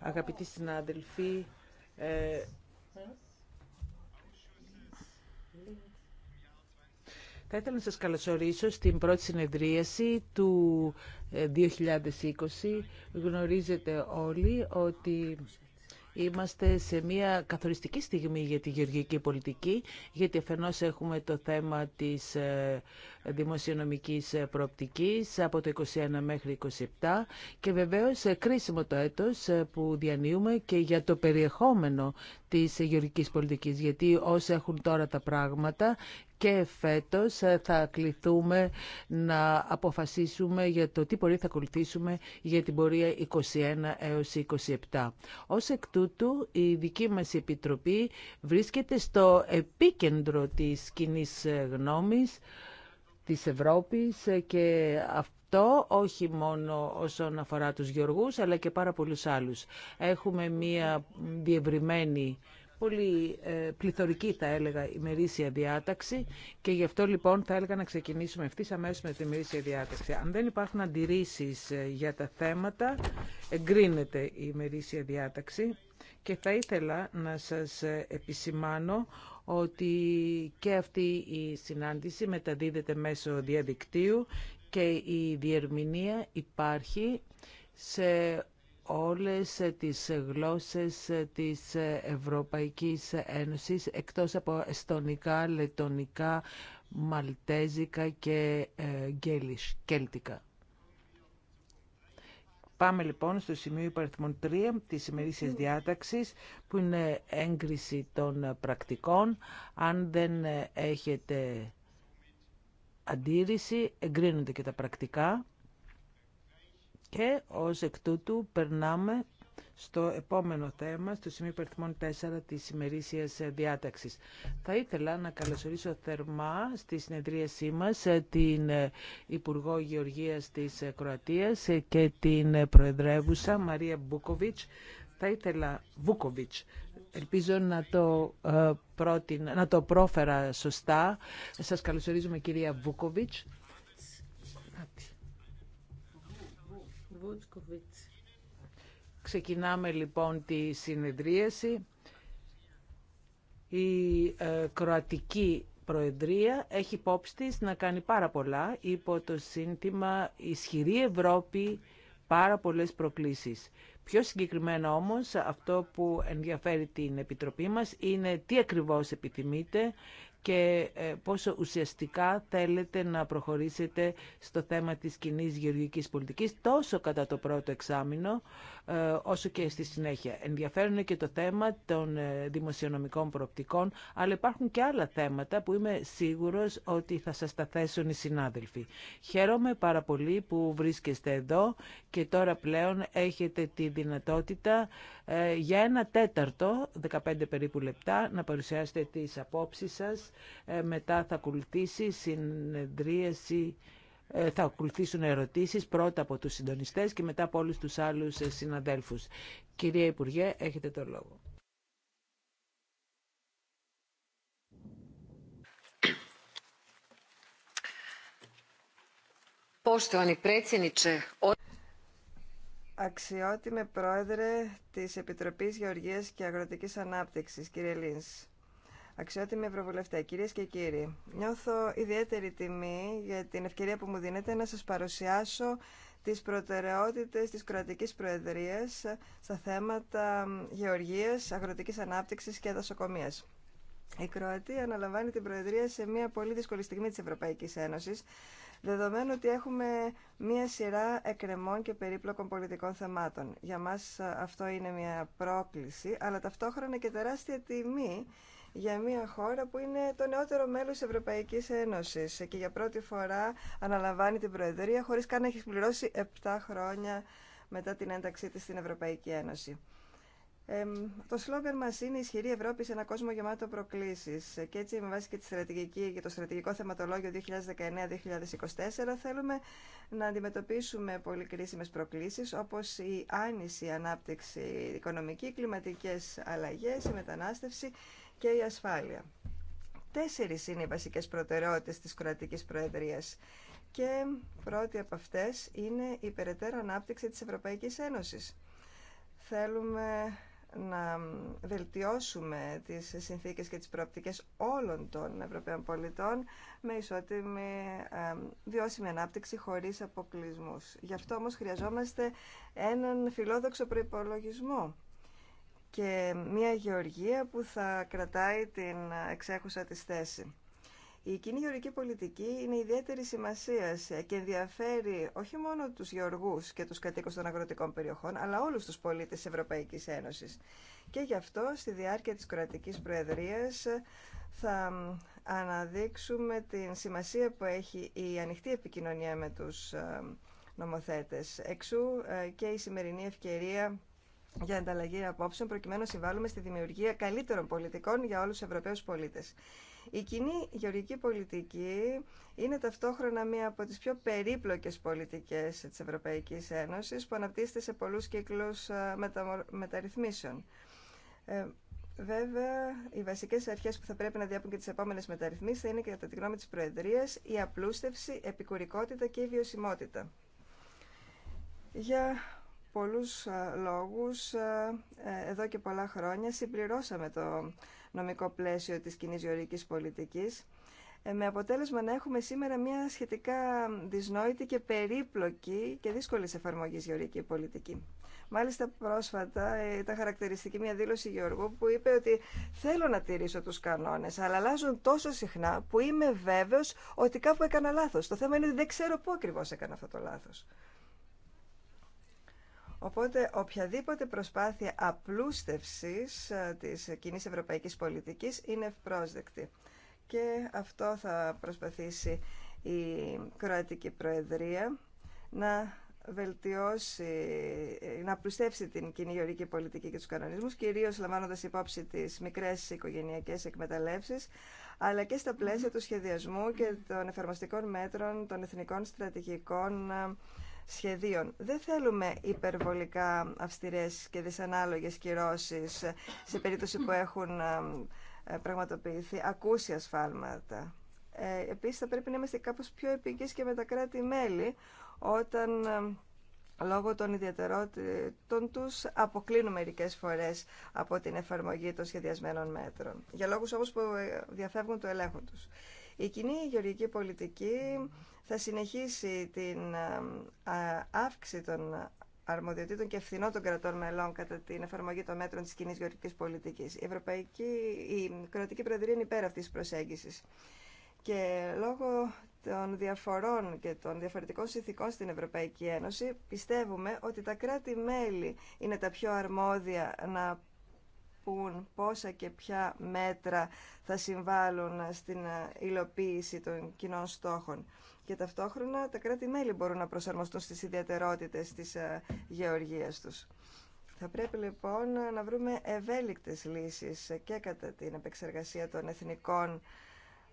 Αγαπητοί συνάδελφοι, ε, θα ήθελα να σας καλωσορίσω στην πρώτη συνεδρίαση του 2020. Ε, Γνωρίζετε όλοι ότι Είμαστε σε μια καθοριστική στιγμή για τη γεωργική πολιτική, γιατί αφενός έχουμε το θέμα της ε, δημοσιονομικής ε, προοπτικής από το 21 μέχρι 27 και βεβαίως ε, κρίσιμο το έτος που διανύουμε και για το περιεχόμενο της γεωργικής πολιτικής, γιατί όσοι έχουν τώρα τα πράγματα και φέτος ε, θα κληθούμε να αποφασίσουμε για το τι πορεία θα ακολουθήσουμε για την πορεία 21 έως 27. Ως εκ τούτου η δική μας Επιτροπή βρίσκεται στο επίκεντρο της κοινή γνώμης της Ευρώπης και αυτό όχι μόνο όσον αφορά τους γεωργούς αλλά και πάρα πολλούς άλλους. Έχουμε μία διευρυμένη πολύ ε, πληθωρική θα έλεγα η διάταξη και γι' αυτό λοιπόν θα έλεγα να ξεκινήσουμε ευθύ αμέσω με τη μερίσια διάταξη. Αν δεν υπάρχουν αντιρρήσει ε, για τα θέματα, εγκρίνεται η μερίσια διάταξη και θα ήθελα να σας ε, επισημάνω ότι και αυτή η συνάντηση μεταδίδεται μέσω διαδικτύου και η διερμηνία υπάρχει σε όλες τις γλώσσες της Ευρωπαϊκής Ένωσης εκτός από εστονικά, λετονικά, μαλτέζικα και ε, κέλτικα. Πάμε λοιπόν στο σημείο υπαριθμών 3 της ημερήσιας διάταξης που είναι έγκριση των πρακτικών. Αν δεν έχετε αντίρρηση εγκρίνονται και τα πρακτικά. Και ως εκ τούτου περνάμε στο επόμενο θέμα, στο σημείο υπερθυμών 4 της ημερήσιας διάταξης. Θα ήθελα να καλωσορίσω θερμά στη συνεδρίασή μας την Υπουργό Γεωργίας της Κροατίας και την Προεδρεύουσα Μαρία Μπούκοβιτς. Θα ήθελα, Βούκοβιτς, ελπίζω να το, ε, να το πρόφερα σωστά. Σας καλωσορίζουμε κυρία Βούκοβιτς. Βούτσκοβιτς. Ξεκινάμε λοιπόν τη συνεδρίαση. Η ε, Κροατική Προεδρία έχει υπόψη να κάνει πάρα πολλά υπό το σύνθημα «Ισχυρή Ευρώπη, πάρα πολλές προκλήσεις». Πιο συγκεκριμένα όμως αυτό που ενδιαφέρει την Επιτροπή μας είναι τι ακριβώς επιθυμείτε, και ε, πόσο ουσιαστικά θέλετε να προχωρήσετε στο θέμα της κοινή γεωργικής πολιτικής τόσο κατά το πρώτο εξάμεινο ε, όσο και στη συνέχεια. Ενδιαφέρουν και το θέμα των ε, δημοσιονομικών προοπτικών, αλλά υπάρχουν και άλλα θέματα που είμαι σίγουρος ότι θα σας τα θέσουν οι συνάδελφοι. Χαίρομαι πάρα πολύ που βρίσκεστε εδώ και τώρα πλέον έχετε τη δυνατότητα ε, για ένα τέταρτο, 15 περίπου λεπτά, να παρουσιάσετε τις απόψεις σας. Μετά θα ακολουθήσει συνεδρίαση ε, θα ακολουθήσουν ερωτήσεις πρώτα από τους συντονιστές και μετά από όλους τους άλλους ε, συναδέλφους. Κυρία Υπουργέ, έχετε το λόγο. Αξιότιμε Πρόεδρε της Επιτροπής Γεωργίας και Αγροτικής Ανάπτυξης, κύριε Λίνς. Αξιότιμη Ευρωβουλευτέ, κυρίε και κύριοι, νιώθω ιδιαίτερη τιμή για την ευκαιρία που μου δίνετε να σα παρουσιάσω τι προτεραιότητε τη Κροατική Προεδρία στα θέματα γεωργία, αγροτική ανάπτυξη και δασοκομεία. Η Κροατία αναλαμβάνει την Προεδρία σε μια πολύ δύσκολη στιγμή τη Ευρωπαϊκή Ένωση, δεδομένου ότι έχουμε μια σειρά εκκρεμών και περίπλοκων πολιτικών θεμάτων. Για μα αυτό είναι μια πρόκληση, αλλά ταυτόχρονα και τεράστια τιμή για μια χώρα που είναι το νεότερο μέλος της Ευρωπαϊκής Ένωσης και για πρώτη φορά αναλαμβάνει την Προεδρία χωρίς καν να έχει πληρώσει 7 χρόνια μετά την ένταξή της στην Ευρωπαϊκή Ένωση. Ε, το σλόγγαν μας είναι «Η «Ισχυρή Ευρώπη σε ένα κόσμο γεμάτο προκλήσεις» και έτσι με βάση και, τη στρατηγική, και το στρατηγικό θεματολόγιο 2019-2024 θέλουμε να αντιμετωπίσουμε πολύ κρίσιμες προκλήσεις όπως η άνηση ανάπτυξη οικονομική, οι κλιματικές αλλαγές, η μετανάστευση και η ασφάλεια. Τέσσερις είναι οι βασικές προτεραιότητες της Κροατικής Προεδρίας και πρώτη από αυτές είναι η περαιτέρω ανάπτυξη της Ευρωπαϊκής Ένωσης. Θέλουμε να βελτιώσουμε τις συνθήκες και τις προοπτικές όλων των Ευρωπαίων πολιτών με ισότιμη βιώσιμη ανάπτυξη χωρίς αποκλεισμούς. Γι' αυτό όμως χρειαζόμαστε έναν φιλόδοξο προϋπολογισμό και μια γεωργία που θα κρατάει την εξέχουσα της θέση. Η κοινή γεωργική πολιτική είναι ιδιαίτερη σημασία και ενδιαφέρει όχι μόνο τους γεωργούς και τους κατοίκους των αγροτικών περιοχών, αλλά όλους τους πολίτες της Ευρωπαϊκής Ένωσης. Και γι' αυτό στη διάρκεια της κρατικής προεδρίας θα αναδείξουμε την σημασία που έχει η ανοιχτή επικοινωνία με τους ε, νομοθέτες. Εξού ε, και η σημερινή ευκαιρία για ανταλλαγή απόψεων προκειμένου να συμβάλλουμε στη δημιουργία καλύτερων πολιτικών για όλους τους Ευρωπαίους πολίτες. Η κοινή γεωργική πολιτική είναι ταυτόχρονα μία από τις πιο περίπλοκες πολιτικές της Ευρωπαϊκής Ένωσης που αναπτύσσεται σε πολλούς κύκλους ε, μεταρρυθμίσεων. Ε, βέβαια, οι βασικές αρχές που θα πρέπει να διάπουν και τις επόμενες μεταρρυθμίσεις θα είναι κατά τη γνώμη της Προεδρίας η απλούστευση, επικουρικότητα και η βιωσιμότητα. Για πολλούς ε, λόγους ε, ε, εδώ και πολλά χρόνια συμπληρώσαμε το νομικό πλαίσιο της κοινή γεωρικής πολιτικής με αποτέλεσμα να έχουμε σήμερα μια σχετικά δυσνόητη και περίπλοκη και δύσκολη εφαρμογή γεωρική πολιτική. Μάλιστα πρόσφατα ήταν χαρακτηριστική μια δήλωση Γεωργού που είπε ότι θέλω να τηρήσω τους κανόνες, αλλά αλλάζουν τόσο συχνά που είμαι βέβαιος ότι κάπου έκανα λάθος. Το θέμα είναι ότι δεν ξέρω πού ακριβώς έκανα αυτό το λάθος. Οπότε οποιαδήποτε προσπάθεια απλούστευσης ε, της κοινή ευρωπαϊκής πολιτικής είναι ευπρόσδεκτη. Και αυτό θα προσπαθήσει η Κροατική Προεδρία να βελτιώσει, ε, να απλουστεύσει την κοινή γεωρική πολιτική και τους κανονισμούς, κυρίως λαμβάνοντας υπόψη τις μικρές οικογενειακές εκμεταλλεύσεις, αλλά και στα πλαίσια του σχεδιασμού και των εφαρμοστικών μέτρων των εθνικών στρατηγικών ε, σχεδίων. Δεν θέλουμε υπερβολικά αυστηρές και δυσανάλογες κυρώσεις σε περίπτωση που έχουν ε, ε, πραγματοποιηθεί ακούσια σφάλματα. Ε, επίσης θα πρέπει να είμαστε κάπως πιο επικείς και με τα κράτη-μέλη όταν ε, λόγω των ιδιαιτερότητων τους αποκλίνουν μερικέ φορές από την εφαρμογή των σχεδιασμένων μέτρων. Για λόγους όμως που διαφεύγουν το ελέγχου τους. Η κοινή γεωργική πολιτική θα συνεχίσει την αύξηση των αρμοδιοτήτων και ευθυνών των κρατών μελών κατά την εφαρμογή των μέτρων της κοινή γεωργικής πολιτικής. Η, Ευρωπαϊκή, η Κροατική Προεδρία είναι υπέρ αυτής της προσέγγισης. Και λόγω των διαφορών και των διαφορετικών συνθηκών στην Ευρωπαϊκή Ένωση, πιστεύουμε ότι τα κράτη-μέλη είναι τα πιο αρμόδια να πούν πόσα και ποια μέτρα θα συμβάλλουν στην υλοποίηση των κοινών στόχων. Και ταυτόχρονα τα κράτη-μέλη μπορούν να προσαρμοστούν στις ιδιαιτερότητες της ε, γεωργίας τους. Θα πρέπει λοιπόν να βρούμε ευέλικτες λύσεις και κατά την επεξεργασία των εθνικών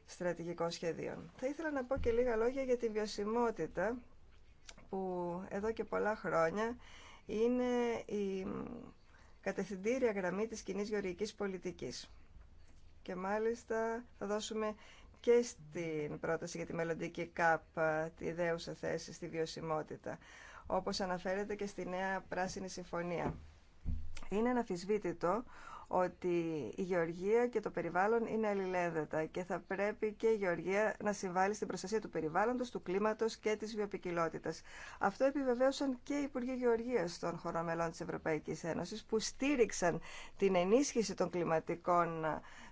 στρατηγικών σχεδίων. Θα ήθελα να πω και λίγα λόγια για τη βιωσιμότητα που εδώ και πολλά χρόνια είναι η κατευθυντήρια γραμμή της κοινή γεωργικής πολιτικής. Και μάλιστα θα δώσουμε και στην πρόταση για τη μελλοντική ΚΑΠ τη δέουσα θέση στη βιωσιμότητα, όπως αναφέρεται και στη νέα πράσινη συμφωνία. Είναι αναφυσβήτητο ότι η γεωργία και το περιβάλλον είναι αλληλένδετα και θα πρέπει και η γεωργία να συμβάλλει στην προστασία του περιβάλλοντος, του κλίματος και της βιοπικιλότητας. Αυτό επιβεβαίωσαν και οι Υπουργοί Γεωργίας των χωρών μελών της Ευρωπαϊκής Ένωσης που στήριξαν την ενίσχυση των κλιματικών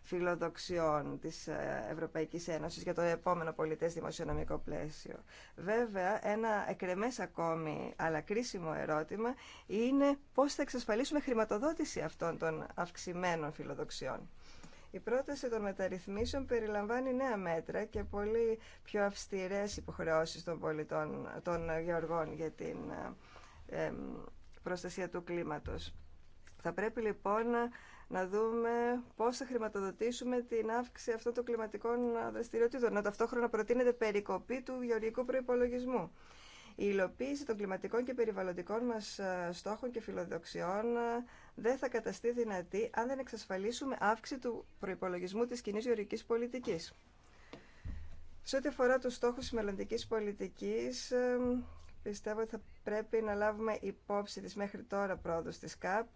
φιλοδοξιών της ε, Ευρωπαϊκής Ένωσης για το επόμενο πολιτές δημοσιονομικό πλαίσιο. Βέβαια, ένα εκρεμές ακόμη αλλά κρίσιμο ερώτημα είναι πώς θα εξασφαλίσουμε χρηματοδότηση αυτών των αυξημένων φιλοδοξιών. Η πρόταση των μεταρρυθμίσεων περιλαμβάνει νέα μέτρα και πολύ πιο αυστηρές υποχρεώσεις των πολιτών, των γεωργών για την ε, ε, προστασία του κλίματος. Θα πρέπει λοιπόν να δούμε πώς θα χρηματοδοτήσουμε την αύξηση αυτών των κλιματικών δραστηριοτήτων, να ταυτόχρονα προτείνεται περικοπή του γεωργικού προϋπολογισμού. Η υλοποίηση των κλιματικών και περιβαλλοντικών μας ε, στόχων και φιλοδοξιών ε, δεν θα καταστεί δυνατή αν δεν εξασφαλίσουμε αύξηση του προϋπολογισμού της κοινή γεωργικής πολιτικής. Σε ό,τι αφορά τους στόχους της μελλοντικής πολιτικής, ε, πιστεύω ότι θα πρέπει να λάβουμε υπόψη της μέχρι τώρα πρόοδος της ΚΑΠ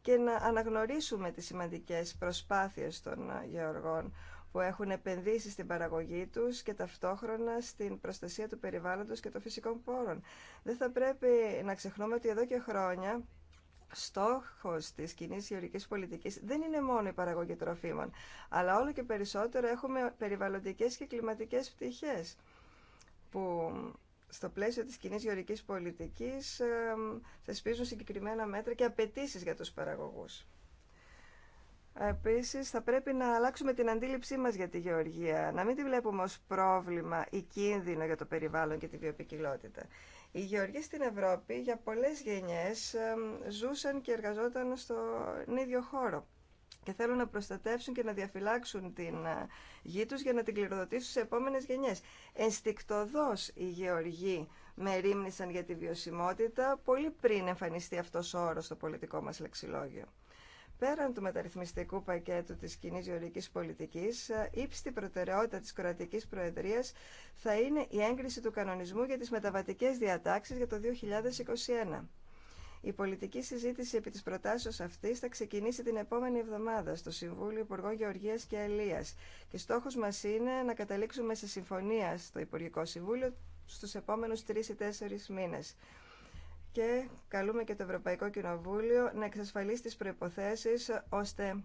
και να αναγνωρίσουμε τις σημαντικές προσπάθειες των γεωργών που έχουν επενδύσει στην παραγωγή τους και ταυτόχρονα στην προστασία του περιβάλλοντος και των φυσικών πόρων. Δεν θα πρέπει να ξεχνούμε ότι εδώ και χρόνια στόχος της κοινή γεωργικής πολιτικής δεν είναι μόνο η παραγωγή τροφίμων, αλλά όλο και περισσότερο έχουμε περιβαλλοντικές και κλιματικές πτυχές που στο πλαίσιο της κοινή γεωρικής πολιτικής ε, θεσπίζουν συγκεκριμένα μέτρα και απαιτήσει για τους παραγωγούς. Επίσης, θα πρέπει να αλλάξουμε την αντίληψή μας για τη γεωργία, να μην τη βλέπουμε ως πρόβλημα ή κίνδυνο για το περιβάλλον και τη βιοπικιλότητα. Οι γεωργοί στην Ευρώπη για πολλές γενιές ε, ζούσαν και εργαζόταν στον ίδιο χώρο και θέλουν να προστατεύσουν και να διαφυλάξουν την ε, γη τους για να την κληροδοτήσουν σε επόμενες γενιές. Ενστικτοδός οι γεωργοί με ρίμνησαν για τη βιωσιμότητα πολύ πριν εμφανιστεί αυτός ο όρος στο πολιτικό μας λεξιλόγιο. Πέραν του μεταρρυθμιστικού πακέτου της κοινή γεωργικής πολιτικής, ε, ύψιστη προτεραιότητα της κρατικής προεδρίας θα είναι η έγκριση του κανονισμού για τις μεταβατικές διατάξεις για το 2021. Η πολιτική συζήτηση επί της προτάσεως αυτής θα ξεκινήσει την επόμενη εβδομάδα στο Συμβούλιο Υπουργών Γεωργίας και Αλία. και στόχος μας είναι να καταλήξουμε σε συμφωνία στο Υπουργικό Συμβούλιο στους επόμενους τρει ή τέσσερι μήνες. Και καλούμε και το Ευρωπαϊκό Κοινοβούλιο να εξασφαλίσει τις προϋποθέσεις ώστε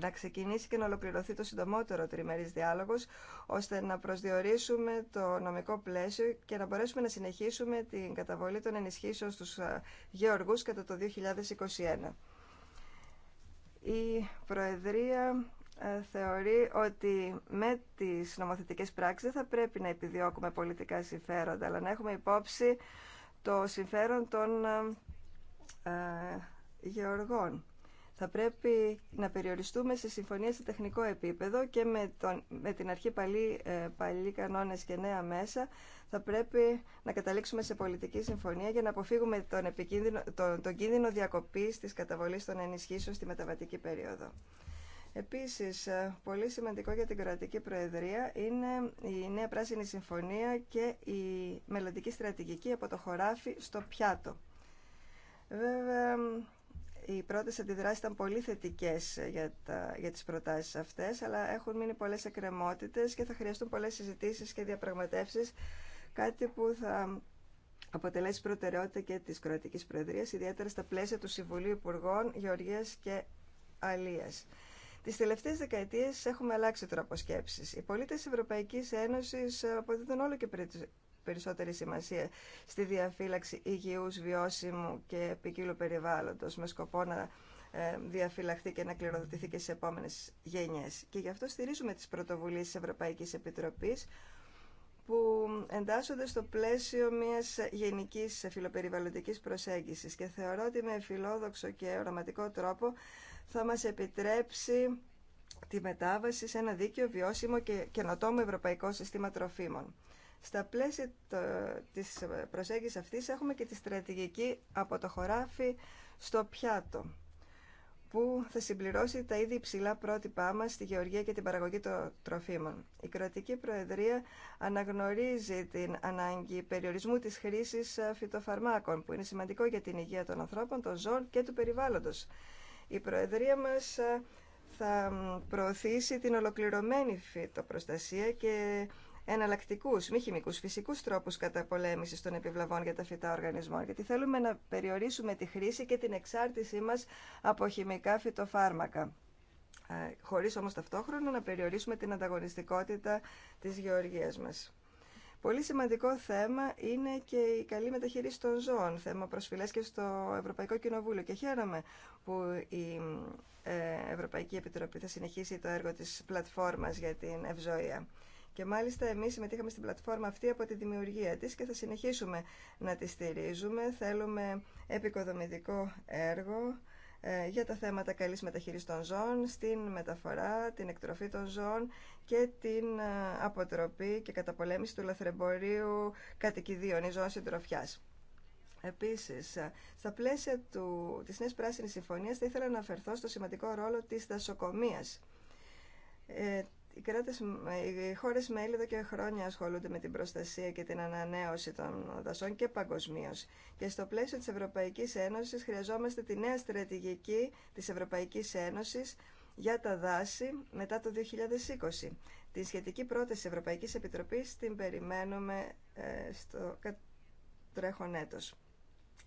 να ξεκινήσει και να ολοκληρωθεί το συντομότερο τριμερής διάλογος, ώστε να προσδιορίσουμε το νομικό πλαίσιο και να μπορέσουμε να συνεχίσουμε την καταβολή των ενισχύσεων στους γεωργούς κατά το 2021. Η Προεδρία ε, θεωρεί ότι με τις νομοθετικές πράξεις δεν θα πρέπει να επιδιώκουμε πολιτικά συμφέροντα, αλλά να έχουμε υπόψη το συμφέρον των ε, ε, γεωργών. Θα πρέπει να περιοριστούμε σε συμφωνία σε τεχνικό επίπεδο και με, τον, με την αρχή παλί, ε, παλί κανόνες και νέα μέσα θα πρέπει να καταλήξουμε σε πολιτική συμφωνία για να αποφύγουμε τον, επικίνδυνο, τον, τον κίνδυνο διακοπής της καταβολής των ενισχύσεων στη μεταβατική περίοδο. Επίσης, ε, πολύ σημαντικό για την κρατική Προεδρία είναι η Νέα Πράσινη Συμφωνία και η μελλοντική στρατηγική από το χωράφι στο πιάτο. Βέβαια, οι πρώτες αντιδράσεις ήταν πολύ θετικές για, τα, για τις προτάσεις αυτές, αλλά έχουν μείνει πολλές εκκρεμότητες και θα χρειαστούν πολλές συζητήσεις και διαπραγματεύσεις, κάτι που θα αποτελέσει προτεραιότητα και της Κροατικής Προεδρίας, ιδιαίτερα στα πλαίσια του Συμβουλίου Υπουργών Γεωργίας και Αλίας. Τις τελευταίες δεκαετίες έχουμε αλλάξει τρόπο σκέψης. Οι πολίτες της Ευρωπαϊκής Ένωσης ε, αποδίδουν όλο και περισσότερη σημασία στη διαφύλαξη υγιούς, βιώσιμου και ποικίλου περιβάλλοντος με σκοπό να ε, διαφυλαχθεί και να κληροδοτηθεί και σε επόμενες γενιές. Και γι' αυτό στηρίζουμε τις πρωτοβουλίες της Ευρωπαϊκής Επιτροπής που εντάσσονται στο πλαίσιο μιας γενικής φιλοπεριβαλλοντικής προσέγγισης και θεωρώ ότι με φιλόδοξο και οραματικό τρόπο θα μας επιτρέψει τη μετάβαση σε ένα δίκαιο, βιώσιμο και καινοτόμο ευρωπαϊκό σύστημα τροφίμων. Στα πλαίσια της προσέγγισης αυτής έχουμε και τη στρατηγική από το χωράφι στο πιάτο που θα συμπληρώσει τα ήδη υψηλά πρότυπά μας στη γεωργία και την παραγωγή των τροφίμων. Η Κροατική Προεδρία αναγνωρίζει την ανάγκη περιορισμού της χρήσης φυτοφαρμάκων, που είναι σημαντικό για την υγεία των ανθρώπων, των ζώων και του περιβάλλοντος. Η Προεδρία μας ε, θα προωθήσει την ολοκληρωμένη φυτοπροστασία και Εναλλακτικού μη χημικού φυσικού τρόπου καταπολέμηση των επιβλαβών για τα φυτά οργανισμών, γιατί θέλουμε να περιορίσουμε τη χρήση και την εξάρτησή μα από χημικά φυτοφάρμακα. Ε, Χωρί όμω ταυτόχρονα να περιορίσουμε την ανταγωνιστικότητα τη γεωργίας μα. Πολύ σημαντικό θέμα είναι και η καλή μεταχείριση των ζώων, θέμα προσφυλές και στο Ευρωπαϊκό Κοινοβούλιο. Και χαίρομαι που η ε, Ευρωπαϊκή Επιτροπή θα συνεχίσει το έργο της πλατφόρμας για την ευζοία. Και μάλιστα εμείς συμμετείχαμε στην πλατφόρμα αυτή από τη δημιουργία της και θα συνεχίσουμε να τη στηρίζουμε. Θέλουμε επικοδομητικό έργο ε, για τα θέματα καλής μεταχείρισης των ζώων, στην μεταφορά, την εκτροφή των ζώων και την ε, αποτροπή και καταπολέμηση του λαθρεμπορίου κατοικιδίων ή ζώων συντροφιάς. Επίσης, ε, στα πλαίσια του, της Νέας Πράσινης Συμφωνίας θα ήθελα να αναφερθώ στο σημαντικό ρόλο της δασοκομείας οι, κράτες, οι χώρες μέλη εδώ και χρόνια ασχολούνται με την προστασία και την ανανέωση των δασών και παγκοσμίω. Και στο πλαίσιο της Ευρωπαϊκής Ένωσης χρειαζόμαστε τη νέα στρατηγική της Ευρωπαϊκής Ένωσης για τα δάση μετά το 2020. Την σχετική πρόταση Ευρωπαϊκής Επιτροπής την περιμένουμε ε, στο τρέχον έτος.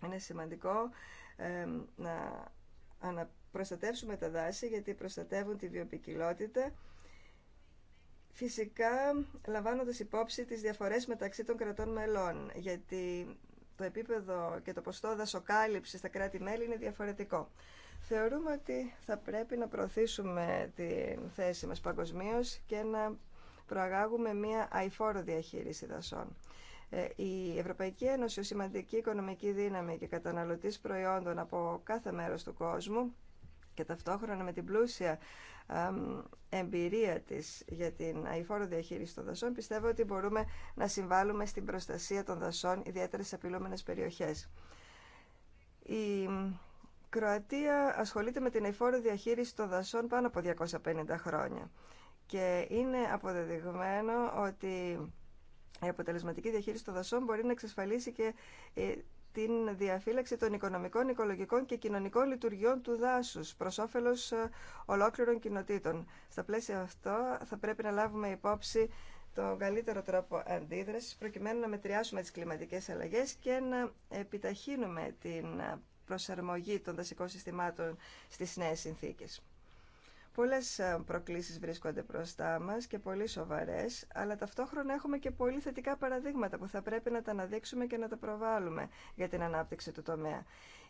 Είναι σημαντικό ε, να προστατεύσουμε τα δάση γιατί προστατεύουν τη βιοπικιλότητα Φυσικά, λαμβάνοντας υπόψη τις διαφορές μεταξύ των κρατών μελών, γιατί το επίπεδο και το ποστό δασοκάλυψης στα κράτη-μέλη είναι διαφορετικό. Θεωρούμε ότι θα πρέπει να προωθήσουμε τη θέση μας παγκοσμίω και να προαγάγουμε μία αηφόρο διαχείριση δασών. Ε, η Ευρωπαϊκή Ένωση ως σημαντική οικονομική δύναμη και καταναλωτής προϊόντων από κάθε μέρος του κόσμου και ταυτόχρονα με την πλούσια εμπειρία της για την αηφόρο διαχείριση των δασών, πιστεύω ότι μπορούμε να συμβάλλουμε στην προστασία των δασών, ιδιαίτερα σε απειλούμενες περιοχές. Η Κροατία ασχολείται με την αηφόρο διαχείριση των δασών πάνω από 250 χρόνια και είναι αποδεδειγμένο ότι η αποτελεσματική διαχείριση των δασών μπορεί να εξασφαλίσει και ε, την διαφύλαξη των οικονομικών, οικολογικών και κοινωνικών λειτουργιών του δάσους προς όφελος ε, ολόκληρων κοινοτήτων. Στα πλαίσια αυτό θα πρέπει να λάβουμε υπόψη τον καλύτερο τρόπο αντίδρασης προκειμένου να μετριάσουμε τις κλιματικές αλλαγές και να επιταχύνουμε την προσαρμογή των δασικών συστημάτων στις νέες συνθήκες. Πολλές ε, προκλήσεις βρίσκονται μπροστά μας και πολύ σοβαρές, αλλά ταυτόχρονα έχουμε και πολύ θετικά παραδείγματα που θα πρέπει να τα αναδείξουμε και να τα προβάλλουμε για την ανάπτυξη του τομέα.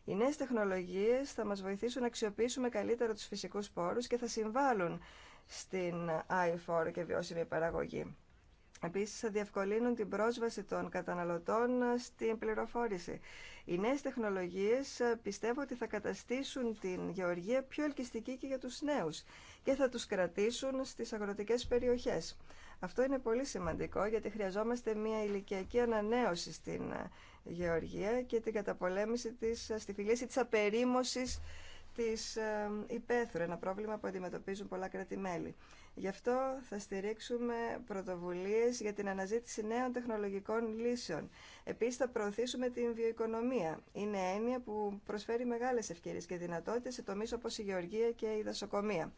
Οι νέες τεχνολογίες θα μας βοηθήσουν να αξιοποιήσουμε καλύτερα τους φυσικούς πόρους και θα συμβάλλουν στην i4 και βιώσιμη παραγωγή. Επίσης θα διευκολύνουν την πρόσβαση των καταναλωτών στην πληροφόρηση. Οι νέες τεχνολογίες ε, πιστεύω ότι θα καταστήσουν την γεωργία πιο ελκυστική και για τους νέους και θα τους κρατήσουν στις αγροτικές περιοχές. Αυτό είναι πολύ σημαντικό γιατί χρειαζόμαστε μια ηλικιακή ανανέωση στην ε, γεωργία και την καταπολέμηση της, ε, στη φυλήση της απερίμωσης της υπαίθρου, ένα πρόβλημα που αντιμετωπίζουν πολλά Γι' αυτό θα στηρίξουμε πρωτοβουλίες για την αναζήτηση νέων τεχνολογικών λύσεων. Επίσης θα προωθήσουμε την βιοοικονομία. Είναι έννοια που προσφέρει μεγάλες ευκαιρίες και δυνατότητες σε τομείς όπως η γεωργία και η δασοκομεία.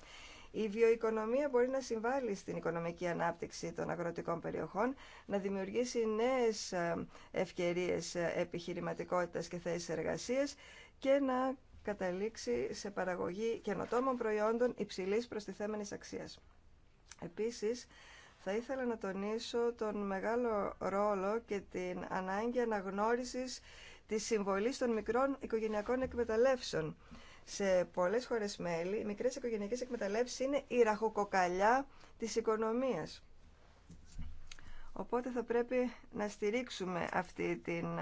Η βιοοικονομία μπορεί να συμβάλλει στην οικονομική ανάπτυξη των αγροτικών περιοχών, να δημιουργήσει νέες ε, ευκαιρίες ε, επιχειρηματικότητας και θέσεις εργασίας και να καταλήξει σε παραγωγή καινοτόμων προϊόντων υψηλής προστιθέμενης αξίας. Επίσης, θα ήθελα να τονίσω τον μεγάλο ρόλο και την ανάγκη αναγνώρισης της συμβολής των μικρών οικογενειακών εκμεταλλεύσεων. Σε πολλές χώρες μέλη, οι μικρές οικογενειακές εκμεταλλεύσεις είναι η ραχοκοκαλιά της οικονομίας. Οπότε θα πρέπει να στηρίξουμε αυτή την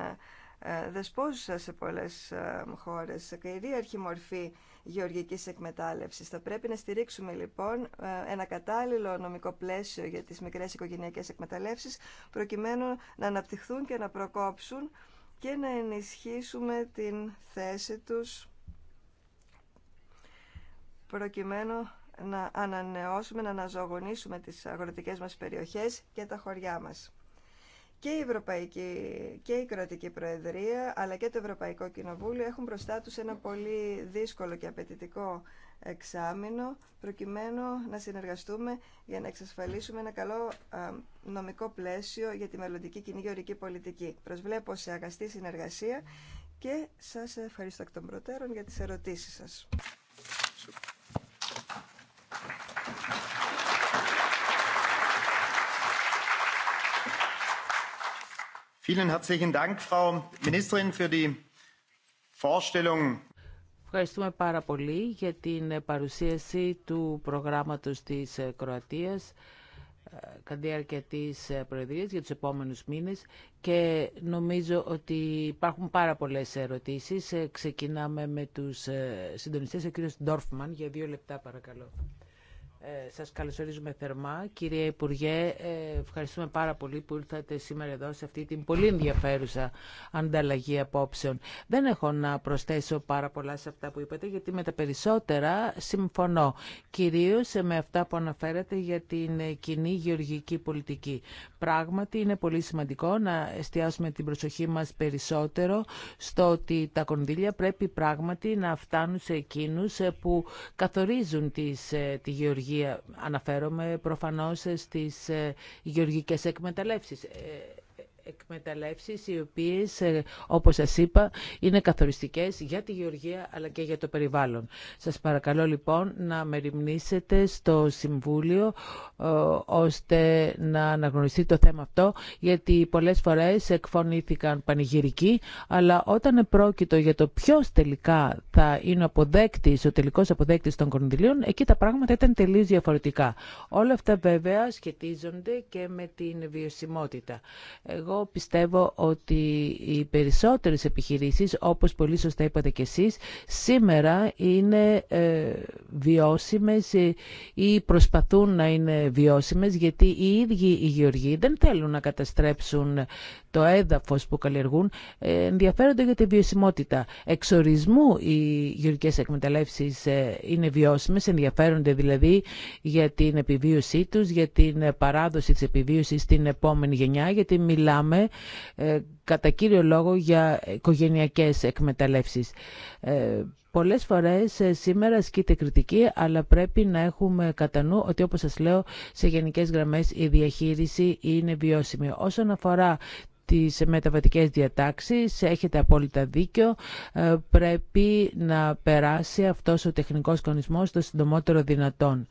ε, δεσπόζουσα σε πολλές ε, χώρες, κυρίαρχη μορφή γεωργικής εκμετάλλευσης. Θα πρέπει να στηρίξουμε λοιπόν ε, ένα κατάλληλο νομικό πλαίσιο για τις μικρές οικογενειακές εκμεταλλεύσεις προκειμένου να αναπτυχθούν και να προκόψουν και να ενισχύσουμε την θέση τους προκειμένου να ανανεώσουμε, να αναζωογονήσουμε τις αγροτικές μας περιοχές και τα χωριά μας και η, Ευρωπαϊκή, και η Κροατική Προεδρία αλλά και το Ευρωπαϊκό Κοινοβούλιο έχουν μπροστά τους ένα πολύ δύσκολο και απαιτητικό εξάμεινο προκειμένου να συνεργαστούμε για να εξασφαλίσουμε ένα καλό νομικό πλαίσιο για τη μελλοντική κοινή γεωρική πολιτική. Προσβλέπω σε αγαστή συνεργασία και σας ευχαριστώ εκ των προτέρων για τις ερωτήσεις σας. Ευχαριστούμε πάρα πολύ για την παρουσίαση του προγράμματος της ε, Κροατίας ε, κατά τη διάρκεια της ε, Προεδρίας για τους επόμενους μήνες και νομίζω ότι υπάρχουν πάρα πολλές ερωτήσεις. Ξεκινάμε με τους συντονιστές, ο κύριο Ντόρφμαν, για δύο λεπτά παρακαλώ. Ε, σας καλωσορίζουμε θερμά. Κύριε Υπουργέ, ε, ευχαριστούμε πάρα πολύ που ήρθατε σήμερα εδώ σε αυτή την πολύ ενδιαφέρουσα ανταλλαγή απόψεων. Δεν έχω να προσθέσω πάρα πολλά σε αυτά που είπατε, γιατί με τα περισσότερα συμφωνώ. Κυρίως με αυτά που αναφέρατε για την κοινή γεωργική πολιτική. Πράγματι, είναι πολύ σημαντικό να εστιάσουμε την προσοχή μας περισσότερο στο ότι τα κονδύλια πρέπει πράγματι να φτάνουν σε εκείνους που καθορίζουν ε, τη γεωργία Αναφέρομαι προφανώς στις ε, γεωργικές εκμεταλλεύσεις. Ε, εκμεταλλεύσεις οι οποίες, ε, όπως σας είπα, είναι καθοριστικές για τη γεωργία αλλά και για το περιβάλλον. Σας παρακαλώ λοιπόν να μεριμνήσετε στο Συμβούλιο ε, ώστε να αναγνωριστεί το θέμα αυτό γιατί πολλές φορές εκφωνήθηκαν πανηγυρικοί αλλά όταν πρόκειτο για το ποιο τελικά θα είναι ο αποδέκτης, ο τελικός αποδέκτης των κονδυλίων εκεί τα πράγματα ήταν τελείως διαφορετικά. Όλα αυτά βέβαια σχετίζονται και με την βιωσιμότητα. Εγώ εγώ πιστεύω ότι οι περισσότερες επιχειρήσεις, όπως πολύ σωστά είπατε κι εσείς, σήμερα είναι ε, βιώσιμες ή προσπαθούν να είναι βιώσιμες, γιατί οι ίδιοι οι γεωργοί δεν θέλουν να καταστρέψουν το έδαφος που καλλιεργούν ε, ενδιαφέρονται για τη βιωσιμότητα. Εξορισμού οι γεωργικές εκμεταλλεύσεις ε, είναι βιώσιμες, ενδιαφέρονται δηλαδή για την επιβίωσή τους, για την παράδοση της επιβίωσης στην επόμενη γενιά, γιατί μιλάμε ε, κατά κύριο λόγο για οικογενειακές εκμεταλλεύσεις. Ε, πολλές φορές ε, σήμερα ασκείται κριτική, αλλά πρέπει να έχουμε κατά νου ότι όπως σας λέω σε γενικές γραμμές η διαχείριση είναι βιώσιμη. Όσον αφορά τις μεταβατικές διατάξεις. Έχετε απόλυτα δίκιο. Ε, πρέπει να περάσει αυτός ο τεχνικός κονισμός το συντομότερο δυνατόν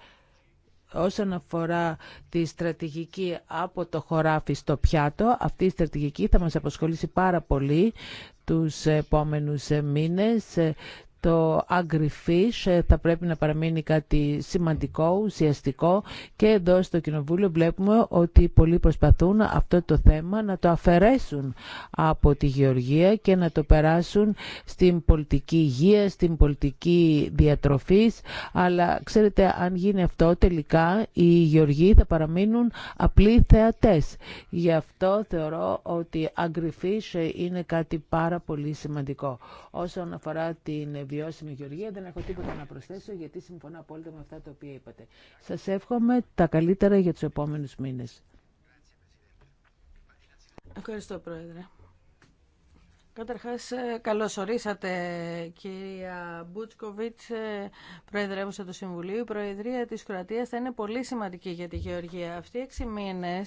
όσον αφορά τη στρατηγική από το χωράφι στο πιάτο, αυτή η στρατηγική θα μας απασχολήσει πάρα πολύ τους επόμενους μήνες το agri-fish ε, θα πρέπει να παραμείνει κάτι σημαντικό, ουσιαστικό και εδώ στο Κοινοβούλιο βλέπουμε ότι πολλοί προσπαθούν αυτό το θέμα να το αφαιρέσουν από τη γεωργία και να το περάσουν στην πολιτική υγεία, στην πολιτική διατροφής αλλά ξέρετε αν γίνει αυτό τελικά οι γεωργοί θα παραμείνουν απλοί θεατές. Γι' αυτό θεωρώ ότι agri-fish είναι κάτι πάρα πολύ σημαντικό. Όσον αφορά την βιώσιμη γεωργία. Δεν έχω τίποτα να προσθέσω γιατί συμφωνώ απόλυτα με αυτά τα οποία είπατε. Σα εύχομαι τα καλύτερα για του επόμενου μήνε. Ευχαριστώ, Πρόεδρε. Καταρχά ε, καλώ ορίσατε, κυρία Μπουτσκοβιτ, ε, Προεδρεύουσα του Συμβουλίου. Η Προεδρία τη Κροατία θα είναι πολύ σημαντική για τη Γεωργία. Αυτοί οι έξι μήνε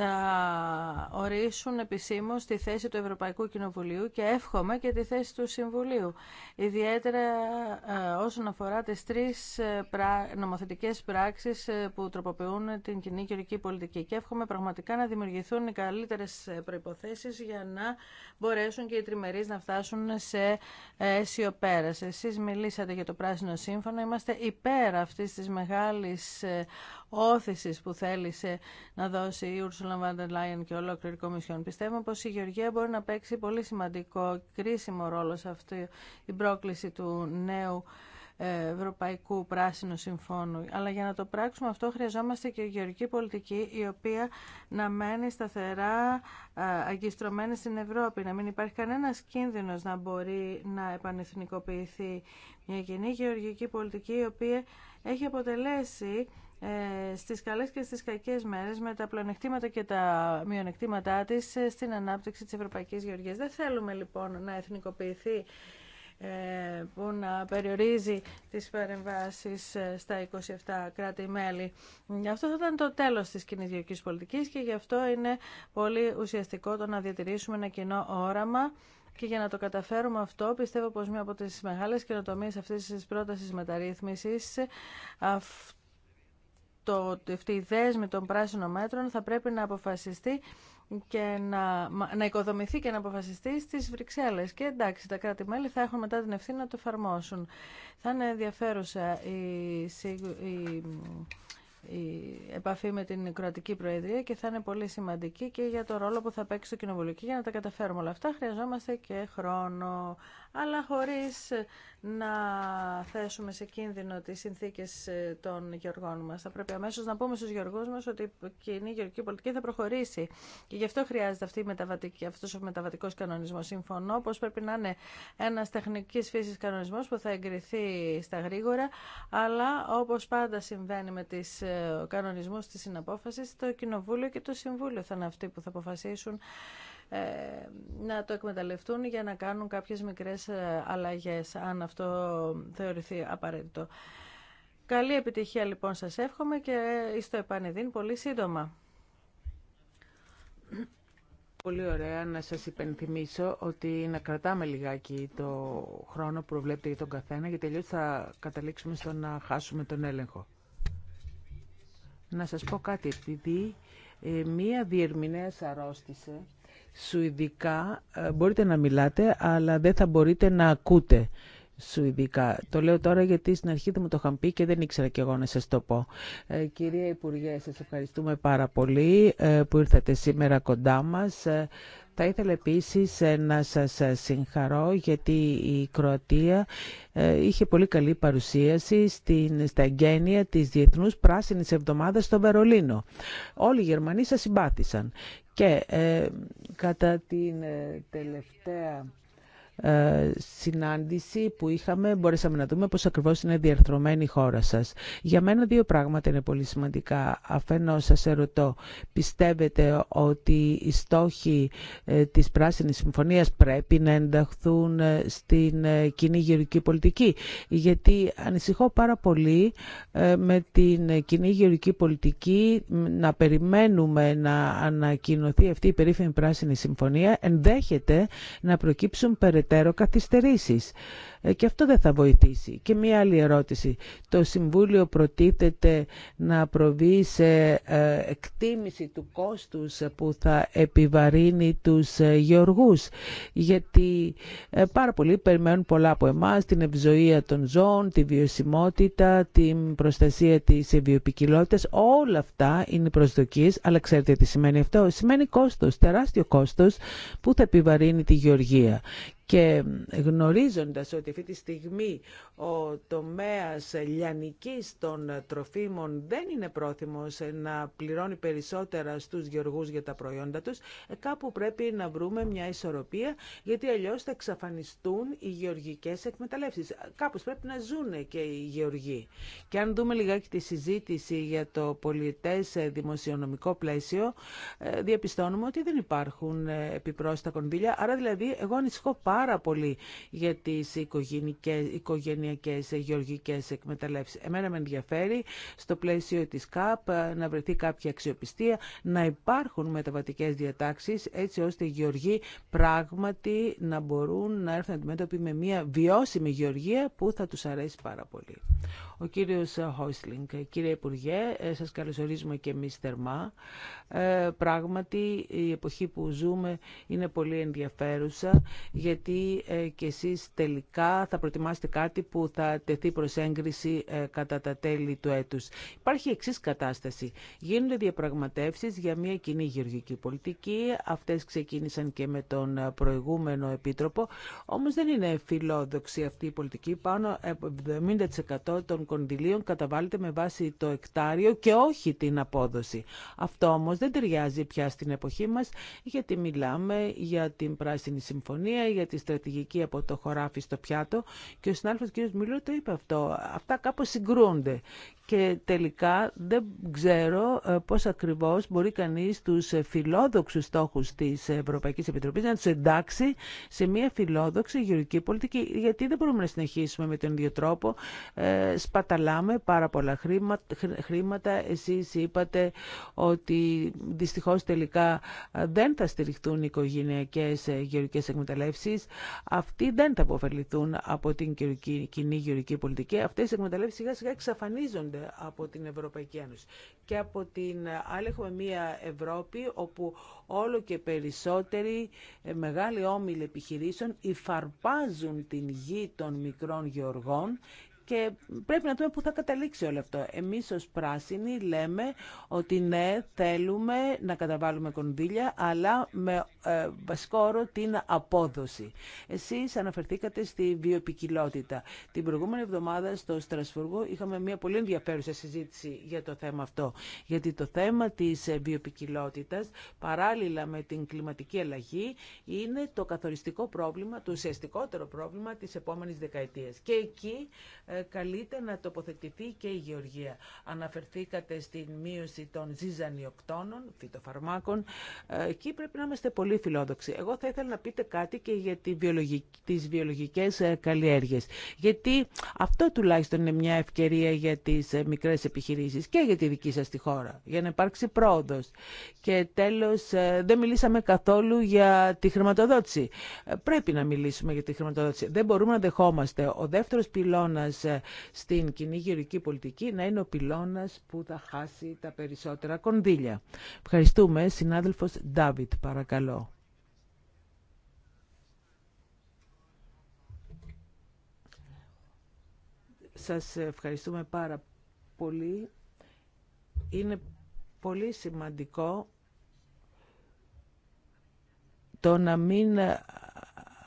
θα ορίσουν επισήμως τη θέση του Ευρωπαϊκού Κοινοβουλίου και εύχομαι και τη θέση του Συμβουλίου. Ιδιαίτερα ε, όσον αφορά τις τρεις ε, νομοθετικές πράξεις ε, που τροποποιούν την κοινή κυρική πολιτική. Και εύχομαι πραγματικά να δημιουργηθούν οι καλύτερες προϋποθέσεις για να μπορέσουν και οι τριμερείς να φτάσουν σε αίσιο Εσείς μιλήσατε για το Πράσινο Σύμφωνο. Είμαστε υπέρ αυτής της μεγάλης που θέλησε να δώσει η Ursula von der Leyen και ολόκληρη η Κομισιόν. Πιστεύω πω η Γεωργία μπορεί να παίξει πολύ σημαντικό, κρίσιμο ρόλο σε αυτή την πρόκληση του νέου ε, Ευρωπαϊκού Πράσινου Συμφώνου. Αλλά για να το πράξουμε αυτό χρειαζόμαστε και γεωργική πολιτική η οποία να μένει σταθερά ε, αγκιστρωμένη στην Ευρώπη. Να μην υπάρχει κανένα κίνδυνος να μπορεί να επανεθνικοποιηθεί μια κοινή γεωργική πολιτική η οποία έχει αποτελέσει ε, στις καλές και στις κακές μέρες με τα πλεονεκτήματα και τα μειονεκτήματά της ε, στην ανάπτυξη της Ευρωπαϊκής Γεωργίας. Δεν θέλουμε λοιπόν να εθνικοποιηθεί ε, που να περιορίζει τις παρεμβάσεις ε, στα 27 κράτη-μέλη. Αυτό θα ήταν το τέλος της κοινή πολιτικής και γι' αυτό είναι πολύ ουσιαστικό το να διατηρήσουμε ένα κοινό όραμα και για να το καταφέρουμε αυτό, πιστεύω πως μία από τις μεγάλες καινοτομίες αυτής της πρότασης μεταρρύθμισης, το αυτή η δέσμη των πράσινων μέτρων θα πρέπει να αποφασιστεί και να, να οικοδομηθεί και να αποφασιστεί στις Βρυξέλλες. Και εντάξει, τα κράτη-μέλη θα έχουν μετά την ευθύνη να το εφαρμόσουν. Θα είναι ενδιαφέρουσα η, η, επαφή με την Κροατική Προεδρία και θα είναι πολύ σημαντική και για το ρόλο που θα παίξει το Κοινοβουλίο. Και για να τα καταφέρουμε όλα αυτά χρειαζόμαστε και χρόνο αλλά χωρίς να θέσουμε σε κίνδυνο τις συνθήκες ε, των γεωργών μας. Θα πρέπει αμέσως να πούμε στους γεωργούς μας ότι η κοινή γεωργική πολιτική θα προχωρήσει και γι' αυτό χρειάζεται αυτή η μεταβατική, αυτός ο μεταβατικός κανονισμός. Συμφωνώ πως πρέπει να είναι ένας τεχνικής φύσης κανονισμός που θα εγκριθεί στα γρήγορα, αλλά όπως πάντα συμβαίνει με τις ε, κανονισμούς της συναπόφασης, το Κοινοβούλιο και το Συμβούλιο θα είναι αυτοί που θα αποφασίσουν ε, να το εκμεταλλευτούν για να κάνουν κάποιες μικρές ε, αλλαγές, αν αυτό θεωρηθεί απαραίτητο. Καλή επιτυχία λοιπόν σας εύχομαι και είστε επανειδήν πολύ σύντομα. Πολύ ωραία να σας υπενθυμίσω ότι να κρατάμε λιγάκι το χρόνο που προβλέπετε για τον καθένα γιατί τελείως θα καταλήξουμε στο να χάσουμε τον έλεγχο. Να σας πω κάτι, επειδή ε, μία διερμηνέας αρρώστησε Σουηδικά ε, μπορείτε να μιλάτε, αλλά δεν θα μπορείτε να ακούτε Σουηδικά. Το λέω τώρα γιατί στην αρχή δεν μου το είχαν πει και δεν ήξερα κι εγώ να σας το πω. Ε, κυρία Υπουργέ, σας ευχαριστούμε πάρα πολύ ε, που ήρθατε σήμερα κοντά μας. Θα ήθελα επίσης να σας συγχαρώ γιατί η Κροατία είχε πολύ καλή παρουσίαση στην, στα εγγένεια της Διεθνούς Πράσινης Εβδομάδας στο Βερολίνο. Όλοι οι Γερμανοί σας συμπάθησαν και ε, κατά την ε, τελευταία ε, συνάντηση που είχαμε μπορέσαμε να δούμε πώς ακριβώς είναι διαρθρωμένη η χώρα σας. Για μένα δύο πράγματα είναι πολύ σημαντικά. Αφενός σας ερωτώ, πιστεύετε ότι οι στόχοι ε, της Πράσινης Συμφωνίας πρέπει να ενταχθούν ε, στην κοινή γεωρική πολιτική. Γιατί ανησυχώ πάρα πολύ με την κοινή γεωρική πολιτική να περιμένουμε να ανακοινωθεί αυτή η περίφημη Πράσινη Συμφωνία. Ενδέχεται να προκύψουν περαιτέρω περαιτέρω ε, Και αυτό δεν θα βοηθήσει. Και μία άλλη ερώτηση. Το Συμβούλιο προτίθεται να προβεί σε ε, εκτίμηση του κόστους που θα επιβαρύνει τους ε, γεωργούς. Γιατί πάρα πολλοί περιμένουν πολλά από εμάς, την ευζοία των ζώων, τη βιωσιμότητα, την προστασία της βιοπικιλότητας. Όλα αυτά είναι προσδοκίες, αλλά ξέρετε τι σημαίνει αυτό. Σημαίνει κόστος, τεράστιο κόστος που θα επιβαρύνει τη γεωργία. Και γνωρίζοντας ότι αυτή τη στιγμή ο τομέας λιανικής των τροφίμων δεν είναι πρόθυμος να πληρώνει περισσότερα στους γεωργούς για τα προϊόντα τους, ε, κάπου πρέπει να βρούμε μια ισορροπία, γιατί αλλιώς θα εξαφανιστούν οι γεωργικές εκμεταλλεύσεις. Κάπως πρέπει να ζουν και οι γεωργοί. Και αν δούμε λιγάκι τη συζήτηση για το πολιτές δημοσιονομικό πλαίσιο, ε, διαπιστώνουμε ότι δεν υπάρχουν ε, επιπρόσθετα κονδύλια, άρα δηλαδή εγώ ανησυχώ πάρα πολύ για τις οικογενειακές, οικογενειακές γεωργικές εκμεταλλεύσεις. Εμένα με ενδιαφέρει στο πλαίσιο της ΚΑΠ να βρεθεί κάποια αξιοπιστία, να υπάρχουν μεταβατικές διατάξεις έτσι ώστε οι γεωργοί πράγματι να μπορούν να έρθουν αντιμέτωποι με μια βιώσιμη γεωργία που θα τους αρέσει πάρα πολύ. Ο κύριος Χόισλινγκ, κύριε Υπουργέ, ε, σας καλωσορίζουμε και εμείς θερμά. Ε, πράγματι, η εποχή που ζούμε είναι πολύ ενδιαφέρουσα, γιατί ε, και εσείς τελικά θα προτιμάσετε κάτι που θα τεθεί προς έγκριση ε, κατά τα τέλη του έτους. Υπάρχει εξή κατάσταση. Γίνονται διαπραγματεύσεις για μια κοινή γεωργική πολιτική. Αυτές ξεκίνησαν και με τον προηγούμενο επίτροπο. Όμως δεν είναι φιλόδοξη αυτή η πολιτική. Πάνω από 70% των κονδυλίων καταβάλλεται με βάση το εκτάριο και όχι την απόδοση. Αυτό όμω δεν ταιριάζει πια στην εποχή μα, γιατί μιλάμε για την Πράσινη Συμφωνία, για τη στρατηγική από το χωράφι στο πιάτο και ο συνάδελφο κ. Μιλού το είπε αυτό. Αυτά κάπως συγκρούνται και τελικά δεν ξέρω ε, πώς ακριβώς μπορεί κανείς τους φιλόδοξους στόχους της Ευρωπαϊκής Επιτροπής να τους εντάξει σε μια φιλόδοξη γεωργική πολιτική γιατί δεν μπορούμε να συνεχίσουμε με τον ίδιο τρόπο ε, σπαταλάμε πάρα πολλά χρήματα. Εσείς είπατε ότι δυστυχώς τελικά ε, δεν θα στηριχτούν οι οικογενειακές ε, γεωρικές εκμεταλλεύσεις. Αυτοί δεν θα αποφεληθούν από την κοινή γεωρική πολιτική. Αυτές οι εκμεταλλεύσεις σιγά σιγά εξαφανίζονται από την Ευρωπαϊκή Ένωση. Και από την άλλη έχουμε μια Ευρώπη όπου όλο και περισσότεροι ε, μεγάλοι όμιλοι επιχειρήσεων υφαρπάζουν την γη των μικρών γεωργών και πρέπει να δούμε πού θα καταλήξει όλο αυτό. Εμείς ως πράσινοι λέμε ότι ναι, θέλουμε να καταβάλουμε κονδύλια, αλλά με ε, βασικό όρο την απόδοση. Εσείς αναφερθήκατε στη βιοπικιλότητα. Την προηγούμενη εβδομάδα στο Στρασβουργό είχαμε μια πολύ ενδιαφέρουσα συζήτηση για το θέμα αυτό. Γιατί το θέμα της ε, βιοπικιλότητας, παράλληλα με την κλιματική αλλαγή, είναι το καθοριστικό πρόβλημα, το ουσιαστικότερο πρόβλημα τη επόμενη δεκαετία. Και εκεί ε, καλείται να τοποθετηθεί και η γεωργία. Αναφερθήκατε στην μείωση των ζυζανιοκτώνων, φυτοφαρμάκων. Ε, εκεί πρέπει να είμαστε πολύ φιλόδοξοι. Εγώ θα ήθελα να πείτε κάτι και για τη βιολογική, τις βιολογικές ε, καλλιέργειες. Γιατί αυτό τουλάχιστον είναι μια ευκαιρία για τις ε, μικρές επιχειρήσεις και για τη δική σας τη χώρα, για να υπάρξει πρόοδος. Και τέλος, δεν μιλήσαμε καθόλου για τη χρηματοδότηση. Πρέπει να μιλήσουμε για τη χρηματοδότηση. Δεν μπορούμε να δεχόμαστε ο δεύτερος πυλώνας ε, στην κοινή γεωρική πολιτική να είναι ο πυλώνας που θα χάσει τα περισσότερα κονδύλια. Ευχαριστούμε. Συνάδελφος Ντάβιτ, παρακαλώ. Σας ευχαριστούμε πάρα πολύ. Είναι πολύ σημαντικό το να μην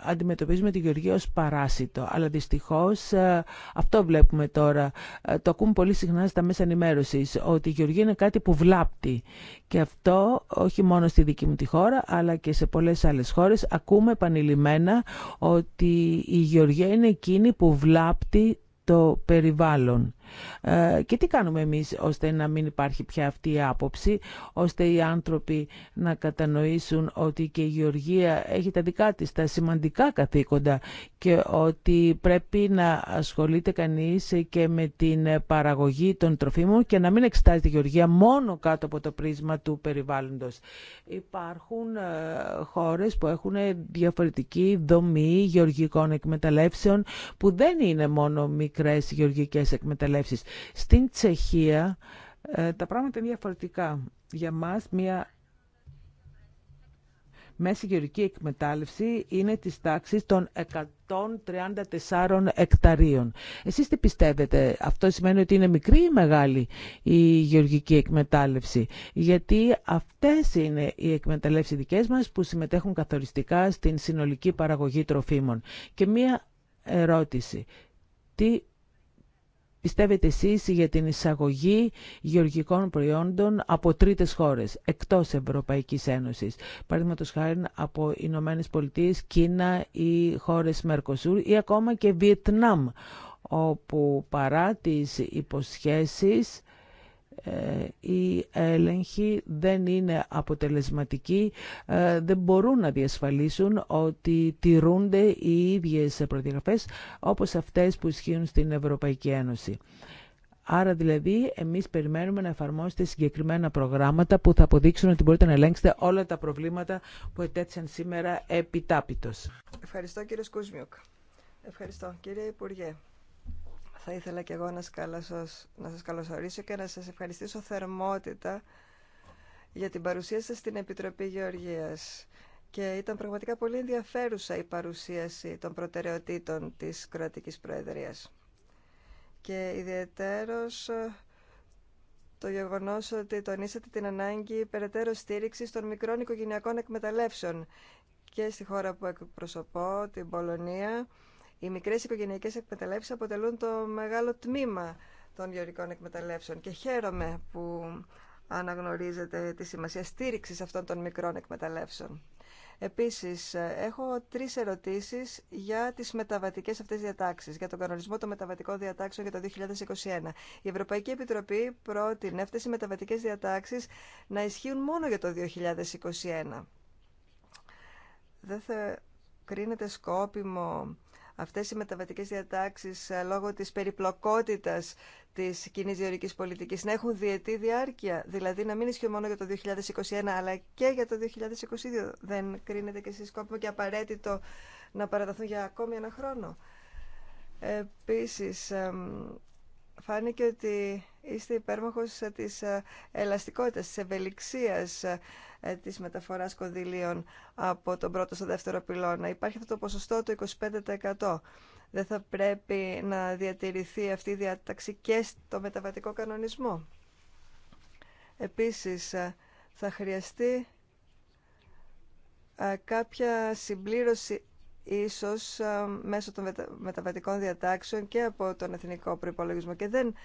αντιμετωπίζουμε τη γεωργία ως παράσιτο. Αλλά δυστυχώς ε, αυτό βλέπουμε τώρα. Ε, το ακούμε πολύ συχνά στα μέσα ενημέρωση ότι η γεωργία είναι κάτι που βλάπτει. Και αυτό όχι μόνο στη δική μου τη χώρα, αλλά και σε πολλές άλλες χώρες. Ακούμε επανειλημμένα ότι η γεωργία είναι εκείνη που βλάπτει το περιβάλλον. Ε, και τι κάνουμε εμείς ώστε να μην υπάρχει πια αυτή η άποψη, ώστε οι άνθρωποι να κατανοήσουν ότι και η Γεωργία έχει τα δικά της, τα σημαντικά καθήκοντα και ότι πρέπει να ασχολείται κανείς και με την παραγωγή των τροφίμων και να μην εξετάζει τη Γεωργία μόνο κάτω από το πρίσμα του περιβάλλοντος. Υπάρχουν ε, χώρες που έχουν διαφορετική δομή γεωργικών εκμεταλλεύσεων που δεν είναι μόνο μικρές γεωργικές εκμεταλλεύσεις στην Τσεχία ε, τα πράγματα είναι διαφορετικά. Για μας μια μέση γεωρική εκμετάλλευση είναι της τάξης των 134 εκταρίων. Εσείς τι πιστεύετε, αυτό σημαίνει ότι είναι μικρή ή μεγάλη η γεωργική εκμετάλλευση, γιατί αυτές είναι οι εκμεταλλεύσεις δικές μας που συμμετέχουν καθοριστικά στην συνολική παραγωγή τροφίμων. Και μία ερώτηση, τι πιστεύετε εσείς για την εισαγωγή γεωργικών προϊόντων από τρίτες χώρες, εκτός Ευρωπαϊκής Ένωσης, παραδείγματο χάρη από Ηνωμένε Πολιτείες, Κίνα ή χώρες Μερκοσούρ ή ακόμα και Βιετνάμ, όπου παρά τις υποσχέσεις οι έλεγχοι δεν είναι αποτελεσματικοί, ε, δεν μπορούν να διασφαλίσουν ότι τηρούνται οι ίδιες προδιαγραφές όπως αυτές που ισχύουν στην Ευρωπαϊκή Ένωση. Άρα δηλαδή εμείς περιμένουμε να εφαρμόσετε συγκεκριμένα προγράμματα που θα αποδείξουν ότι μπορείτε να ελέγξετε όλα τα προβλήματα που ετέθησαν σήμερα επιτάπητος. Ευχαριστώ κύριε Σκούσμιουκ. Ευχαριστώ κύριε Υπουργέ. Θα ήθελα και εγώ να σας, να σας καλωσορίσω και να σας ευχαριστήσω θερμότητα για την παρουσία σας στην Επιτροπή Γεωργίας. Και ήταν πραγματικά πολύ ενδιαφέρουσα η παρουσίαση των προτεραιοτήτων της κρατικής Προεδρίας. Και ιδιαίτερος ε, το γεγονός ότι τονίσατε την ανάγκη περαιτέρω στήριξης των μικρών οικογενειακών εκμεταλλεύσεων και στη χώρα που εκπροσωπώ, την Πολωνία, οι μικρέ οικογενειακέ εκμεταλλεύσει αποτελούν το μεγάλο τμήμα των γεωρικών εκμεταλλεύσεων και χαίρομαι που αναγνωρίζετε τη σημασία στήριξης αυτών των μικρών εκμεταλλεύσεων. Επίσης, έχω τρεις ερωτήσεις για τις μεταβατικές αυτές διατάξεις, για τον κανονισμό των μεταβατικών διατάξεων για το 2021. Η Ευρωπαϊκή Επιτροπή πρότεινε αυτές οι μεταβατικές διατάξεις να ισχύουν μόνο για το 2021. Δεν θα κρίνεται σκόπιμο Αυτές οι μεταβατικές διατάξεις ε, λόγω της περιπλοκότητας της κοινή διορικής πολιτικής να έχουν διετή διάρκεια, δηλαδή να μην ισχύει μόνο για το 2021 αλλά και για το 2022. Δεν κρίνεται και εσείς σκόπιμο και απαραίτητο να παραταθούν για ακόμη ένα χρόνο. Επίσης, φάνηκε ότι είστε υπέρμαχος ε, της ε, ελαστικότητας, της ευελιξίας ε, της μεταφοράς κονδυλίων από τον πρώτο στο δεύτερο πυλώνα. Υπάρχει αυτό το ποσοστό το 25%. Δεν θα πρέπει να διατηρηθεί αυτή η διάταξη και στο μεταβατικό κανονισμό. Επίσης, θα χρειαστεί κάποια συμπλήρωση ίσως ε, μέσω των μεταβατικών διατάξεων και από τον Εθνικό Προϋπολογισμό και δεν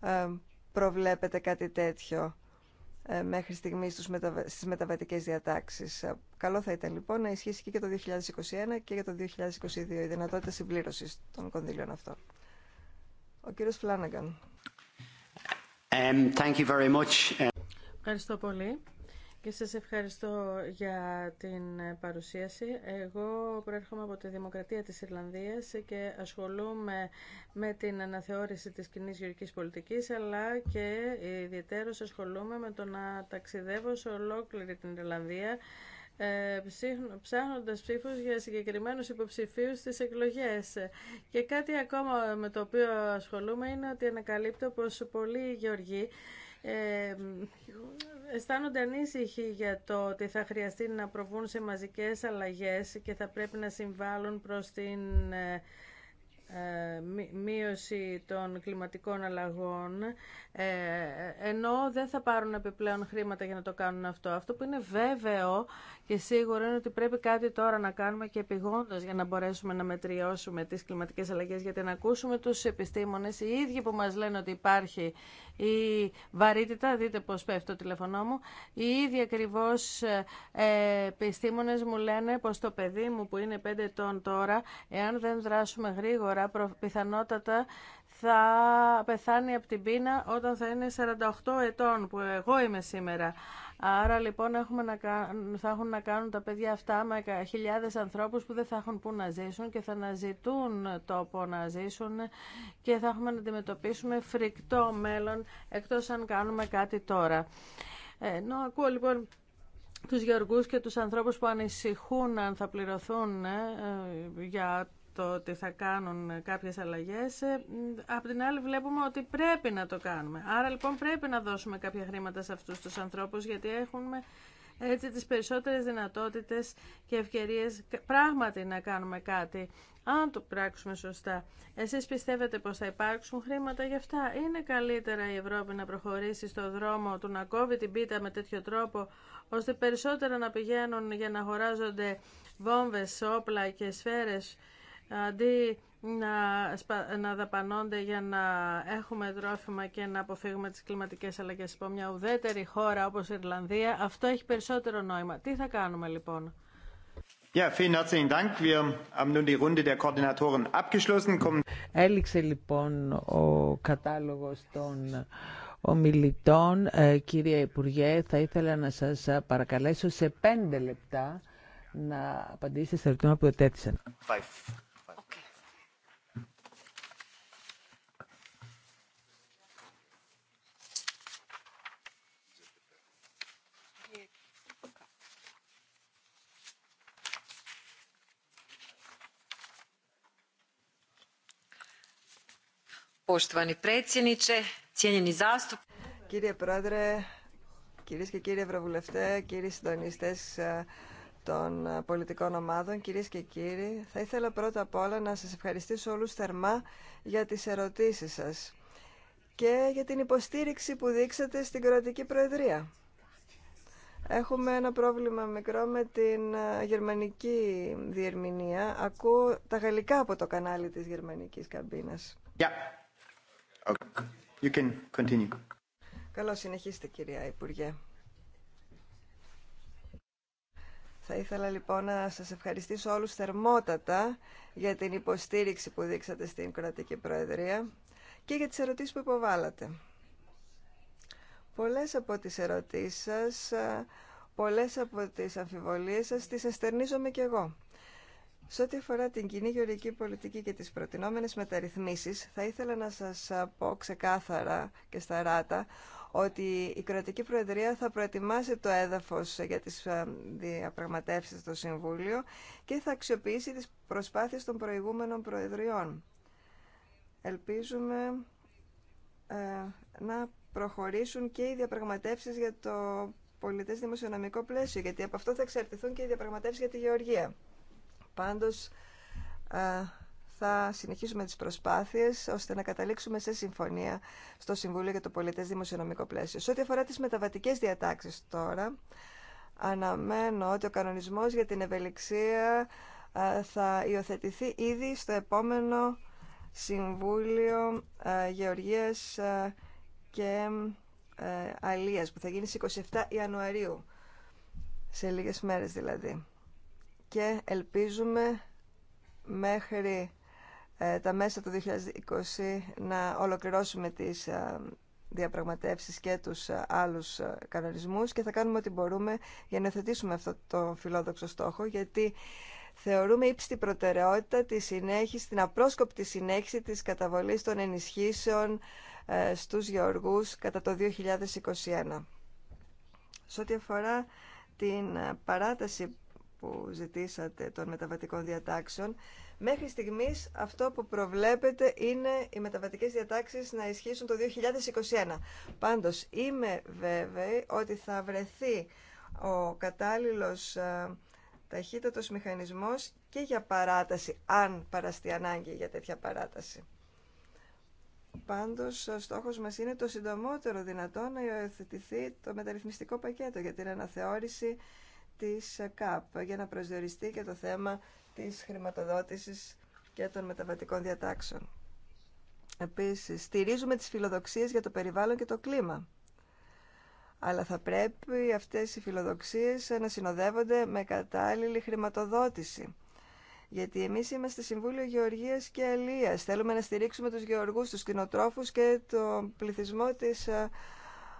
ε, προβλέπεται κάτι τέτοιο ε, μέχρι στιγμής στους στις μεταβατικές διατάξεις. Καλό θα ήταν λοιπόν να ισχύσει και για το 2021 και για το 2022 η δυνατότητα συμπλήρωση των κονδύλιων αυτών. Ο κύριος Φλάνναγκαν. Um, thank you very much. Ευχαριστώ πολύ και σας ευχαριστώ για την παρουσίαση. Εγώ προέρχομαι από τη Δημοκρατία της Ιρλανδίας και ασχολούμαι με την αναθεώρηση της κοινή γεωργικής πολιτικής αλλά και ιδιαίτερως ασχολούμαι με το να ταξιδεύω σε ολόκληρη την Ιρλανδία ε, ψάχνοντας ψήφους για συγκεκριμένους υποψηφίους στις εκλογές. Και κάτι ακόμα με το οποίο ασχολούμαι είναι ότι ανακαλύπτω πως πολλοί γεωργοί ε, αισθάνονται ανήσυχοι για το ότι θα χρειαστεί να προβούν σε μαζικές αλλαγές και θα πρέπει να συμβάλλουν προς την ε, ε, μείωση των κλιματικών αλλαγών ε, ενώ δεν θα πάρουν επιπλέον χρήματα για να το κάνουν αυτό. Αυτό που είναι βέβαιο και σίγουρο είναι ότι πρέπει κάτι τώρα να κάνουμε και επιγόντω για να μπορέσουμε να μετριώσουμε τι κλιματικέ αλλαγέ. Γιατί να ακούσουμε του επιστήμονε, οι ίδιοι που μα λένε ότι υπάρχει η βαρύτητα, δείτε πώ πέφτει το τηλεφωνό μου, οι ίδιοι ακριβώ ε, επιστήμονε μου λένε πω το παιδί μου που είναι 5 ετών τώρα, εάν δεν δράσουμε γρήγορα, πιθανότατα θα πεθάνει από την πείνα όταν θα είναι 48 ετών που εγώ είμαι σήμερα. Άρα λοιπόν έχουμε να, θα έχουν να κάνουν τα παιδιά αυτά με χιλιάδες ανθρώπους που δεν θα έχουν που να ζήσουν και θα αναζητούν τόπο να ζήσουν και θα έχουμε να αντιμετωπίσουμε φρικτό μέλλον εκτός αν κάνουμε κάτι τώρα. Ενώ ακούω λοιπόν τους γεωργούς και τους ανθρώπους που ανησυχούν αν θα πληρωθούν ε, ε, για το ότι θα κάνουν κάποιες αλλαγές. Ε, απ' την άλλη βλέπουμε ότι πρέπει να το κάνουμε. Άρα λοιπόν πρέπει να δώσουμε κάποια χρήματα σε αυτούς τους ανθρώπους γιατί έχουμε έτσι τις περισσότερες δυνατότητες και ευκαιρίες πράγματι να κάνουμε κάτι αν το πράξουμε σωστά. Εσείς πιστεύετε πως θα υπάρξουν χρήματα για αυτά. Είναι καλύτερα η Ευρώπη να προχωρήσει στο δρόμο του να κόβει την πίτα με τέτοιο τρόπο ώστε περισσότερα να πηγαίνουν για να αγοράζονται βόμβες, όπλα και σφαίρες αντί να, να δαπανώνται για να έχουμε τρόφιμα και να αποφύγουμε τις κλιματικές αλλαγές από μια ουδέτερη χώρα όπως η Ιρλανδία, αυτό έχει περισσότερο νόημα. Τι θα κάνουμε λοιπόν. Έληξε λοιπόν ο κατάλογος των ομιλητών. Ε, κύριε Υπουργέ, θα ήθελα να σας παρακαλέσω σε πέντε λεπτά να απαντήσετε στα ερωτήματα που ετέθησαν. Κύριε Πρόεδρε, κυρίες και κύριοι Ευρωβουλευτέ, κύριοι συντονιστές ε, των πολιτικών ομάδων, κυρίες και κύριοι, θα ήθελα πρώτα απ' όλα να σας ευχαριστήσω όλους θερμά για τις ερωτήσεις σας και για την υποστήριξη που δείξατε στην Κροατική Προεδρία. Έχουμε ένα πρόβλημα μικρό με την ε, γερμανική διερμηνία. Ακούω τα γαλλικά από το κανάλι της γερμανικής καμπίνας. Καλώ συνεχίστε κυρία Υπουργέ. Θα ήθελα λοιπόν να σας ευχαριστήσω όλους θερμότατα για την υποστήριξη που δείξατε στην Κρατική Προεδρία και για τις ερωτήσεις που υποβάλατε. Πολλές από τις ερωτήσεις σας, πολλές από τις αμφιβολίες σας τις αστερνίζομαι κι εγώ. Σε ό,τι αφορά την κοινή γεωργική πολιτική και τις προτινόμενες μεταρρυθμίσεις, θα ήθελα να σας πω ξεκάθαρα και στα ράτα ότι η κρατική προεδρία θα προετοιμάσει το έδαφος για τις ε, διαπραγματεύσεις στο Συμβούλιο και θα αξιοποιήσει τις προσπάθειες των προηγούμενων προεδριών. Ελπίζουμε ε, να προχωρήσουν και οι διαπραγματεύσεις για το πολιτές δημοσιονομικό πλαίσιο, γιατί από αυτό θα εξαρτηθούν και οι διαπραγματεύσεις για τη γεωργία. Πάντως θα συνεχίσουμε τις προσπάθειες ώστε να καταλήξουμε σε συμφωνία στο Συμβούλιο για το Πολιτές Δημοσιονομικό Πλαίσιο. Σε ό,τι αφορά τις μεταβατικές διατάξεις τώρα, αναμένω ότι ο κανονισμός για την ευελιξία θα υιοθετηθεί ήδη στο επόμενο Συμβούλιο Γεωργίας και Αλίας που θα γίνει στις 27 Ιανουαρίου, σε λίγες μέρες δηλαδή και ελπίζουμε μέχρι ε, τα μέσα του 2020 να ολοκληρώσουμε τις ε, διαπραγματεύσεις και τους ε, άλλους κανονισμούς και θα κάνουμε ό,τι μπορούμε για να θετήσουμε αυτό το φιλόδοξο στόχο γιατί θεωρούμε ύψιστη προτεραιότητα τη συνέχιση, την απρόσκοπτη συνέχιση της καταβολής των ενισχύσεων στους γεωργούς κατά το 2021. Σε ό,τι αφορά την παράταση που ζητήσατε των μεταβατικών διατάξεων. Μέχρι στιγμής αυτό που προβλέπετε είναι οι μεταβατικές διατάξεις να ισχύσουν το 2021. Πάντως είμαι βέβαιη ότι θα βρεθεί ο κατάλληλος ε, ταχύτατος μηχανισμός και για παράταση, αν παραστεί ανάγκη για τέτοια παράταση. Πάντως, ο στόχος μας είναι το συντομότερο δυνατό να υιοθετηθεί το μεταρρυθμιστικό πακέτο για την αναθεώρηση της ΚΑΠ για να προσδιοριστεί και το θέμα της χρηματοδότησης και των μεταβατικών διατάξεων. Επίσης, στηρίζουμε τις φιλοδοξίες για το περιβάλλον και το κλίμα. Αλλά θα πρέπει αυτές οι φιλοδοξίες να συνοδεύονται με κατάλληλη χρηματοδότηση. Γιατί εμείς είμαστε Συμβούλιο Γεωργίας και Αλίας. Θέλουμε να στηρίξουμε τους γεωργούς, τους κοινοτρόφους και τον πληθυσμό της ε,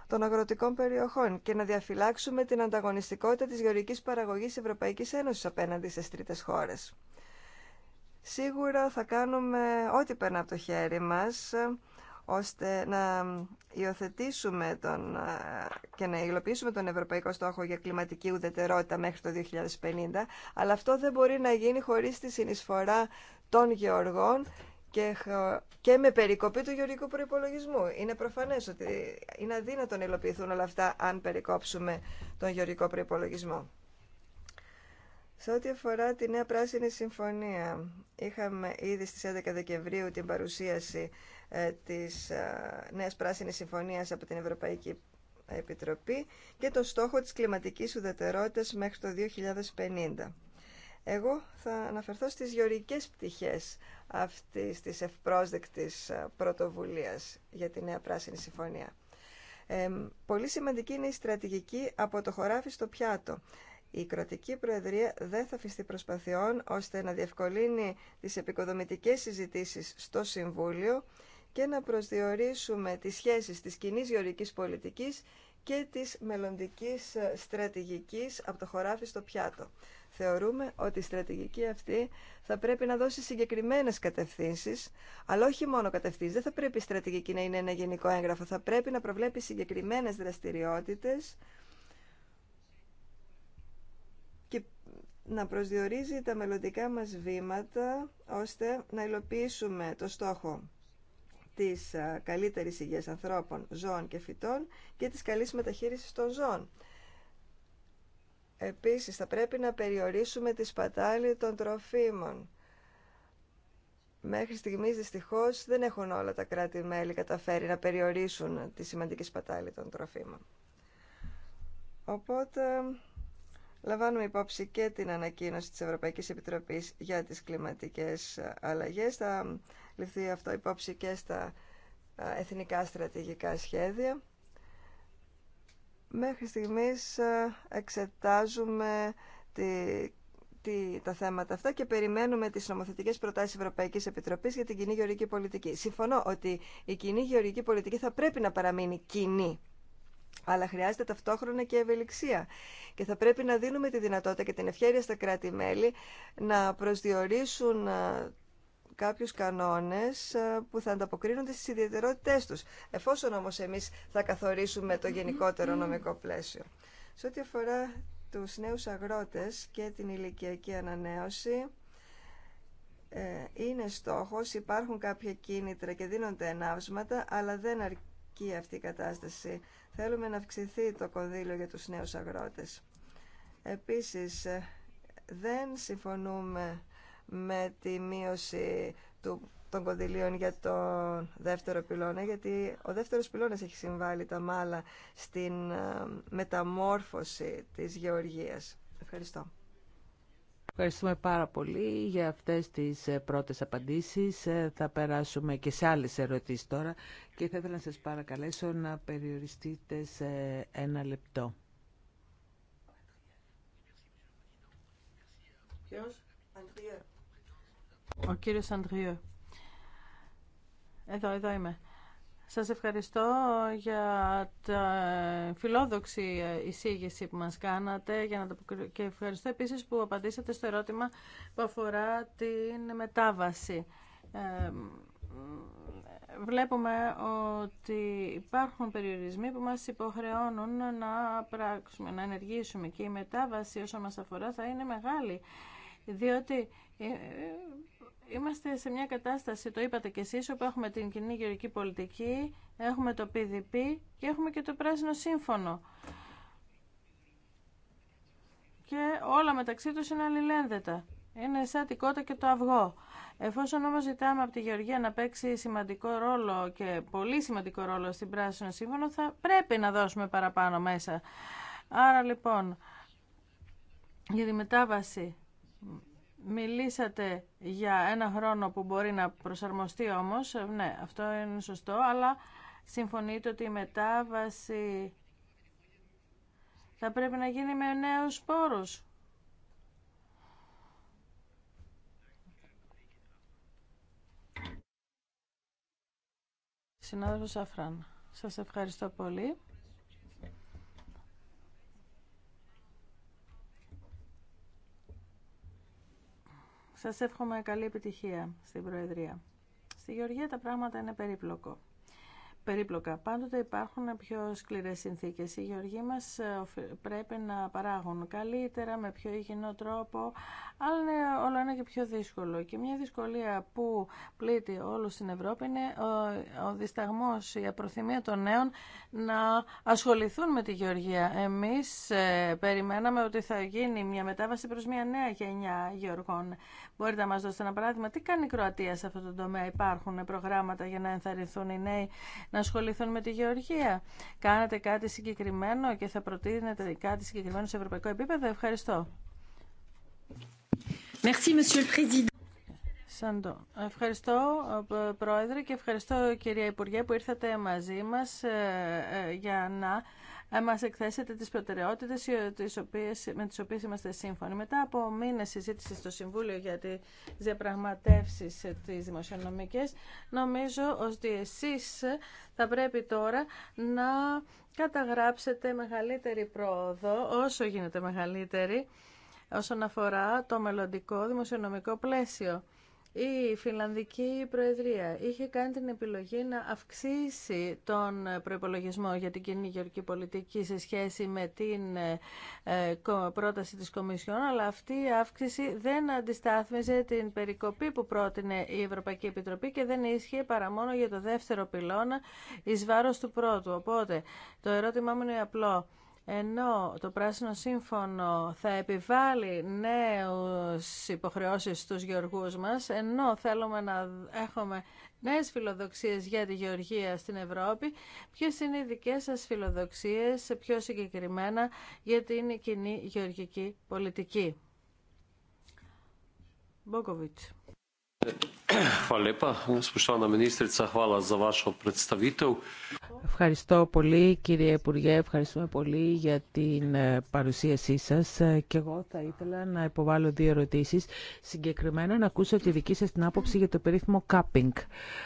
των αγροτικών περιοχών και να διαφυλάξουμε την ανταγωνιστικότητα της γεωργικής παραγωγής Ευρωπαϊκής Ένωσης απέναντι στις τρίτες χώρες. Σίγουρα θα κάνουμε ό,τι περνά από το χέρι μας ώστε να υιοθετήσουμε τον, και να υλοποιήσουμε τον ευρωπαϊκό στόχο για κλιματική ουδετερότητα μέχρι το 2050, αλλά αυτό δεν μπορεί να γίνει χωρίς τη συνεισφορά των γεωργών και, και με περικοπή του γεωργικού προπολογισμού. Είναι προφανέ ότι είναι αδύνατο να υλοποιηθούν όλα αυτά αν περικόψουμε τον γεωργικό προπολογισμό. Σε ό,τι αφορά τη Νέα Πράσινη Συμφωνία, είχαμε ήδη στις 11 Δεκεμβρίου την παρουσίαση ε, της ε, Νέας Πράσινης Συμφωνίας από την Ευρωπαϊκή Επιτροπή και το στόχο της κλιματικής ουδετερότητας μέχρι το 2050. Εγώ θα αναφερθώ στις γεωρικές πτυχές αυτής της ευπρόσδεκτης ε, πρωτοβουλίας για τη Νέα Πράσινη Συμφωνία. Ε, πολύ σημαντική είναι η στρατηγική από το χωράφι στο πιάτο. Η Κρατική Προεδρία δεν θα αφιστεί προσπαθειών ώστε να διευκολύνει τις επικοδομητικές συζητήσεις στο Συμβούλιο και να προσδιορίσουμε τις σχέσεις της κοινή γεωρικής πολιτικής και της μελλοντικής ε, στρατηγικής από το χωράφι στο πιάτο. Θεωρούμε ότι η στρατηγική αυτή θα πρέπει να δώσει συγκεκριμένες κατευθύνσεις, αλλά όχι μόνο κατευθύνσεις. Δεν θα πρέπει η στρατηγική να είναι ένα γενικό έγγραφο. Θα πρέπει να προβλέπει συγκεκριμένες δραστηριότητες και να προσδιορίζει τα μελλοντικά μας βήματα, ώστε να υλοποιήσουμε το στόχο της ε, καλύτερης υγείας ανθρώπων, ζώων και φυτών και της καλής μεταχείρισης των ζώων. Επίσης, θα πρέπει να περιορίσουμε τη σπατάλη των τροφίμων. Μέχρι στιγμής, δυστυχώς, δεν έχουν όλα τα κράτη-μέλη καταφέρει να περιορίσουν τη σημαντική σπατάλη των τροφίμων. Οπότε, λαμβάνουμε υπόψη και την ανακοίνωση της Ευρωπαϊκής Επιτροπής για τις κλιματικές αλλαγές. Θα ληφθεί αυτό υπόψη και στα εθνικά στρατηγικά σχέδια. Μέχρι στιγμής ε, εξετάζουμε τη, τα θέματα αυτά και περιμένουμε τις νομοθετικές προτάσεις Ευρωπαϊκής Επιτροπής για την κοινή γεωργική πολιτική. Συμφωνώ ότι η κοινή γεωργική πολιτική θα πρέπει να παραμείνει κοινή. Αλλά χρειάζεται ταυτόχρονα και ευελιξία. Και θα πρέπει να δίνουμε τη δυνατότητα και την ευχαίρεια στα κράτη-μέλη να προσδιορίσουν ε, κάποιους κανόνες ε, που θα ανταποκρίνονται στις ιδιαιτερότητές τους, εφόσον όμως εμείς θα καθορίσουμε το γενικότερο νομικό πλαίσιο. Σε ό,τι αφορά τους νέους αγρότες και την ηλικιακή ανανέωση, ε, είναι στόχος, υπάρχουν κάποια κίνητρα και δίνονται ενάυσματα, αλλά δεν αρκεί αυτή η κατάσταση. Θέλουμε να αυξηθεί το κονδύλιο για τους νέους αγρότες. Επίσης, ε, δεν συμφωνούμε με τη μείωση του, των κονδυλίων για τον δεύτερο πυλώνα, γιατί ο δεύτερος πυλώνας έχει συμβάλει τα μάλα στην ε, μεταμόρφωση της γεωργίας. Ευχαριστώ. Ευχαριστούμε πάρα πολύ για αυτές τις ε, πρώτες απαντήσεις. Ε, θα περάσουμε και σε άλλες ερωτήσεις τώρα και θα ήθελα να σας παρακαλέσω να περιοριστείτε σε ένα λεπτό. Ποιος? Ο κύριος Ανδριού. Εδώ, εδώ είμαι. Σας ευχαριστώ για τη φιλόδοξη εισήγηση που μας κάνατε για να το... και ευχαριστώ επίσης που απαντήσατε στο ερώτημα που αφορά την μετάβαση. Ε, βλέπουμε ότι υπάρχουν περιορισμοί που μας υποχρεώνουν να πράξουμε, να ενεργήσουμε και η μετάβαση όσο μας αφορά θα είναι μεγάλη, διότι ε, είμαστε σε μια κατάσταση, το είπατε και εσείς, όπου έχουμε την κοινή γεωργική πολιτική, έχουμε το PDP και έχουμε και το πράσινο σύμφωνο. Και όλα μεταξύ τους είναι αλληλένδετα. Είναι σαν την κότα και το αυγό. Εφόσον όμως ζητάμε από τη Γεωργία να παίξει σημαντικό ρόλο και πολύ σημαντικό ρόλο στην Πράσινο Σύμφωνο, θα πρέπει να δώσουμε παραπάνω μέσα. Άρα λοιπόν, για τη μετάβαση Μιλήσατε για ένα χρόνο που μπορεί να προσαρμοστεί όμως, ναι, αυτό είναι σωστό, αλλά συμφωνείτε ότι η μετάβαση θα πρέπει να γίνει με νέους πόρους. Συνάδελφος Αφράν, σας ευχαριστώ πολύ. Σας εύχομαι καλή επιτυχία στην Προεδρία. Στη Γεωργία τα πράγματα είναι περίπλοκο περίπλοκα. Πάντοτε υπάρχουν πιο σκληρές συνθήκες. Οι γεωργοί μας ε, πρέπει να παράγουν καλύτερα, με πιο υγιεινό τρόπο, αλλά είναι όλο ένα και πιο δύσκολο. Και μια δυσκολία που πλήττει όλους στην Ευρώπη είναι ε, ο, δισταγμός, η απροθυμία των νέων να ασχοληθούν με τη γεωργία. Εμείς ε, περιμέναμε ότι θα γίνει μια μετάβαση προς μια νέα γενιά γεωργών. Μπορείτε να μας δώσετε ένα παράδειγμα. Τι κάνει η Κροατία σε αυτό το τομέα. Υπάρχουν προγράμματα για να ενθαρρυνθούν οι νέοι να ασχοληθούν με τη γεωργία. Κάνατε κάτι συγκεκριμένο και θα προτείνετε κάτι συγκεκριμένο σε ευρωπαϊκό επίπεδο. Ευχαριστώ. Merci, Monsieur le Ευχαριστώ ε, Πρόεδρε και ευχαριστώ κυρία Υπουργέ που ήρθατε μαζί μας ε, ε, για να ε, μα εκθέσετε τις προτεραιότητες με τις οποίες είμαστε σύμφωνοι. Μετά από μήνες συζήτηση στο Συμβούλιο για τι διαπραγματεύσει ε, τις δημοσιονομικές, νομίζω ότι εσεί ε, θα πρέπει τώρα να καταγράψετε μεγαλύτερη πρόοδο, όσο γίνεται μεγαλύτερη, όσον αφορά το μελλοντικό δημοσιονομικό πλαίσιο η Φινλανδική Προεδρία είχε κάνει την επιλογή να αυξήσει τον προϋπολογισμό για την κοινή γεωργική πολιτική σε σχέση με την ε, πρόταση της Κομισιόν, αλλά αυτή η αύξηση δεν αντιστάθμιζε την περικοπή που πρότεινε η Ευρωπαϊκή Επιτροπή και δεν ίσχυε παρά μόνο για το δεύτερο πυλώνα εις βάρος του πρώτου. Οπότε το ερώτημά μου είναι απλό ενώ το Πράσινο Σύμφωνο θα επιβάλλει νέους υποχρεώσεις στους γεωργούς μας, ενώ θέλουμε να έχουμε νέες φιλοδοξίες για τη γεωργία στην Ευρώπη, ποιες είναι οι δικές σας φιλοδοξίες πιο συγκεκριμένα για την κοινή γεωργική πολιτική. Μπόκοβιτς. Ευχαριστώ πολύ κύριε Υπουργέ, ευχαριστούμε πολύ για την ε, παρουσίασή σας ε, και εγώ θα ήθελα να υποβάλω δύο ερωτήσεις. Συγκεκριμένα να ακούσω τη δική σας την άποψη για το περίφημο κάπινγκ.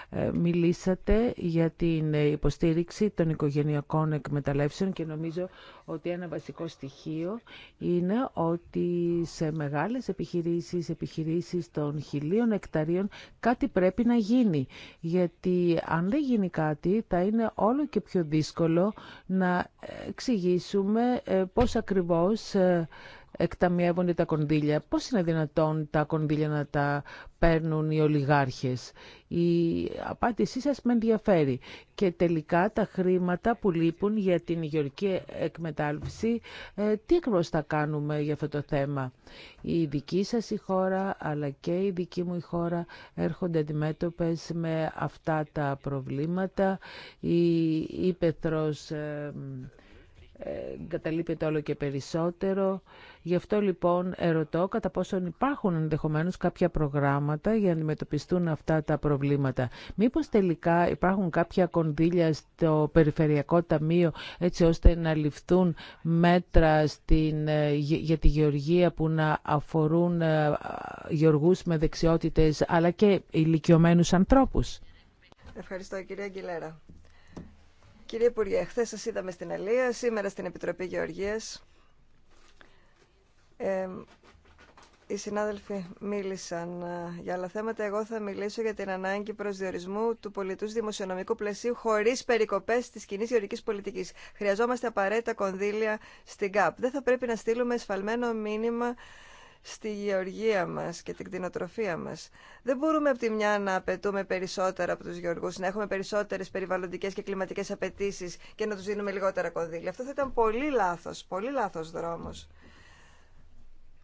Ε, μιλήσατε για την υποστήριξη των οικογενειακών εκμεταλλεύσεων και νομίζω ότι ένα βασικό στοιχείο είναι ότι σε μεγάλες επιχειρήσεις, επιχειρήσεις των χιλίων εκταρίων, κάτι πρέπει να γίνει. Γιατί αν δεν γίνει κάτι, θα είναι όλο και πιο δύσκολο να εξηγήσουμε ε, πώς ακριβώς ε, εκταμιεύονται τα κονδύλια. Πώς είναι δυνατόν τα κονδύλια να τα παίρνουν οι ολιγάρχες. Η απάντησή σας με ενδιαφέρει. Και τελικά τα χρήματα που λείπουν για την υγειορική εκμετάλλευση, ε, τι ακριβώς θα κάνουμε για αυτό το θέμα. Η δική σας η χώρα, αλλά και η δική μου η χώρα έρχονται αντιμέτωπες με αυτά τα προβλήματα. Η υπεθρός... Ε, καταλείπεται όλο και περισσότερο. Γι' αυτό λοιπόν ερωτώ κατά πόσον υπάρχουν ενδεχομένω κάποια προγράμματα για να αντιμετωπιστούν αυτά τα προβλήματα. Μήπως τελικά υπάρχουν κάποια κονδύλια στο Περιφερειακό Ταμείο έτσι ώστε να ληφθούν μέτρα στην, ε, για τη γεωργία που να αφορούν ε, γεωργούς με δεξιότητες αλλά και ηλικιωμένους ανθρώπους. Ευχαριστώ κυρία Αγγιλέρα. Κύριε Υπουργέ, χθε σας είδαμε στην Ελία, σήμερα στην Επιτροπή Γεωργίας. Ε, οι συνάδελφοι μίλησαν ε, για άλλα θέματα. Εγώ θα μιλήσω για την ανάγκη προσδιορισμού του πολιτού δημοσιονομικού πλαισίου χωρί περικοπέ τη κοινή γεωργική πολιτική. Χρειαζόμαστε απαραίτητα κονδύλια στην ΚΑΠ. Δεν θα πρέπει να στείλουμε εσφαλμένο μήνυμα στη γεωργία μας και την κτηνοτροφία μας. Δεν μπορούμε από τη μια να απαιτούμε περισσότερα από τους γεωργούς, να έχουμε περισσότερες περιβαλλοντικές και κλιματικές απαιτήσει και να τους δίνουμε λιγότερα κονδύλια. Αυτό θα ήταν πολύ λάθος, πολύ λάθος δρόμος.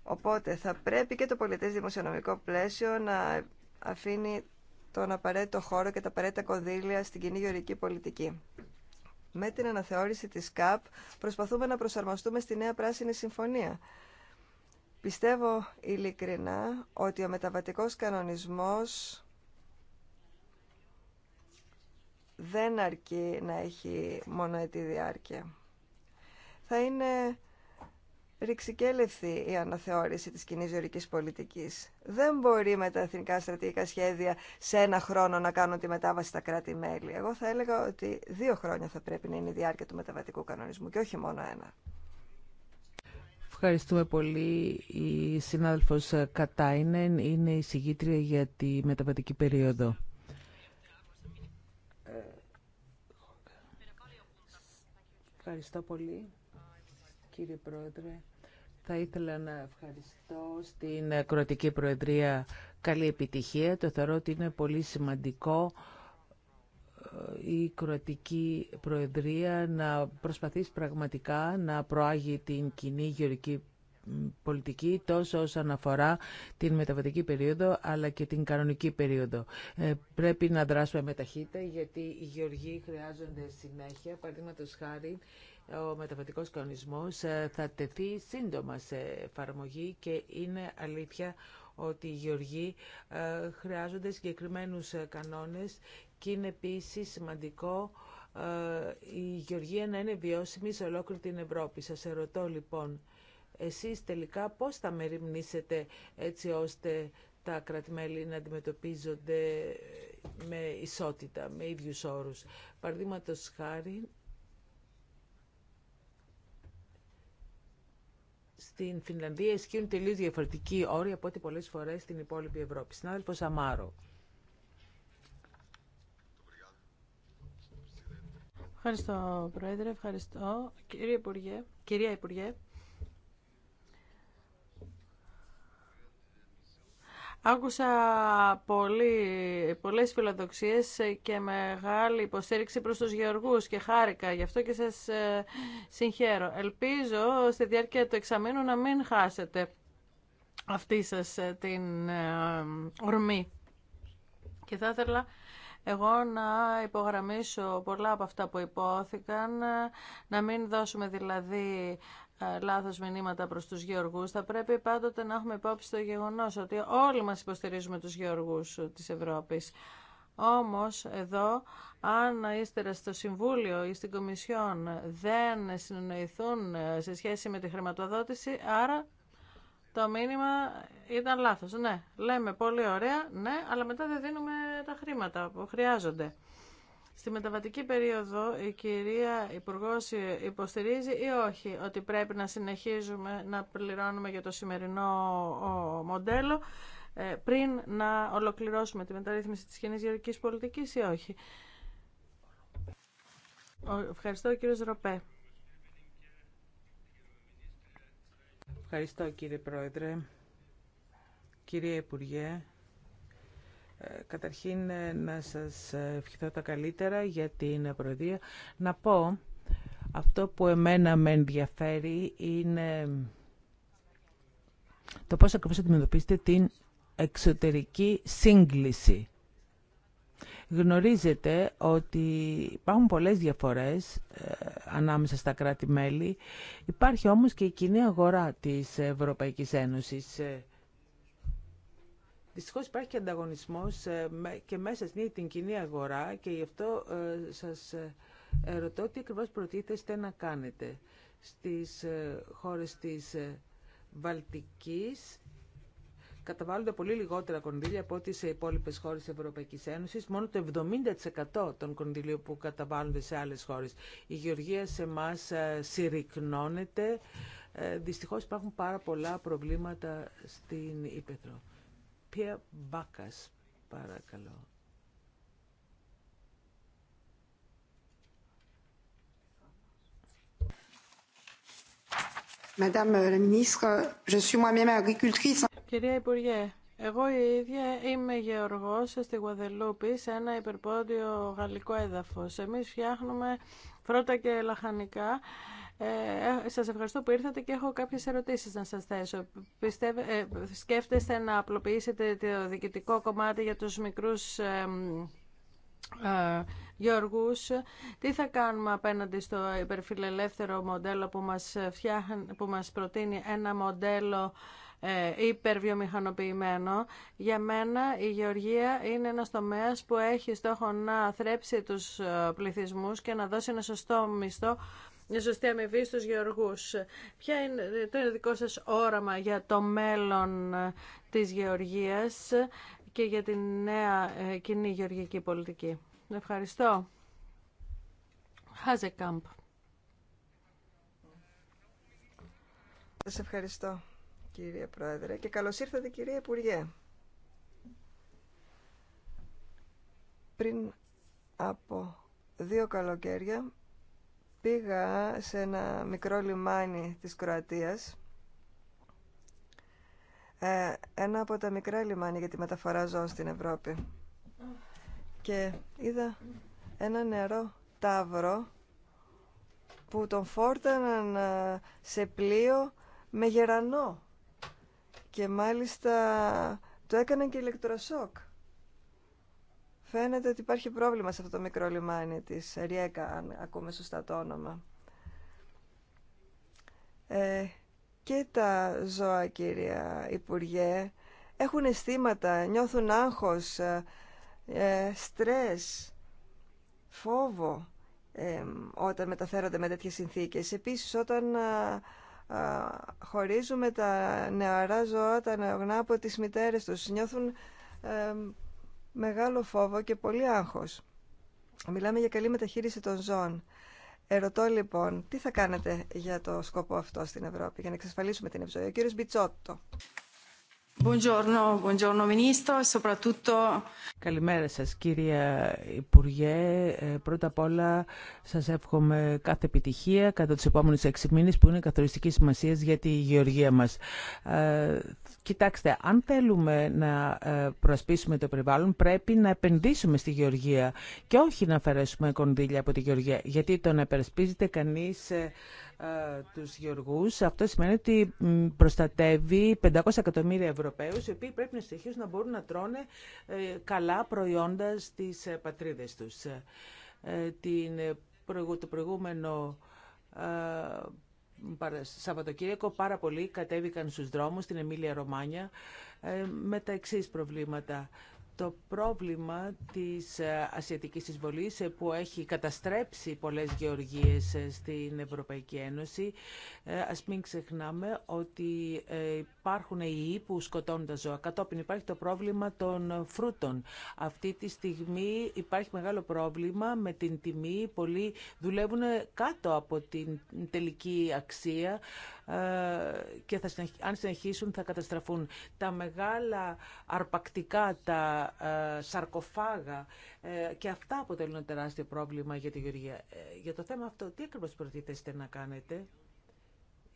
Οπότε θα πρέπει και το πολιτές δημοσιονομικό πλαίσιο να αφήνει τον απαραίτητο χώρο και τα απαραίτητα κονδύλια στην κοινή γεωργική πολιτική. Με την αναθεώρηση της ΚΑΠ προσπαθούμε να προσαρμοστούμε στη νέα πράσινη συμφωνία Πιστεύω ειλικρινά ότι ο μεταβατικός κανονισμός δεν αρκεί να έχει έτη διάρκεια. Θα είναι ρηξικέλευθη η αναθεώρηση της κοινή ζωρικής πολιτικής. Δεν μπορεί με τα εθνικά στρατηγικά σχέδια σε ένα χρόνο να κάνουν τη μετάβαση στα κράτη-μέλη. Εγώ θα έλεγα ότι δύο χρόνια θα πρέπει να είναι η διάρκεια του μεταβατικού κανονισμού και όχι μόνο ένα. Ευχαριστούμε πολύ. Η συνάδελφος Κατάινεν είναι η συγγήτρια για τη μεταβατική περίοδο. Ευχαριστώ πολύ, κύριε Πρόεδρε. Θα ήθελα να ευχαριστώ στην Κροατική Προεδρία καλή επιτυχία. Το θεωρώ ότι είναι πολύ σημαντικό η Κροατική Προεδρία να προσπαθήσει πραγματικά να προάγει την κοινή γεωρική πολιτική τόσο όσον αφορά την μεταβατική περίοδο αλλά και την κανονική περίοδο. Ε, πρέπει να δράσουμε με ταχύτητα γιατί οι γεωργοί χρειάζονται συνέχεια. Παραδείγματο χάρη, ο μεταβατικός κανονισμός ε, θα τεθεί σύντομα σε εφαρμογή και είναι αλήθεια ότι οι γεωργοί ε, χρειάζονται συγκεκριμένους κανόνες και είναι επίσης σημαντικό ε, η γεωργία να είναι βιώσιμη σε ολόκληρη την Ευρώπη. Σας ερωτώ λοιπόν, εσείς τελικά πώς θα μεριμνήσετε έτσι ώστε τα κρατημέλη να αντιμετωπίζονται με ισότητα, με ίδιους όρους. Παραδείγματο χάρη, στην Φινλανδία ισχύουν τελείως διαφορετικοί όροι από ό,τι πολλές φορές στην υπόλοιπη Ευρώπη. Συνάδελφος Αμάρο. Ευχαριστώ, Πρόεδρε. Ευχαριστώ. Κύριε Υπουργέ, κυρία Υπουργέ, Άκουσα πολύ, πολλές φιλοδοξίες και μεγάλη υποστήριξη προς τους γεωργούς και χάρηκα γι' αυτό και σας ε, συγχαίρω. Ελπίζω στη διάρκεια του εξαμήνου να μην χάσετε αυτή σας ε, την ε, ορμή. Και θα ήθελα εγώ να υπογραμμίσω πολλά από αυτά που υπόθηκαν, να μην δώσουμε δηλαδή ε, λάθος μηνύματα προς τους γεωργούς. Θα πρέπει πάντοτε να έχουμε υπόψη το γεγονός ότι όλοι μας υποστηρίζουμε τους γεωργούς ε, της Ευρώπης. Όμως εδώ, αν ύστερα στο Συμβούλιο ή στην Κομισιόν δεν συνοηθούν ε, σε σχέση με τη χρηματοδότηση, άρα το μήνυμα ήταν λάθος. Ναι, λέμε πολύ ωραία, ναι, αλλά μετά δεν δίνουμε τα χρήματα που χρειάζονται. Στη μεταβατική περίοδο η κυρία Υπουργό υποστηρίζει ή όχι ότι πρέπει να συνεχίζουμε να πληρώνουμε για το σημερινό μοντέλο ε, πριν να ολοκληρώσουμε τη μεταρρύθμιση της κοινή γεωργικής πολιτικής ή όχι. Ευχαριστώ κύριο Ζροπέ. Ευχαριστώ κύριε Πρόεδρε, κύριε Υπουργέ. Ε, καταρχήν ε, να σας ευχηθώ τα καλύτερα για την Προεδρία. Να πω, αυτό που εμένα με ενδιαφέρει είναι το πώς ακριβώς αντιμετωπίσετε την εξωτερική σύγκληση. Γνωρίζετε ότι υπάρχουν πολλές διαφορές ε, ανάμεσα στα κράτη-μέλη. Υπάρχει όμως και η κοινή αγορά της Ευρωπαϊκής Ένωσης. Ε, δυστυχώς υπάρχει και ανταγωνισμός ε, και μέσα στην κοινή αγορά και γι' αυτό σας ρωτώ τι ακριβώς προτίθεστε να κάνετε στις χώρες της Βαλτικής καταβάλλονται πολύ λιγότερα κονδύλια από ό,τι σε υπόλοιπε χώρε τη Ευρωπαϊκή Ένωση. Μόνο το 70% των κονδυλίων που καταβάλλονται σε άλλε χώρε. Η γεωργία σε εμά συρρυκνώνεται. Ε, Δυστυχώ υπάρχουν πάρα πολλά προβλήματα στην Ήπεθρο. Πια μπάκα, παρακαλώ. Madame la Ministre, je suis moi-même agricultrice. Κυρία Υπουργέ, εγώ η ίδια είμαι γεωργός στη Γουαδελούπη, σε ένα υπερπόδιο γαλλικό έδαφος. Εμείς φτιάχνουμε φρότα και λαχανικά. Ε, ε, σας ευχαριστώ που ήρθατε και έχω κάποιες ερωτήσεις να σας θέσω. Ε, σκέφτεστε να απλοποιήσετε το διοικητικό κομμάτι για τους μικρούς ε, τι θα κάνουμε απέναντι στο υπερφιλελεύθερο μοντέλο που μας, μας προτείνει ένα μοντέλο ε, υπερβιομηχανοποιημένο. Για μένα η γεωργία είναι ένας τομέας που έχει στόχο να θρέψει τους ε, πληθυσμούς και να δώσει ένα σωστό μισθό μια σωστή αμοιβή στους γεωργούς. Ποια είναι ε, το δικό σας όραμα για το μέλλον της γεωργίας και για την νέα κοινή γεωργική πολιτική. Ευχαριστώ. Χάζεκάμπ. Σας ευχαριστώ κύριε Πρόεδρε και καλώς ήρθατε κυρία Υπουργέ. Πριν από δύο καλοκαίρια πήγα σε ένα μικρό λιμάνι της Κροατίας ε, ένα από τα μικρά λιμάνια για τη μεταφορά ζώων στην Ευρώπη και είδα ένα νερό τάβρο που τον φόρταναν ε, σε πλοίο με γερανό και μάλιστα το έκαναν και ηλεκτροσόκ. Φαίνεται ότι υπάρχει πρόβλημα σε αυτό το μικρό λιμάνι της Ριέκα, αν ακούμε σωστά το όνομα. Ε, και τα ζώα, κύρια Υπουργέ, έχουν αισθήματα, νιώθουν άγχος, ε, ε, στρες, φόβο ε, όταν μεταφέρονται με τέτοιες συνθήκες. Επίσης, όταν ε, χωρίζουμε τα νεαρά ζώα, τα νεογνά από τις μητέρες τους. Νιώθουν μεγάλο φόβο και πολύ άγχος. Μιλάμε για καλή μεταχείριση των ζώων. Ερωτώ λοιπόν, τι θα κάνετε για το σκοπό αυτό στην Ευρώπη, για να εξασφαλίσουμε την ευζοία. Ο κύριος Μπιτσότο. E Καλημέρα σας κύριε Υπουργέ. Ε, πρώτα απ' όλα σας εύχομαι κάθε επιτυχία κατά τους επόμενους έξι μήνες που είναι καθοριστική σημασία για τη γεωργία μας. Ε, Κοιτάξτε, αν θέλουμε να ε, προσπίσουμε το περιβάλλον, πρέπει να επενδύσουμε στη γεωργία και όχι να αφαιρέσουμε κονδύλια από τη γεωργία. Γιατί το να υπερασπίζεται κανείς ε, ε, τους γεωργούς, αυτό σημαίνει ότι προστατεύει 500 εκατομμύρια Ευρωπαίους, οι οποίοι πρέπει να να μπορούν να τρώνε καλά προϊόντα στις πατρίδες τους. το προηγούμενο Σαββατοκύριακο πάρα πολλοί κατέβηκαν στους δρόμους στην Εμίλια Ρωμάνια ε, με τα εξής προβλήματα το πρόβλημα της ε, ασιατικής εισβολής ε, που έχει καταστρέψει πολλές γεωργίες ε, στην Ευρωπαϊκή Ένωση. Ας μην ξεχνάμε ότι υπάρχουν οι που σκοτώνουν τα ζώα. Κατόπιν υπάρχει το πρόβλημα των φρούτων. Αυτή τη στιγμή υπάρχει μεγάλο πρόβλημα με την τιμή. Πολλοί δουλεύουν κάτω από την τελική αξία ε, και θα, αν συνεχίσουν θα καταστραφούν. Τα μεγάλα αρπακτικά, τα ε, σαρκοφάγα ε, και αυτά αποτελούν τεράστιο πρόβλημα για τη Γεωργία. Για το θέμα αυτό, τι ακριβώς προτίθεστε να κάνετε.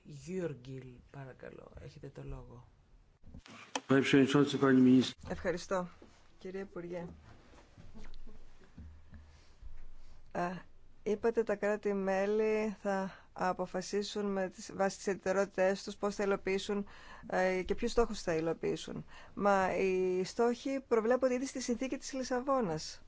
Γιώργιλ, παρακαλώ, έχετε το λόγο. Ευχαριστώ, κύριε Υπουργέ. Είπατε τα κράτη-μέλη θα αποφασίσουν με τις, βάσει τις ιδιαιτερότητές τους πώς θα υλοποιήσουν ε, και ποιους στόχους θα υλοποιήσουν. Μα οι στόχοι προβλέπονται ήδη στη συνθήκη της Λισαβόνας.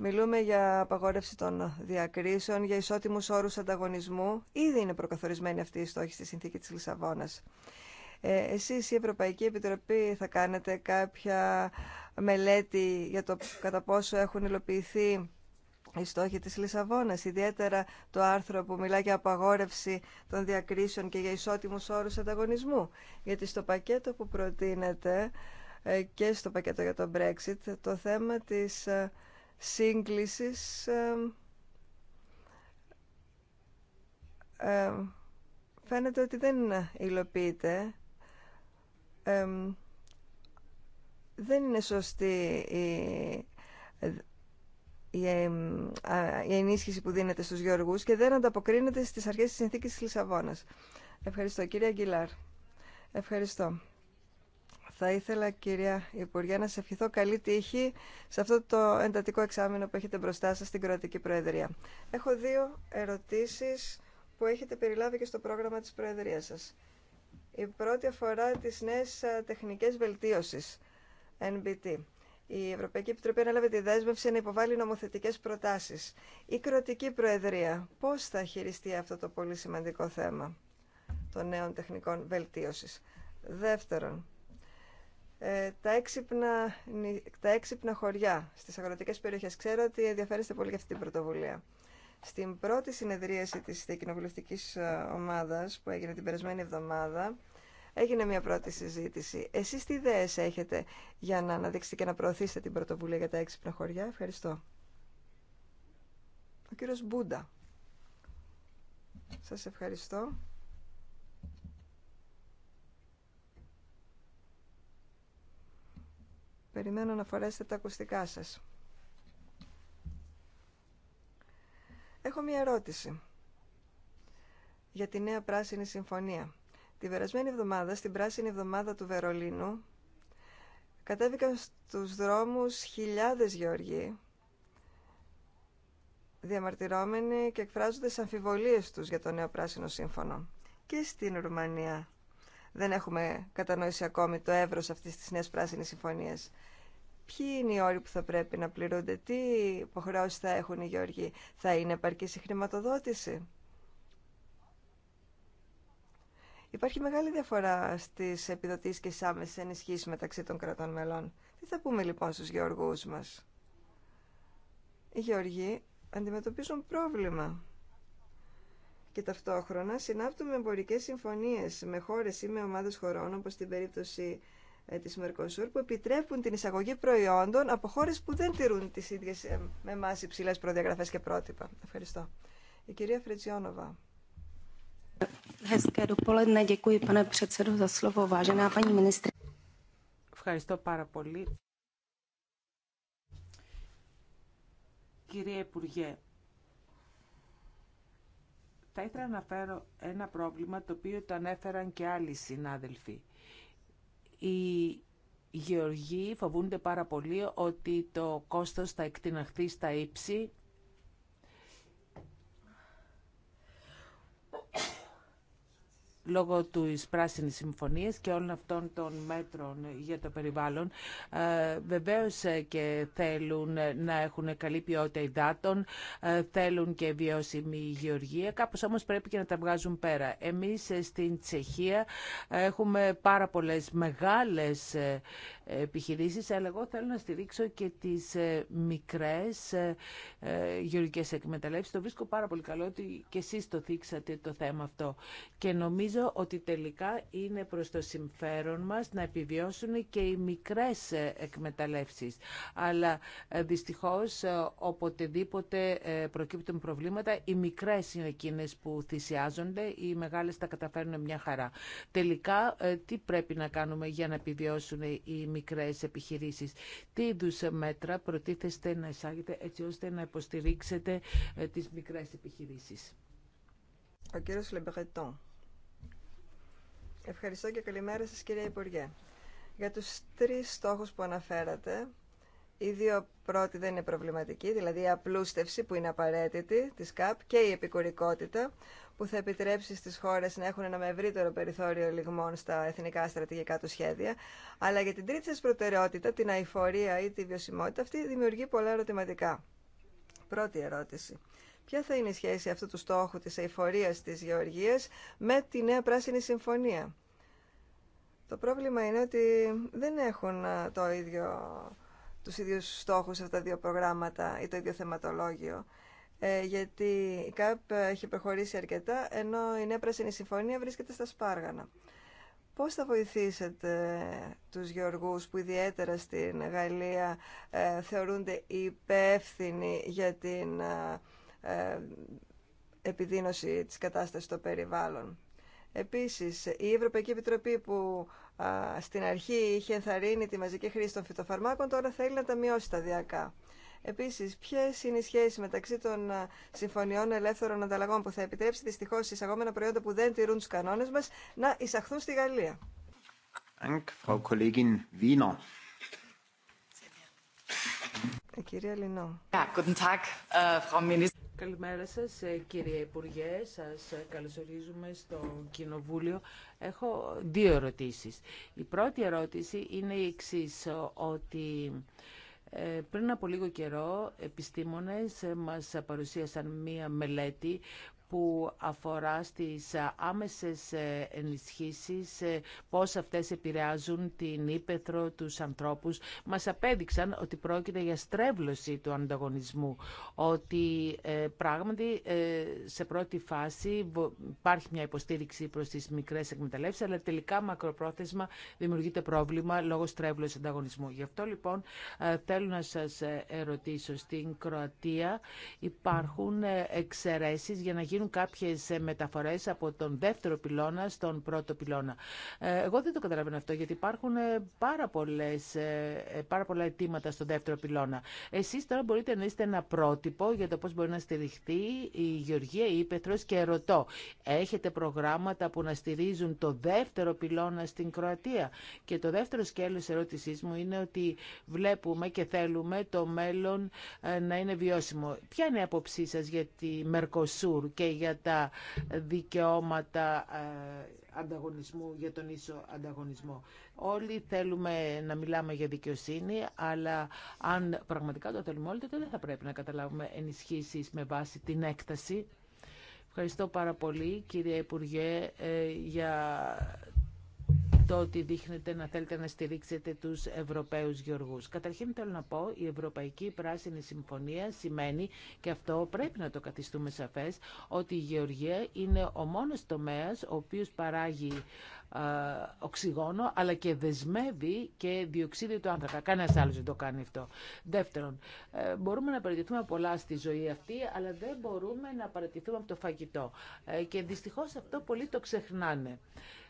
Μιλούμε για απαγόρευση των διακρίσεων, για ισότιμους όρους ανταγωνισμού. Ήδη είναι προκαθορισμένοι αυτοί οι στόχοι στη συνθήκη της Λισαβόνας. Ε, εσείς η Ευρωπαϊκή Επιτροπή θα κάνετε κάποια μελέτη για το κατά πόσο έχουν υλοποιηθεί οι στόχοι της Λισαβόνας, ιδιαίτερα το άρθρο που μιλά για απαγόρευση των διακρίσεων και για ισότιμους όρους ανταγωνισμού. Γιατί στο πακέτο που προτείνεται ε, και στο πακέτο για το Brexit, το θέμα της ε, σύγκλησης ε, φαίνεται ότι δεν υλοποιείται. Δεν είναι σωστή η η ενίσχυση που δίνεται στους γεωργούς και δεν ανταποκρίνεται στις αρχές της συνθήκης της Λισαβόνας. Ευχαριστώ. Κύριε Αγγιλάρ. Ευχαριστώ. Θα ήθελα, κυρία Υπουργέ, να σε ευχηθώ καλή τύχη σε αυτό το εντατικό εξάμεινο που έχετε μπροστά σας στην Κροατική Προεδρία. Έχω δύο ερωτήσεις που έχετε περιλάβει και στο πρόγραμμα της Προεδρίας σας. Η πρώτη αφορά τις νέες τεχνικές βελτίωσης, NBT. Η Ευρωπαϊκή Επιτροπή ανέλαβε τη δέσμευση να υποβάλει νομοθετικές προτάσεις. Η κροτική Προεδρία πώς θα χειριστεί αυτό το πολύ σημαντικό θέμα των νέων τεχνικών βελτίωσης. Δεύτερον, ε, τα, έξυπνα, τα έξυπνα χωριά στις αγροτικές περιοχές. Ξέρω ότι ενδιαφέρεστε πολύ για αυτή την πρωτοβουλία. Στην πρώτη συνεδρίαση της κοινοβουλευτικής ε, ομάδας που έγινε την περασμένη εβδομάδα, Έγινε μια πρώτη συζήτηση. Εσείς τι ιδέες έχετε για να αναδείξετε και να προωθήσετε την πρωτοβουλία για τα έξυπνα χωριά. Ευχαριστώ. Ο κύριος Μπούντα. Σας ευχαριστώ. Περιμένω να φορέσετε τα ακουστικά σας. Έχω μία ερώτηση για τη νέα πράσινη συμφωνία την περασμένη εβδομάδα, στην Πράσινη Εβδομάδα του Βερολίνου, κατέβηκαν στους δρόμους χιλιάδες γεωργοί, διαμαρτυρώμενοι και εκφράζοντας αμφιβολίες τους για το νέο Πράσινο Σύμφωνο. Και στην Ρουμανία δεν έχουμε κατανόηση ακόμη το εύρος αυτής της νέας Πράσινης Συμφωνίας. Ποιοι είναι οι όροι που θα πρέπει να πληρούνται, τι υποχρεώσει θα έχουν οι γεωργοί, θα είναι επαρκή η χρηματοδότηση. Υπάρχει μεγάλη διαφορά στι επιδοτήσει και στι άμεσε ενισχύσει μεταξύ των κρατών μελών. Τι θα πούμε λοιπόν στου γεωργού μα, Οι γεωργοί αντιμετωπίζουν πρόβλημα και ταυτόχρονα συνάπτουμε εμπορικέ συμφωνίε με χώρε ή με ομάδε χωρών όπω στην περίπτωση ε, της Μερκοσούρ που επιτρέπουν την εισαγωγή προϊόντων από χώρες που δεν τηρούν τις ίδιες ε, με εμά υψηλέ προδιαγραφές και πρότυπα. Ευχαριστώ. Η κυρία Φρετζιόνοβα. Ευχαριστώ πάρα πολύ. Κύριε Υπουργέ, θα ήθελα να φέρω ένα πρόβλημα το οποίο το ανέφεραν και άλλοι συνάδελφοι. Οι γεωργοί φοβούνται πάρα πολύ ότι το κόστος θα εκτιναχθεί στα ύψη λόγω του πράσινη συμφωνίας και όλων αυτών των μέτρων για το περιβάλλον. Ε, Βεβαίω και θέλουν να έχουν καλή ποιότητα υδάτων, ε, θέλουν και βιώσιμη γεωργία, Κάπω όμως πρέπει και να τα βγάζουν πέρα. Εμείς στην Τσεχία έχουμε πάρα πολλέ μεγάλες ε, επιχειρήσει, αλλά εγώ θέλω να στηρίξω και τις μικρές γεωργικέ εκμεταλλεύσεις. Το βρίσκω πάρα πολύ καλό ότι και εσεί το θίξατε το θέμα αυτό. Και νομίζω ότι τελικά είναι προς το συμφέρον μας να επιβιώσουν και οι μικρές ε, εκμεταλλεύσεις. Αλλά ε, δυστυχώς ε, οποτεδήποτε προκύπτουν προβλήματα, οι μικρές είναι εκείνες που θυσιάζονται, οι μεγάλες τα καταφέρνουν μια χαρά. Τελικά τι πρέπει να κάνουμε για να επιβιώσουν οι μικρές επιχειρήσεις. Τι είδου μέτρα προτίθεστε να εισάγετε έτσι ώστε να υποστηρίξετε τις μικρές επιχειρήσεις. Ο κύριος Ευχαριστώ και καλημέρα σας κυρία Υπουργέ. Για τους τρεις στόχους που αναφέρατε, οι δύο πρώτοι δεν είναι προβληματικοί, δηλαδή η απλούστευση που είναι απαραίτητη της ΚΑΠ και η επικουρικότητα που θα επιτρέψει στις χώρες να έχουν ένα με ευρύτερο περιθώριο λιγμών στα εθνικά στρατηγικά του σχέδια. Αλλά για την τρίτη σας προτεραιότητα, την αηφορία ή τη βιωσιμότητα, αυτή δημιουργεί πολλά ερωτηματικά. Πρώτη ερώτηση. Ποια θα είναι η σχέση αυτού του στόχου της αηφορίας της γεωργίας με τη Νέα Πράσινη Συμφωνία. Το πρόβλημα είναι ότι δεν έχουν ε, το ίδιο, τους ίδιους στόχους αυτά τα δύο προγράμματα ή το ίδιο θεματολόγιο. Ε, γιατί η ΚΑΠ έχει προχωρήσει αρκετά, ενώ η Νέα Πράσινη Συμφωνία βρίσκεται στα Σπάργανα. Πώς θα βοηθήσετε τους γεωργούς που ιδιαίτερα στην Γαλλία ε, θεωρούνται υπεύθυνοι για την... Ε, επιδείνωση της κατάστασης στο περιβάλλον. Επίσης, η Ευρωπαϊκή Επιτροπή που στην αρχή είχε ενθαρρύνει τη μαζική χρήση των φυτοφαρμάκων, τώρα θέλει να τα μειώσει σταδιακά. Επίσης, ποιες είναι οι σχέσεις μεταξύ των συμφωνιών ελεύθερων ανταλλαγών που θα επιτρέψει δυστυχώς εισαγόμενα προϊόντα που δεν τηρούν του κανόνες μας να εισαχθούν στη Γαλλία. Ε, κυρία Λινό. Äh, Καλημέρα σας ε, κύριε Υπουργέ, σας ε, καλωσορίζουμε στο Κοινοβούλιο. Έχω δύο ερωτήσεις. Η πρώτη ερώτηση είναι η εξής, ότι ε, πριν από λίγο καιρό επιστήμονες μας παρουσίασαν μία μελέτη που αφορά στις άμεσες ενισχύσεις, ε, πώς αυτές επηρεάζουν την ύπεθρο, τους ανθρώπους. Μας απέδειξαν ότι πρόκειται για στρέβλωση του ανταγωνισμού, ότι ε, πράγματι ε, σε πρώτη φάση υπάρχει μια υποστήριξη προς τις μικρές εκμεταλλεύσεις, αλλά τελικά μακροπρόθεσμα δημιουργείται πρόβλημα λόγω στρέβλωσης ανταγωνισμού. Γι' αυτό λοιπόν θέλω να σας ερωτήσω, στην Κροατία υπάρχουν εξαιρέσεις για να γίνουν γίνουν κάποιες ε, μεταφορές από τον δεύτερο πυλώνα στον πρώτο πυλώνα. Ε, εγώ δεν το καταλαβαίνω αυτό γιατί υπάρχουν ε, πάρα, πολλές, πάρα πολλά αιτήματα στον δεύτερο πυλώνα. Εσεί τώρα μπορείτε να είστε ένα πρότυπο για το πώ μπορεί να στηριχτεί η Γεωργία η και ρωτώ, έχετε προγράμματα που να στηρίζουν το δεύτερο πυλώνα στην Κροατία. Και το δεύτερο σκέλος ερώτησή μου είναι ότι βλέπουμε και θέλουμε το μέλλον να είναι βιώσιμο. Ποια είναι η άποψή σας για τη Μερκοσούρ και για τα δικαιώματα ε, ανταγωνισμού, για τον ίσο ανταγωνισμό. Όλοι θέλουμε να μιλάμε για δικαιοσύνη, αλλά αν πραγματικά το θέλουμε όλοι, τότε δεν θα πρέπει να καταλάβουμε ενισχύσεις με βάση την έκταση. Ευχαριστώ πάρα πολύ, κύριε Υπουργέ, ε, για το ότι δείχνετε να θέλετε να στηρίξετε τους Ευρωπαίους γεωργούς. Καταρχήν θέλω να πω, η Ευρωπαϊκή Πράσινη Συμφωνία σημαίνει, και αυτό πρέπει να το καθιστούμε σαφές, ότι η γεωργία είναι ο μόνος τομέας ο οποίος παράγει οξυγόνο, αλλά και δεσμεύει και διοξίδιο του άνθρακα. Κανένα άλλο δεν το κάνει αυτό. Δεύτερον, ε, μπορούμε να παρατηθούμε πολλά στη ζωή αυτή, αλλά δεν μπορούμε να παρατηθούμε από το φαγητό. Ε, και δυστυχώ αυτό πολλοί το ξεχνάνε.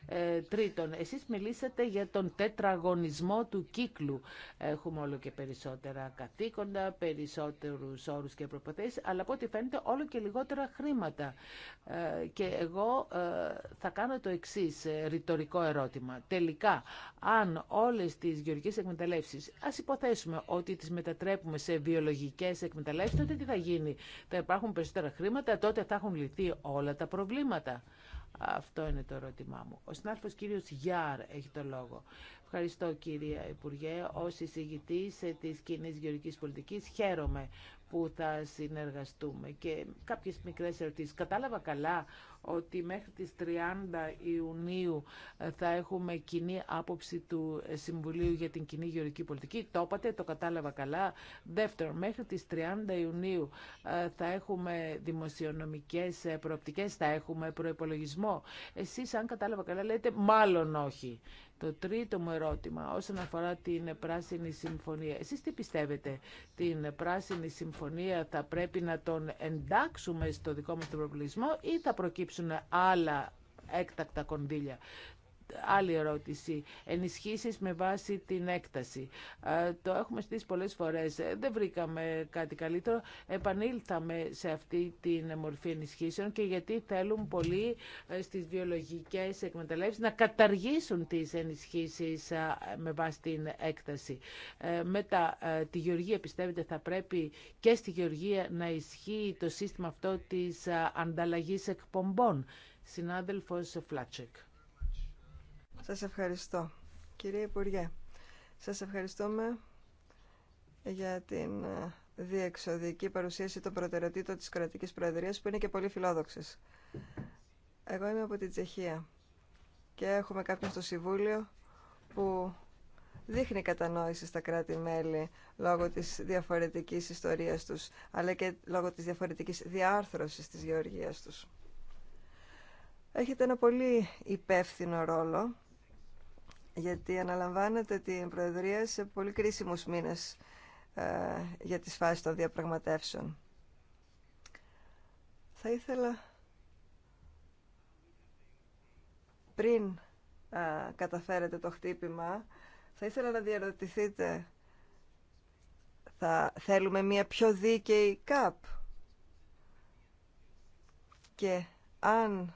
Ε, τρίτον, εσείς μιλήσατε για τον τετραγωνισμό του κύκλου. Έχουμε όλο και περισσότερα καθήκοντα, περισσότερους όρους και προποθέσεις, αλλά από ό,τι φαίνεται όλο και λιγότερα χρήματα. Ε, και εγώ ε, θα κάνω το εξή ρητορικό ερώτημα. Τελικά, αν όλες τις γεωργικές εκμεταλλεύσεις, ας υποθέσουμε ότι τις μετατρέπουμε σε βιολογικές εκμεταλλεύσεις, τότε τι θα γίνει. Θα υπάρχουν περισσότερα χρήματα, τότε θα έχουν λυθεί όλα τα προβλήματα. Αυτό είναι το ερώτημά μου. Ο συνάδελφος κύριος Γιάρ έχει το λόγο. Ευχαριστώ κύριε Υπουργέ. Ως εισηγητής της κοινή γεωργικής πολιτικής χαίρομαι που θα συνεργαστούμε. Και κάποιες μικρές ερωτήσεις. Κατάλαβα καλά ότι μέχρι τις 30 Ιουνίου ε, θα έχουμε κοινή άποψη του ε, Συμβουλίου για την κοινή γεωρική πολιτική. Το είπατε, το κατάλαβα καλά. Δεύτερον, μέχρι τις 30 Ιουνίου ε, θα έχουμε δημοσιονομικές προοπτικές, θα έχουμε προϋπολογισμό. Εσείς, αν κατάλαβα καλά, λέτε μάλλον όχι. Το τρίτο μου ερώτημα όσον αφορά την Πράσινη Συμφωνία. Εσείς τι πιστεύετε, την Πράσινη Συμφωνία θα πρέπει να τον εντάξουμε στο δικό μας τον ή θα υπάρξουν άλλα έκτακτα κονδύλια άλλη ερώτηση. Ενισχύσεις με βάση την έκταση. Ε, το έχουμε στήσει πολλές φορές. Ε, δεν βρήκαμε κάτι καλύτερο. Επανήλθαμε σε αυτή την μορφή ενισχύσεων και γιατί θέλουν πολλοί ε, στις βιολογικές εκμεταλλεύσεις να καταργήσουν τις ενισχύσεις με βάση την έκταση. Μετά, τη γεωργία πιστεύετε θα πρέπει και στη γεωργία να ισχύει το σύστημα αυτό της ανταλλαγής εκπομπών. Συνάδελφος Φλάτσεκ. Σας ευχαριστώ. Κύριε Υπουργέ, σας ευχαριστούμε για την ε, διεξοδική παρουσίαση των προτεραιοτήτων της κρατικής προεδρίας που είναι και πολύ φιλόδοξες. Εγώ είμαι από την Τσεχία και έχουμε κάποιον στο Συμβούλιο που δείχνει κατανόηση στα κράτη-μέλη λόγω της διαφορετικής ιστορίας τους, αλλά και λόγω της διαφορετικής διάρθρωσης της γεωργίας τους. Έχετε ένα πολύ υπεύθυνο ρόλο γιατί αναλαμβάνετε την Προεδρία σε πολύ κρίσιμους μήνες ε, για τις φάσεις των διαπραγματεύσεων. Θα ήθελα πριν ε, καταφέρετε το χτύπημα, θα ήθελα να διαρωτηθείτε θα θέλουμε μια πιο δίκαιη ΚΑΠ και αν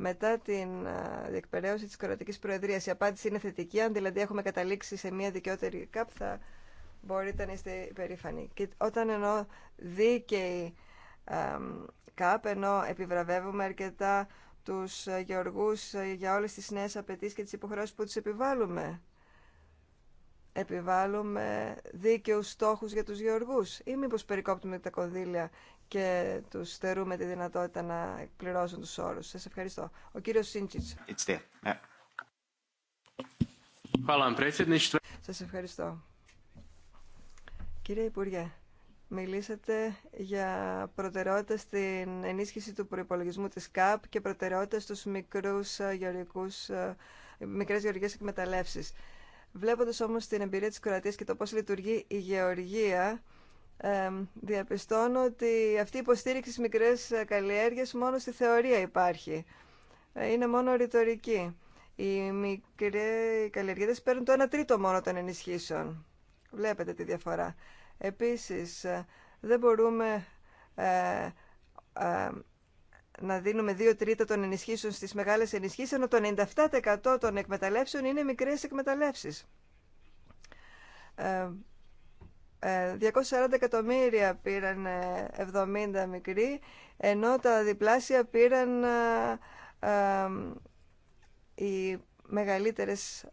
μετά την ε, διεκπαιρέωση της κρατικής προεδρίας. Η απάντηση είναι θετική, αν δηλαδή έχουμε καταλήξει σε μια δικαιότερη ΚΑΠ θα μπορείτε να είστε υπερήφανοι. Και όταν εννοώ δίκαιη ΚΑΠ, ενώ επιβραβεύουμε αρκετά τους ε, γεωργούς ε, για όλες τις νέες απαιτήσεις και τις υποχρεώσεις που τους επιβάλλουμε. Επιβάλλουμε δίκαιους στόχους για τους γεωργούς ή μήπως περικόπτουμε τα κονδύλια και του στερούμε τη δυνατότητα να εκπληρώσουν του όρου. Σα ευχαριστώ. Ο κύριο Σίντσιτ. Σα ευχαριστώ. Κύριε Υπουργέ, μιλήσατε για προτεραιότητα στην ενίσχυση του προπολογισμού της ΚΑΠ και προτεραιότητα στους μικρούς ε, γεωργικούς, ε, μικρές γεωργικές εκμεταλλεύσεις. όμως την εμπειρία της Κροατίας και το πώς λειτουργεί η γεωργία, διαπιστώνω ότι αυτή η υποστήριξη στις μικρές ε, καλλιέργειες μόνο στη θεωρία υπάρχει. Ε, είναι μόνο ρητορική. Οι μικροί καλλιεργητές παίρνουν το 1 τρίτο μόνο των ενισχύσεων. Βλέπετε τη διαφορά. Επίσης, ε, δεν μπορούμε ε, ε, να δίνουμε 2 τρίτα των ενισχύσεων στις μεγάλες ενισχύσεις, ενώ το 97% των εκμεταλλεύσεων είναι μικρές εκμεταλλεύσεις. Ε, 240 ε, εκατομμύρια πήραν 70 ε, μικροί, ενώ τα διπλάσια πήραν ε, οι μεγαλύτερες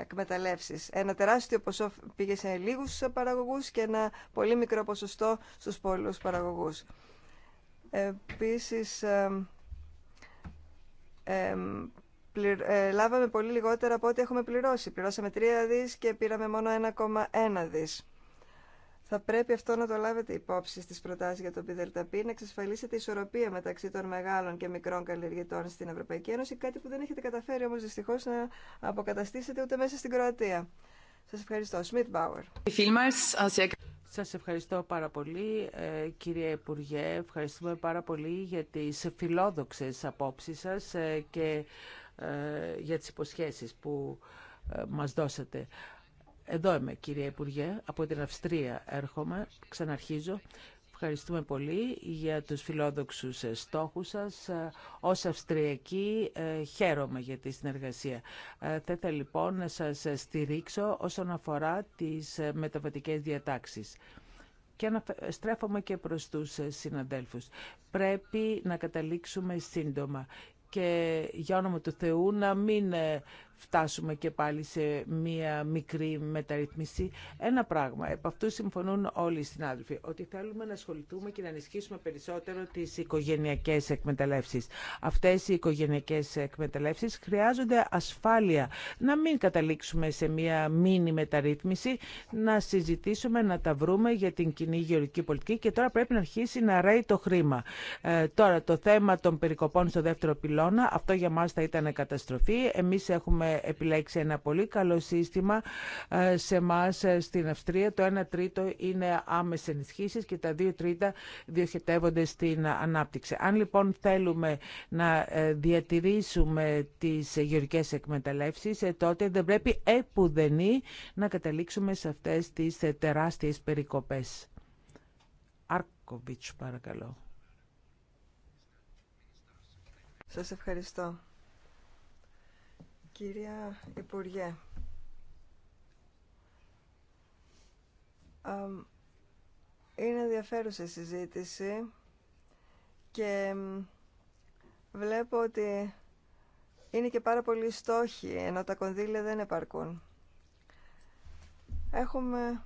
εκμεταλλεύσεις. Ένα τεράστιο ποσό πήγε σε λίγους παραγωγούς και ένα πολύ μικρό ποσοστό στους πολλούς παραγωγούς. Επίσης, λάβαμε πολύ λιγότερα από ό,τι έχουμε πληρώσει. Πληρώσαμε 3 δις και πήραμε μόνο 1,1 δις. Θα πρέπει αυτό να το λάβετε υπόψη στις προτάσει για το ΠΙΔΕΛΤΑΠΗ, να εξασφαλίσετε ισορροπία μεταξύ των μεγάλων και μικρών καλλιεργητών στην Ευρωπαϊκή Ένωση, κάτι που δεν έχετε καταφέρει όμως δυστυχώς να αποκαταστήσετε ούτε μέσα στην Κροατία. Σας ευχαριστώ. Σμιτ Μπάουερ. Σας ευχαριστώ πάρα πολύ, ε, κύριε Υπουργέ. Ευχαριστούμε πάρα πολύ για τις φιλόδοξες απόψει σας ε, και ε, για τι υποσχέσει που μας δώσατε. Εδώ είμαι, κύριε Υπουργέ, από την Αυστρία έρχομαι, ξαναρχίζω. Ευχαριστούμε πολύ για τους φιλόδοξους ε, στόχους σας. Ε, ως Αυστριακή ε, χαίρομαι για τη συνεργασία. Θα ήθελα λοιπόν να σας στηρίξω όσον αφορά τις μεταβατικές διατάξεις. Και να στρέφομαι και προς τους συναδέλφους. Πρέπει να καταλήξουμε σύντομα και για όνομα του Θεού να μην φτάσουμε και πάλι σε μία μικρή μεταρρύθμιση. Ένα πράγμα, επ' αυτού συμφωνούν όλοι οι συνάδελφοι, ότι θέλουμε να ασχοληθούμε και να ενισχύσουμε περισσότερο τις οικογενειακές εκμεταλλεύσεις. Αυτές οι οικογενειακές εκμεταλλεύσεις χρειάζονται ασφάλεια. Να μην καταλήξουμε σε μία μίνι μεταρρύθμιση, να συζητήσουμε, να τα βρούμε για την κοινή γεωρική πολιτική και τώρα πρέπει να αρχίσει να ρέει το χρήμα. Ε, τώρα το θέμα των περικοπών στο δεύτερο πυλώνα, αυτό για μας θα ήταν καταστροφή. Εμείς έχουμε επιλέξει ένα πολύ καλό σύστημα. Ε, σε εμά ε, στην Αυστρία το 1 τρίτο είναι άμεσε ενισχύσει και τα 2 τρίτα διοχετεύονται στην ανάπτυξη. Αν λοιπόν θέλουμε να ε, διατηρήσουμε τις γεωργικέ εκμεταλλεύσεις, τότε δεν πρέπει επουδενή να καταλήξουμε σε αυτές τις τεράστιες περικοπές. Άρκοβιτς, παρακαλώ. Σας ευχαριστώ. Κυρία Υπουργέ, είναι ενδιαφέρουσα η συζήτηση και βλέπω ότι είναι και πάρα πολλοί στόχοι, ενώ τα κονδύλια δεν επαρκούν. Έχουμε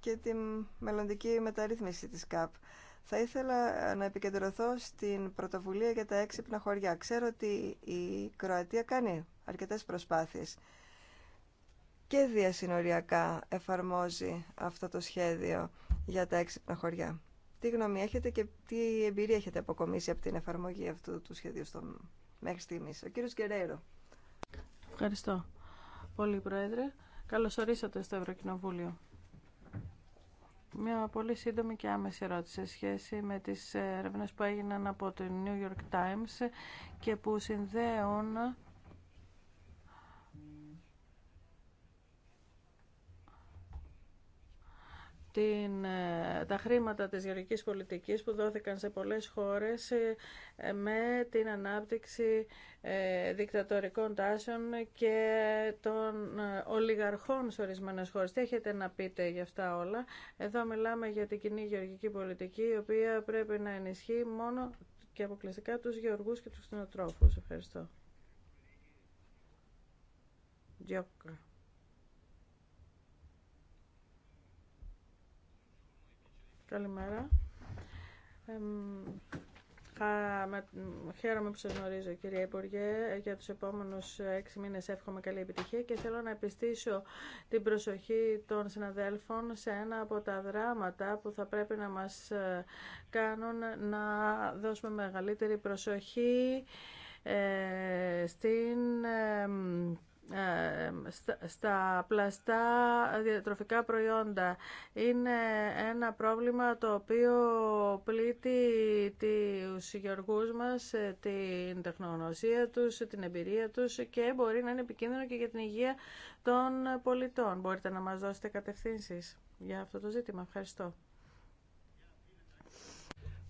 και τη μελλοντική μεταρρύθμιση της ΚΑΠ. Θα ήθελα ε, να επικεντρωθώ στην πρωτοβουλία για τα έξυπνα χωριά. Ξέρω ότι η Κροατία κάνει αρκετές προσπάθειες και διασυνοριακά εφαρμόζει αυτό το σχέδιο για τα έξυπνα χωριά. Τι γνώμη έχετε και τι εμπειρία έχετε αποκομίσει από την εφαρμογή αυτού του σχεδίου στο... μέχρι στιγμής. Ο κύριος Γκερέρο. Ευχαριστώ πολύ, Πρόεδρε. Καλώς ορίσατε στο Ευρωκοινοβούλιο. Μια πολύ σύντομη και άμεση ερώτηση σε σχέση με τις έρευνες που έγιναν από το New York Times και που συνδέουν την, ε, τα χρήματα της γεωργικής πολιτικής που δόθηκαν σε πολλές χώρες ε, με την ανάπτυξη ε, δικτατορικών τάσεων και των ολιγαρχών σε ορισμένες χώρες. Τι έχετε να πείτε για αυτά όλα. Εδώ μιλάμε για την κοινή γεωργική πολιτική η οποία πρέπει να ενισχύει μόνο και αποκλειστικά τους γεωργούς και τους κτηνοτρόφους. Ευχαριστώ. Καλημέρα. Χαίρομαι που σας γνωρίζω κυρία Υπουργέ για τους επόμενους έξι μήνες εύχομαι καλή επιτυχία και θέλω να επιστήσω την προσοχή των συναδέλφων σε ένα από τα δράματα που θα πρέπει να μας ε, κάνουν να δώσουμε μεγαλύτερη προσοχή ε, στην ε, στα πλαστά διατροφικά προϊόντα. Είναι ένα πρόβλημα το οποίο πλήττει τους γεωργούς μας, ε, την τεχνογνωσία τους, ε, την εμπειρία τους και μπορεί να είναι επικίνδυνο και για την υγεία των πολιτών. Μπορείτε να μας δώσετε κατευθύνσεις για αυτό το ζήτημα. Ευχαριστώ.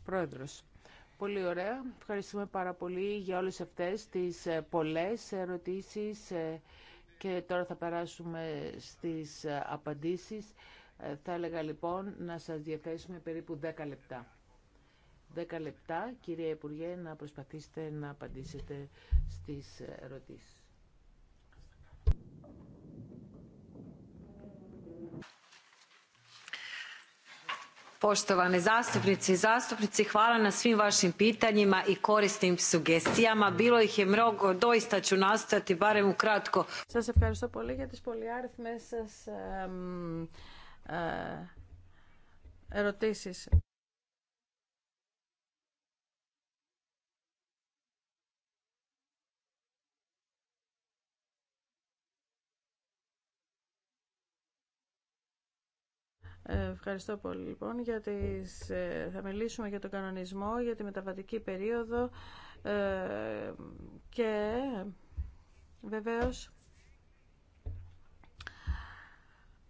Πρόεδρος, Πολύ ωραία. Ευχαριστούμε πάρα πολύ για όλες αυτές τις ε, πολλές ερωτήσεις ε, και τώρα θα περάσουμε στις ε, απαντήσεις. Θα έλεγα λοιπόν να σας διαθέσουμε περίπου 10 λεπτά. 10 λεπτά, κυρία Υπουργέ, να προσπαθήσετε να απαντήσετε στις ερωτήσεις. Poštovane zastupnice i zastupnici, hvala na svim vašim pitanjima i korisnim sugestijama. Bilo ih je mnogo, doista ću nastojati barem ukratko. ερωτήσεις. Ευχαριστώ πολύ λοιπόν. Για τις... Ε, θα μιλήσουμε για τον κανονισμό, για τη μεταβατική περίοδο ε, και βεβαίως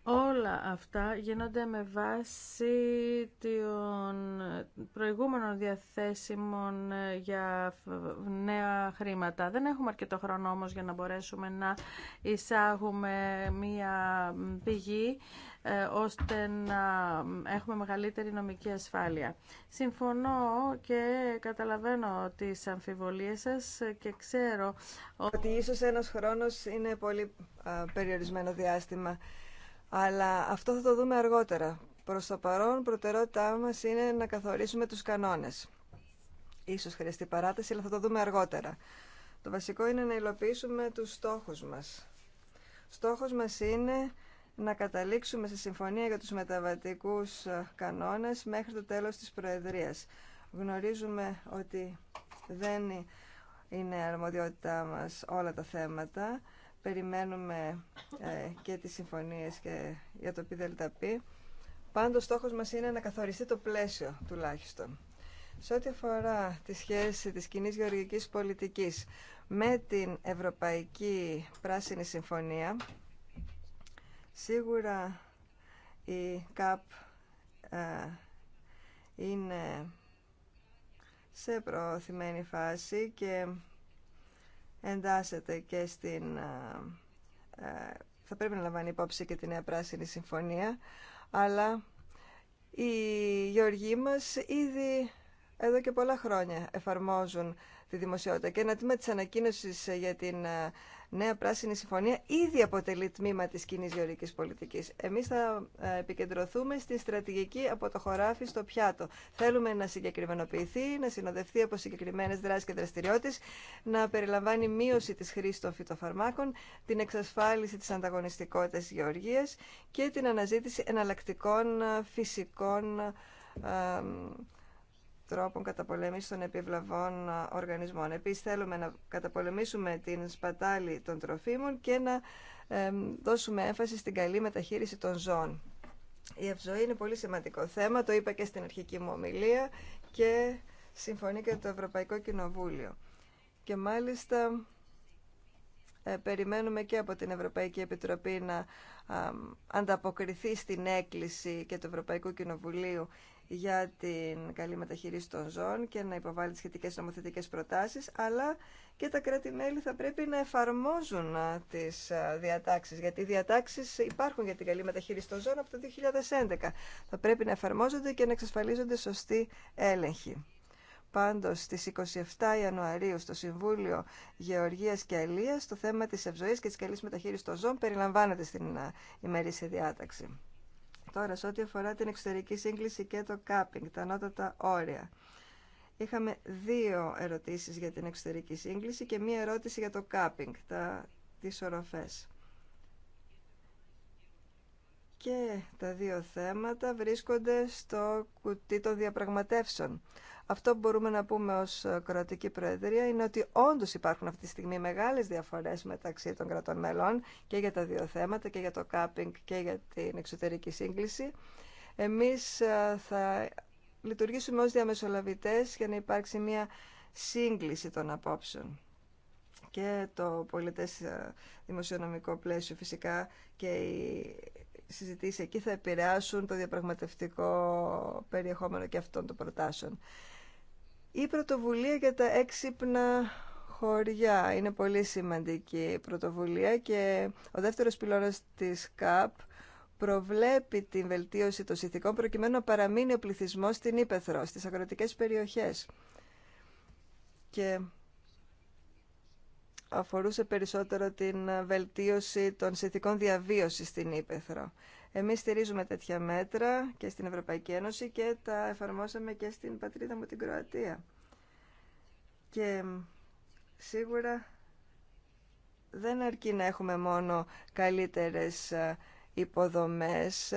Όλα αυτά γίνονται με βάση των προηγούμενων διαθέσιμων ε, για νέα χρήματα. Δεν έχουμε αρκετό χρόνο όμως για να μπορέσουμε να εισάγουμε μία πηγή ε, ώστε να έχουμε μεγαλύτερη νομική ασφάλεια. Συμφωνώ και καταλαβαίνω τις αμφιβολίες σας και ξέρω ότι ίσως ένας χρόνος είναι πολύ περιορισμένο διάστημα αλλά αυτό θα το δούμε αργότερα. Προς το παρόν, προτεραιότητά μας είναι να καθορίσουμε τους κανόνες. Ίσως χρειαστεί παράταση, αλλά θα το δούμε αργότερα. Το βασικό είναι να υλοποιήσουμε τους στόχους μας. Στόχος μας είναι να καταλήξουμε σε συμφωνία για τους μεταβατικούς ε, κανόνες μέχρι το τέλος της Προεδρίας. Γνωρίζουμε ότι δεν είναι αρμοδιότητά μας όλα τα θέματα, περιμένουμε ε, και τις συμφωνίες και για το ΠΔΠ. Πάντως, στόχος μας είναι να καθοριστεί το πλαίσιο, τουλάχιστον. Σε ό,τι αφορά τη σχέση της κοινή γεωργικής πολιτικής με την Ευρωπαϊκή Πράσινη Συμφωνία, σίγουρα η ΚΑΠ ε, είναι σε προωθημένη φάση και εντάσσεται και στην... Ε, ε, θα πρέπει να λαμβάνει υπόψη και τη Νέα Πράσινη Συμφωνία, αλλά οι γεωργοί μας ήδη εδώ και πολλά χρόνια εφαρμόζουν τη δημοσιότητα. Και ένα τμήμα της ανακοίνωσης για την ε, νέα πράσινη συμφωνία ήδη αποτελεί τμήμα της κοινή γεωργικής πολιτικής. Εμείς θα ε, επικεντρωθούμε στη στρατηγική από το χωράφι στο πιάτο. Θέλουμε να συγκεκριμενοποιηθεί, να συνοδευτεί από συγκεκριμένες δράσεις και δραστηριότητες, να περιλαμβάνει μείωση της χρήσης των φυτοφαρμάκων, την εξασφάλιση της ανταγωνιστικότητας της και την αναζήτηση εναλλακτικών ε, φυσικών ε, τρόπων καταπολέμηση των επιβλαβών οργανισμών. Επίση θέλουμε να καταπολεμήσουμε την σπατάλη των τροφίμων και να δώσουμε έμφαση στην καλή μεταχείριση των ζώων. Η ευζοή είναι πολύ σημαντικό θέμα, το είπα και στην αρχική μου ομιλία και συμφωνεί και το Ευρωπαϊκό Κοινοβούλιο. Και μάλιστα ε, περιμένουμε και από την Ευρωπαϊκή Επιτροπή να ανταποκριθεί στην έκκληση και του Ευρωπαϊκού Κοινοβουλίου για την καλή μεταχείριση των ζώων και να υποβάλει τις σχετικές νομοθετικές προτάσεις, αλλά και τα κράτη-μέλη θα πρέπει να εφαρμόζουν τις διατάξεις, γιατί οι διατάξεις υπάρχουν για την καλή μεταχείριση των ζώων από το 2011. Θα πρέπει να εφαρμόζονται και να εξασφαλίζονται σωστοί έλεγχοι. Πάντως, στι 27 Ιανουαρίου στο Συμβούλιο Γεωργίας και Αλίας, το θέμα τη ευζοή και τη καλή μεταχείριση των ζώων περιλαμβάνεται στην ημερήσια διάταξη. Τώρα, σε ό,τι αφορά την εξωτερική σύγκληση και το κάπινγκ, τα ανώτατα όρια. Είχαμε δύο ερωτήσεις για την εξωτερική σύγκληση και μία ερώτηση για το κάπινγκ, τα, τις οροφές και τα δύο θέματα βρίσκονται στο κουτί των διαπραγματεύσεων. Αυτό που μπορούμε να πούμε ως κρατική Προεδρία είναι ότι όντως υπάρχουν αυτή τη στιγμή μεγάλες διαφορές μεταξύ των κρατών μελών και για τα δύο θέματα, και για το κάπινγκ και για την εξωτερική σύγκληση. Εμείς ε, θα λειτουργήσουμε ως διαμεσολαβητές για να υπάρξει μια σύγκληση των απόψεων και το πολιτές ε, δημοσιονομικό πλαίσιο φυσικά και η συζητήσει εκεί θα επηρεάσουν το διαπραγματευτικό περιεχόμενο και αυτών των προτάσεων. Η πρωτοβουλία για τα έξυπνα χωριά είναι πολύ σημαντική πρωτοβουλία και ο δεύτερος πυλώνας της ΚΑΠ προβλέπει την βελτίωση των συνθηκών προκειμένου να παραμείνει ο πληθυσμός στην Ήπεθρο, στις αγροτικές περιοχές. Και αφορούσε περισσότερο την βελτίωση των συνθηκών διαβίωσης στην Ήπεθρο. Εμείς στηρίζουμε τέτοια μέτρα και στην Ευρωπαϊκή Ένωση και τα εφαρμόσαμε και στην πατρίδα μου την Κροατία. Και σίγουρα δεν αρκεί να έχουμε μόνο καλύτερες ε, υποδομές.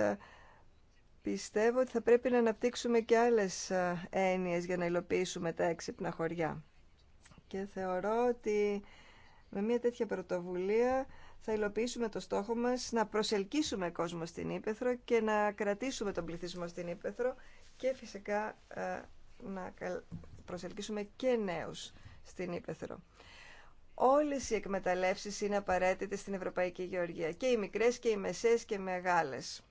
Πιστεύω ότι θα πρέπει να αναπτύξουμε και άλλες ε, έννοιες για να υλοποιήσουμε τα έξυπνα χωριά. Και θεωρώ ότι με μια τέτοια πρωτοβουλία θα υλοποιήσουμε το στόχο μας να προσελκύσουμε κόσμο στην Ήπεθρο και να κρατήσουμε τον πληθυσμό στην Ήπεθρο και φυσικά ε, να προσελκύσουμε και νέους στην Ήπεθρο. Όλες οι εκμεταλλεύσεις είναι απαραίτητες στην Ευρωπαϊκή Γεωργία, και οι μικρές και οι μεσές και οι μεγάλες.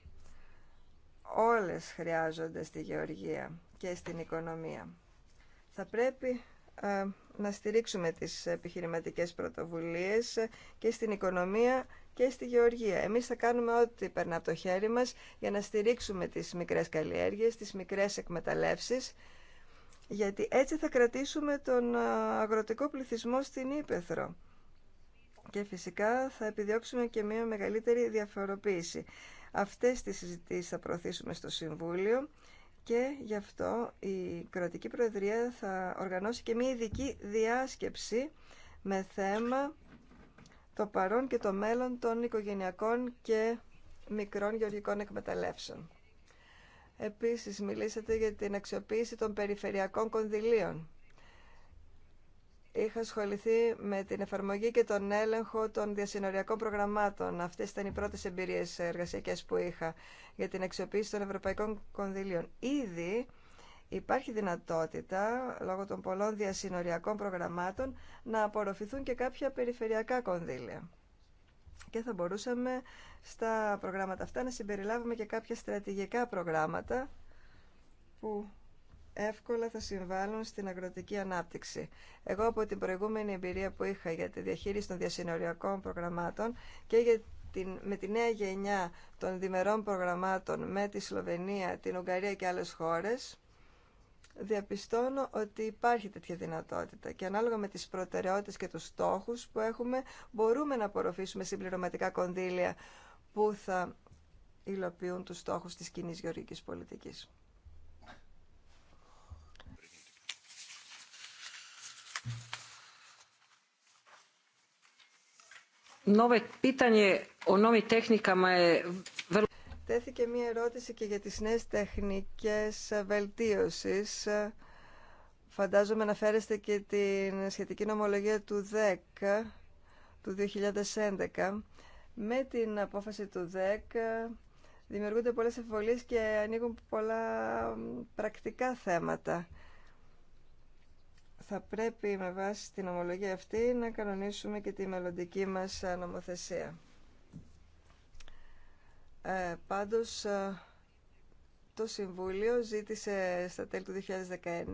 Όλες χρειάζονται στη γεωργία και στην οικονομία. Θα πρέπει ε, να στηρίξουμε τις επιχειρηματικές πρωτοβουλίες και στην οικονομία και στη γεωργία. Εμείς θα κάνουμε ό,τι περνά από το χέρι μας για να στηρίξουμε τις μικρές καλλιέργειες, τις μικρές εκμεταλλεύσεις, γιατί έτσι θα κρατήσουμε τον ε, αγροτικό πληθυσμό στην Ήπεθρο. Και φυσικά θα επιδιώξουμε και μια μεγαλύτερη διαφοροποίηση. Αυτές τις συζητήσεις θα προωθήσουμε στο Συμβούλιο και γι' αυτό η Κροατική Προεδρία θα οργανώσει και μια ειδική διάσκεψη με θέμα το παρόν και το μέλλον των οικογενειακών και μικρών γεωργικών εκμεταλλεύσεων. Επίσης, μιλήσατε για την αξιοποίηση των περιφερειακών κονδυλίων είχα ασχοληθεί με την εφαρμογή και τον έλεγχο των διασυνοριακών προγραμμάτων. Αυτές ήταν οι πρώτες εμπειρίες εργασιακές που είχα για την αξιοποίηση των ευρωπαϊκών κονδυλίων. Ήδη υπάρχει δυνατότητα, λόγω των πολλών διασυνοριακών προγραμμάτων, να απορροφηθούν και κάποια περιφερειακά κονδύλια. Και θα μπορούσαμε στα προγράμματα αυτά να συμπεριλάβουμε και κάποια στρατηγικά προγράμματα που εύκολα θα συμβάλλουν στην αγροτική ανάπτυξη. Εγώ από την προηγούμενη εμπειρία που είχα για τη διαχείριση των διασυνοριακών προγραμμάτων και για την, με τη νέα γενιά των διμερών προγραμμάτων με τη Σλοβενία, την Ουγγαρία και άλλες χώρες, διαπιστώνω ότι υπάρχει τέτοια δυνατότητα και ανάλογα με τις προτεραιότητες και τους στόχους που έχουμε μπορούμε να απορροφήσουμε συμπληρωματικά κονδύλια που θα υλοποιούν τους στόχους της κοινή γεωργικής πολιτικής. Τέθηκε μία ερώτηση και για τις νέες τεχνικές βελτίωσης. Φαντάζομαι να φέρεστε και την σχετική νομολογία του 10 του 2011. Με την απόφαση του ΔΕΚ δημιουργούνται πολλές ευβολίες και ανοίγουν πολλά πρακτικά θέματα θα πρέπει με βάση την ομολογία αυτή να κανονίσουμε και τη μελλοντική μας ε, νομοθεσία. Ε, πάντως, ε, το Συμβούλιο ζήτησε στα τέλη του 2019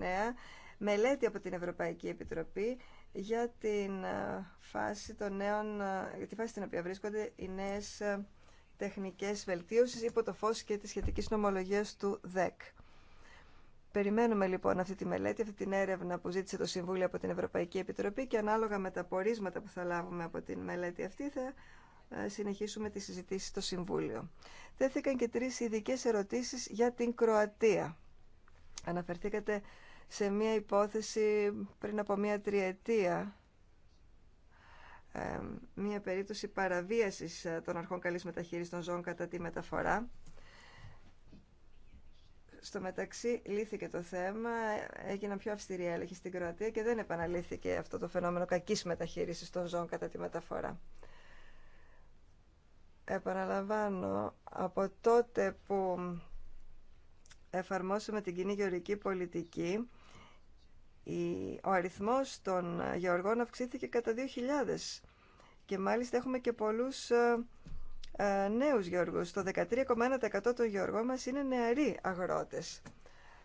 μελέτη από την Ευρωπαϊκή Επιτροπή για την ε, φάση των νέων, για τη φάση στην οποία βρίσκονται οι νέες τεχνικές βελτίωσεις υπό το φως και τη σχετικής νομολογίας του ΔΕΚ. Περιμένουμε λοιπόν αυτή τη μελέτη, αυτή την έρευνα που ζήτησε το Συμβούλιο από την Ευρωπαϊκή Επιτροπή και ανάλογα με τα πορίσματα που θα λάβουμε από την μελέτη αυτή θα ε, συνεχίσουμε τη συζητήση στο Συμβούλιο. Τέθηκαν και τρεις ειδικέ ερωτήσεις για την Κροατία. Αναφερθήκατε σε μία υπόθεση πριν από μία τριετία, ε, μία περίπτωση παραβίασης ε, των αρχών καλής μεταχείρισης των ζώων κατά τη μεταφορά στο μεταξύ λύθηκε το θέμα, έγιναν πιο αυστηροί έλεγχοι στην Κροατία και δεν επαναλήθηκε αυτό το φαινόμενο κακής μεταχείρισης των ζώων κατά τη μεταφορά. Επαναλαμβάνω, από τότε που εφαρμόσουμε την κοινή γεωρική πολιτική, ο αριθμός των γεωργών αυξήθηκε κατά 2.000 και μάλιστα έχουμε και πολλούς ε, ε, νέους γεωργούς. Το 13,1% των γεωργών μας είναι νεαροί αγρότες.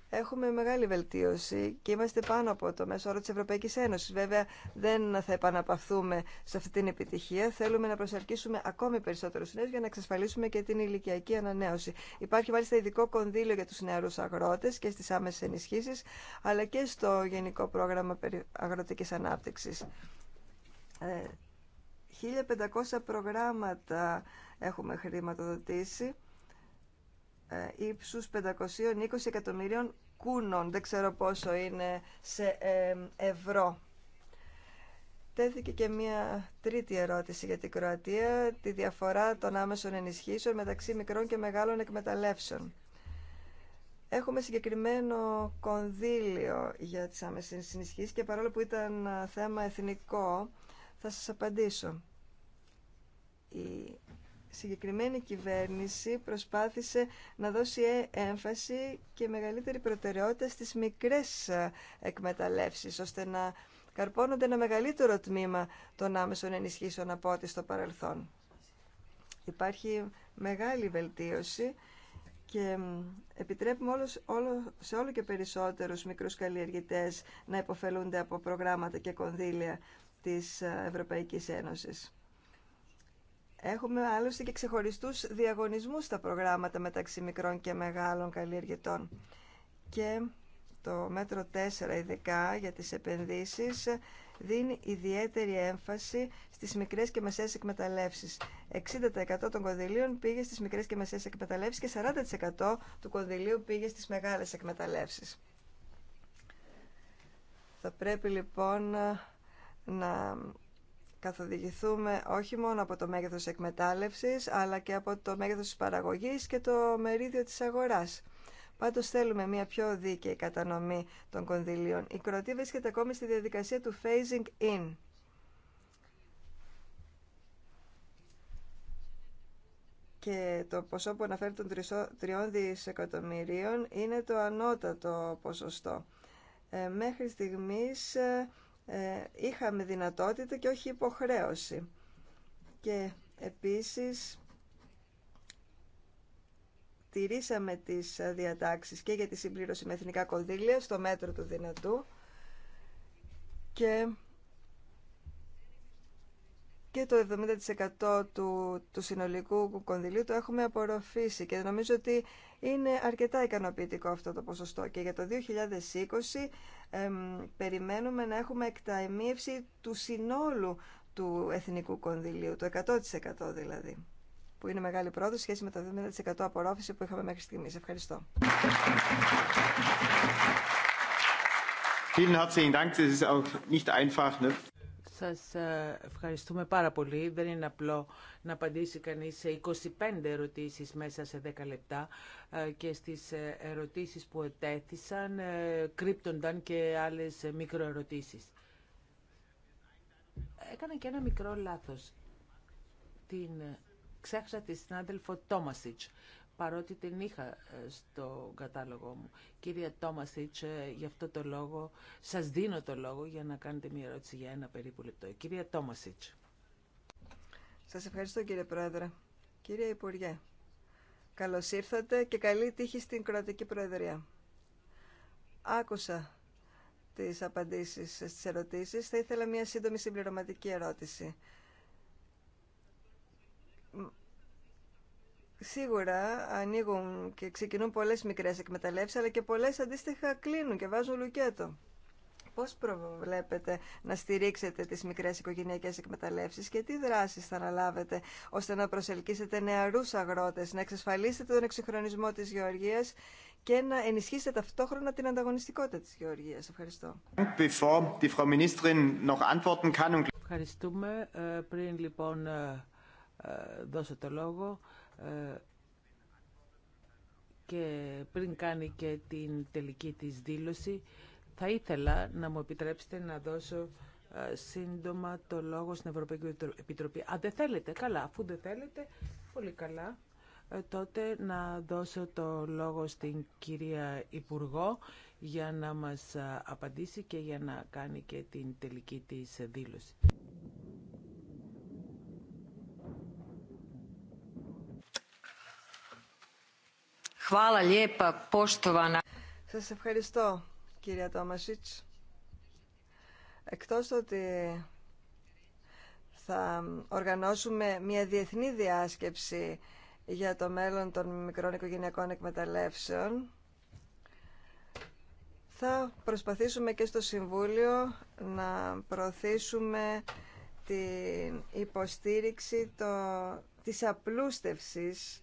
Έχουμε μεγάλη βελτίωση και είμαστε πάνω από το μέσο όρο της Ευρωπαϊκής Ένωσης. Βέβαια δεν θα επαναπαυθούμε σε αυτή την επιτυχία. Θέλουμε να προσαρκίσουμε ακόμη περισσότερους νέους για να εξασφαλίσουμε και την ηλικιακή ανανέωση. Υπάρχει μάλιστα ειδικό κονδύλιο για τους νεαρούς αγρότες και στις άμεσες ενισχύσεις, αλλά και στο Γενικό Πρόγραμμα Αγροτικής Ανάπτυξης. 1.500 ε, προγράμματα έχουμε χρηματοδοτήσει ε, ύψους 520 εκατομμυρίων κούνων. Δεν ξέρω πόσο είναι σε ευρώ. Τέθηκε και μία τρίτη ερώτηση για την Κροατία, τη διαφορά των άμεσων ενισχύσεων μεταξύ μικρών και μεγάλων εκμεταλλεύσεων. Έχουμε συγκεκριμένο κονδύλιο για τις άμεσες ενισχύσεις και παρόλο που ήταν θέμα εθνικό, θα σας απαντήσω συγκεκριμένη κυβέρνηση προσπάθησε να δώσει ε, έμφαση και μεγαλύτερη προτεραιότητα στις μικρές ε, εκμεταλλεύσεις, ώστε να καρπώνονται ένα μεγαλύτερο τμήμα των άμεσων ενισχύσεων από ό,τι στο παρελθόν. Υπάρχει μεγάλη βελτίωση και επιτρέπουμε όλος, όλο, σε όλο και περισσότερους μικρούς καλλιεργητές να υποφελούνται από προγράμματα και κονδύλια της ε, Ευρωπαϊκής Ένωσης. Έχουμε άλλωστε και ξεχωριστούς διαγωνισμούς στα προγράμματα μεταξύ μικρών και μεγάλων καλλιεργητών. Και το μέτρο 4 ειδικά για τις επενδύσεις δίνει ιδιαίτερη έμφαση στις μικρές και μεσαίες εκμεταλλεύσεις. 60% των κονδυλίων πήγε στις μικρές και μεσαίες εκμεταλλεύσεις και 40% του κονδυλίου πήγε στις μεγάλες εκμεταλλεύσεις. Θα πρέπει λοιπόν να καθοδηγηθούμε όχι μόνο από το μέγεθος εκμετάλλευσης, αλλά και από το μέγεθος της παραγωγής και το μερίδιο της αγοράς. Πάντως θέλουμε μια πιο δίκαιη κατανομή των κονδυλίων. Η Κροτή βρίσκεται ακόμη στη διαδικασία του phasing in. Και το ποσό που αναφέρει των τριών δισεκατομμυρίων είναι το ανώτατο ποσοστό. Ε, μέχρι στιγμής ε, ε, είχαμε δυνατότητα και όχι υποχρέωση. Και επίσης τηρήσαμε τις διατάξεις και για τη συμπλήρωση με εθνικά κονδύλια στο μέτρο του δυνατού και, και το 70% του, του συνολικού κονδυλίου το έχουμε απορροφήσει και νομίζω ότι είναι αρκετά ικανοποιητικό αυτό το ποσοστό και για το 2020 περιμένουμε να έχουμε εκταημίευση του συνόλου του εθνικού κονδυλίου, το 100% δηλαδή, που είναι μεγάλη πρόοδο σχέση με το 70% απορρόφηση που είχαμε μέχρι στιγμής. Ευχαριστώ. Σας ε, ευχαριστούμε πάρα πολύ. Δεν είναι απλό να απαντήσει κανείς σε 25 ερωτήσεις μέσα σε 10 λεπτά ε, και στις ε, ερωτήσεις που ετέθησαν κρύπτονταν και άλλες μικροερωτήσεις. Έκανα και ένα μικρό λάθος. Την ξέχασα τη συνάδελφο Τόμασιτς παρότι την είχα ε, στο κατάλογο μου. Κύριε Τόμασιτς, γι' αυτό το λόγο, σας δίνω το λόγο για να κάνετε μια ερώτηση για ένα περίπου λεπτό. Κυρία Τόμασιτς. Σας ευχαριστώ κύριε Πρόεδρε. Κύριε Υπουργέ, καλώς ήρθατε και καλή τύχη στην Κροατική Προεδρία. Άκουσα τις απαντήσεις ε, στις ερωτήσεις. Θα ήθελα μια σύντομη συμπληρωματική ερώτηση. Σίγουρα ανοίγουν και ξεκινούν πολλές μικρές εκμεταλλεύσεις, αλλά και πολλές αντίστοιχα κλείνουν και βάζουν λουκέτο. Πώς προβλέπετε να στηρίξετε τις μικρές οικογενειακές εκμεταλλεύσεις και τι δράσεις θα αναλάβετε ώστε να προσελκύσετε νεαρούς αγρότες, να εξασφαλίσετε τον εξυγχρονισμό της γεωργίας και να ενισχύσετε ταυτόχρονα την ανταγωνιστικότητα της γεωργίας. Ευχαριστώ. Ευχαριστούμε. Ε, πριν λοιπόν ε, ε, δώσω το λόγο ε, και πριν κάνει και την τελική της δήλωση, θα ήθελα να μου επιτρέψετε να δώσω ε, σύντομα το λόγο στην Ευρωπαϊκή Επιτροπή. Αν δεν θέλετε, καλά. Αφού δεν θέλετε, πολύ καλά. Ε, τότε να δώσω το λόγο στην κυρία Υπουργό για να μας απαντήσει και για να κάνει και την τελική της δήλωση. Σας ευχαριστώ, κύριε Τόμασιτς. Εκτός ότι θα οργανώσουμε μια διεθνή διάσκεψη για το μέλλον των μικρών οικογενειακών εκμεταλλεύσεων, θα προσπαθήσουμε και στο Συμβούλιο να προωθήσουμε την υποστήριξη το, της απλούστευσης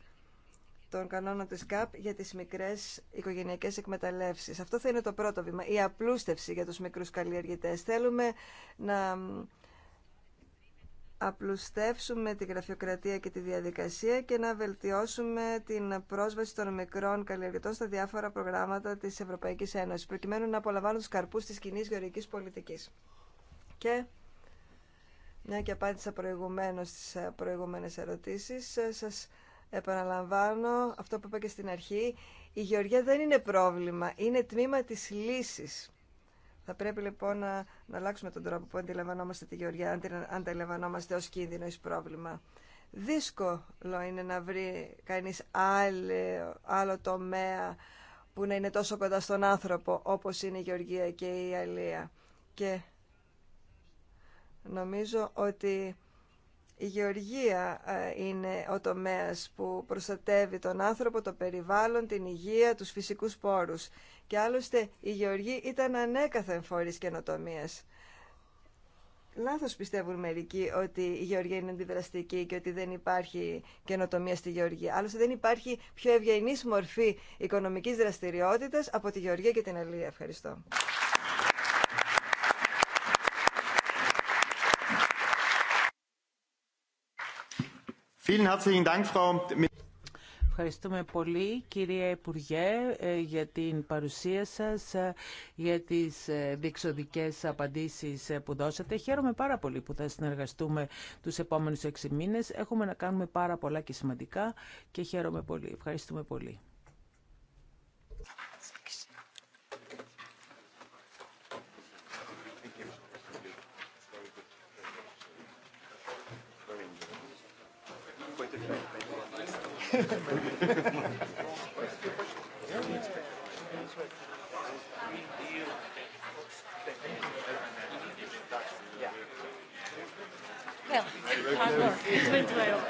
τον κανόνων της ΚΑΠ για τις μικρές οικογενειακές εκμεταλλεύσεις. Αυτό θα είναι το πρώτο βήμα, η απλούστευση για τους μικρούς καλλιεργητές. Θέλουμε να απλουστεύσουμε τη γραφειοκρατία και τη διαδικασία και να βελτιώσουμε την πρόσβαση των μικρών καλλιεργητών στα διάφορα προγράμματα της Ευρωπαϊκής Ένωσης, προκειμένου να απολαμβάνουν τους καρπούς της κοινή γεωργικής πολιτικής. Και μια και απάντησα προηγουμένως στις ε, προηγούμενες ερωτήσεις, ε, σας Επαναλαμβάνω αυτό που είπα και στην αρχή, η γεωργία δεν είναι πρόβλημα, είναι τμήμα της λύσης. Θα πρέπει λοιπόν να, να αλλάξουμε τον τρόπο που αντιλαμβανόμαστε τη γεωργία, αν την αντιλαμβανόμαστε ως κίνδυνο ή πρόβλημα. Δύσκολο είναι να βρει κανείς άλλο, τομέα που να είναι τόσο κοντά στον άνθρωπο όπως είναι η γεωργία και η Αλία. Και νομίζω ότι η γεωργία ε, είναι ο τομέας που προστατεύει τον άνθρωπο, το περιβάλλον, την υγεία, τους φυσικούς πόρους. Και άλλωστε η γεωργία ήταν ανέκαθεν φορής καινοτομίας. Λάθος πιστεύουν μερικοί ότι η γεωργία είναι αντιδραστική και ότι δεν υπάρχει καινοτομία στη γεωργία. Άλλωστε δεν υπάρχει πιο ευγενής μορφή οικονομικής δραστηριότητας από τη γεωργία και την αλληλεία. Ευχαριστώ. Ευχαριστούμε πολύ κυρία Υπουργέ ε, για την παρουσία σας, ε, για τις ε, διεξοδικές απαντήσεις που δώσατε. Χαίρομαι πάρα πολύ που θα συνεργαστούμε τους επόμενους έξι μήνες. Έχουμε να κάνουμε πάρα πολλά και σημαντικά και χαίρομαι πολύ. Ευχαριστούμε πολύ. Yeah, hard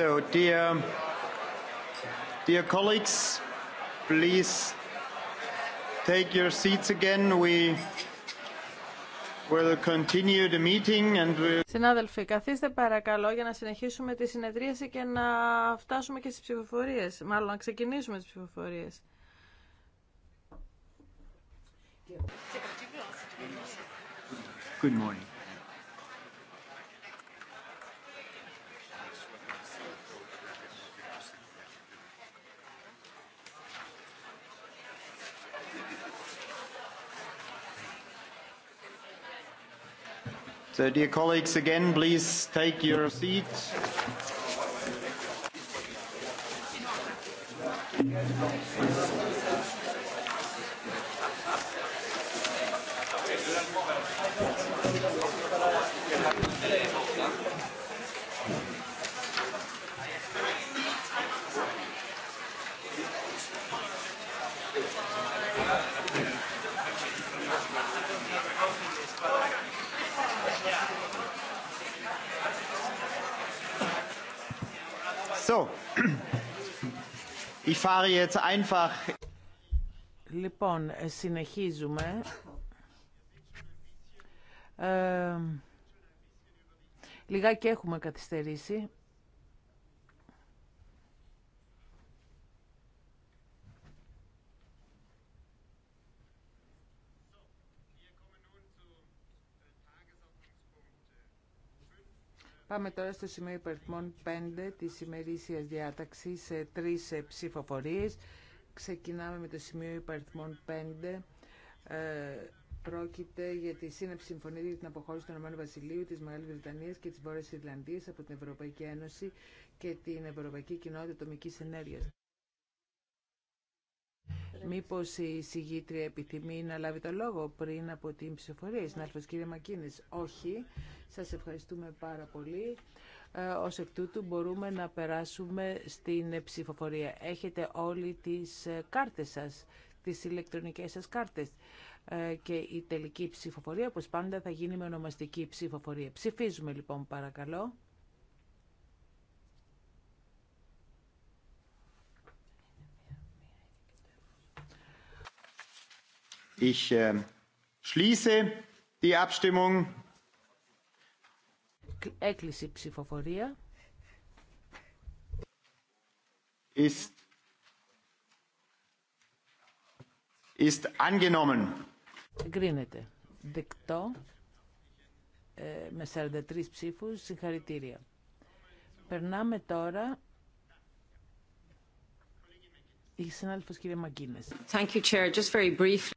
So, dear, dear colleagues, please take your seats again. We will continue the meeting and we... Συνάδελφοι, καθίστε παρακαλώ για να συνεχίσουμε τη συνεδρίαση και να φτάσουμε και στις ψηφοφορίες. Μάλλον να ξεκινήσουμε τις ψηφοφορίες. Good morning. dear colleagues, again, please take your seats. Λοιπόν, συνεχίζουμε. Ε, λιγάκι έχουμε καθυστερήσει. Πάμε τώρα στο σημείο υπερθμών 5 Τη ημερήσιας διάταξης σε τρεις ε, ψηφοφορίες. Ξεκινάμε με το σημείο υπερθμών 5. Ε, πρόκειται για τη σύναψη συμφωνία για την αποχώρηση του Ηνωμένου Βασιλείου, της Μεγάλης Βρετανίας και της Βόρειας Ιρλανδίας από την Ευρωπαϊκή Ένωση και την Ευρωπαϊκή Κοινότητα Ατομική ενέργεια. Μήπως η συγγήτρια επιθυμεί να λάβει το λόγο πριν από την ψηφοφορία, συνάδελφος κύριε Μακίνης. Όχι. Σας ευχαριστούμε πάρα πολύ. Ε, ως εκ τούτου μπορούμε να περάσουμε στην ψηφοφορία. Έχετε όλοι τις ε, κάρτες σας, τις ηλεκτρονικές σας κάρτες. Ε, και η τελική ψηφοφορία, όπως πάντα, θα γίνει με ονομαστική ψηφοφορία. Ψηφίζουμε λοιπόν παρακαλώ. Ich äh, schließe die Abstimmung. Έκλεισε η ψηφοφορία. Ist, ist angenommen. Εγκρίνεται. Δεκτό ε, με 43 ψήφους. Συγχαρητήρια. Περνάμε τώρα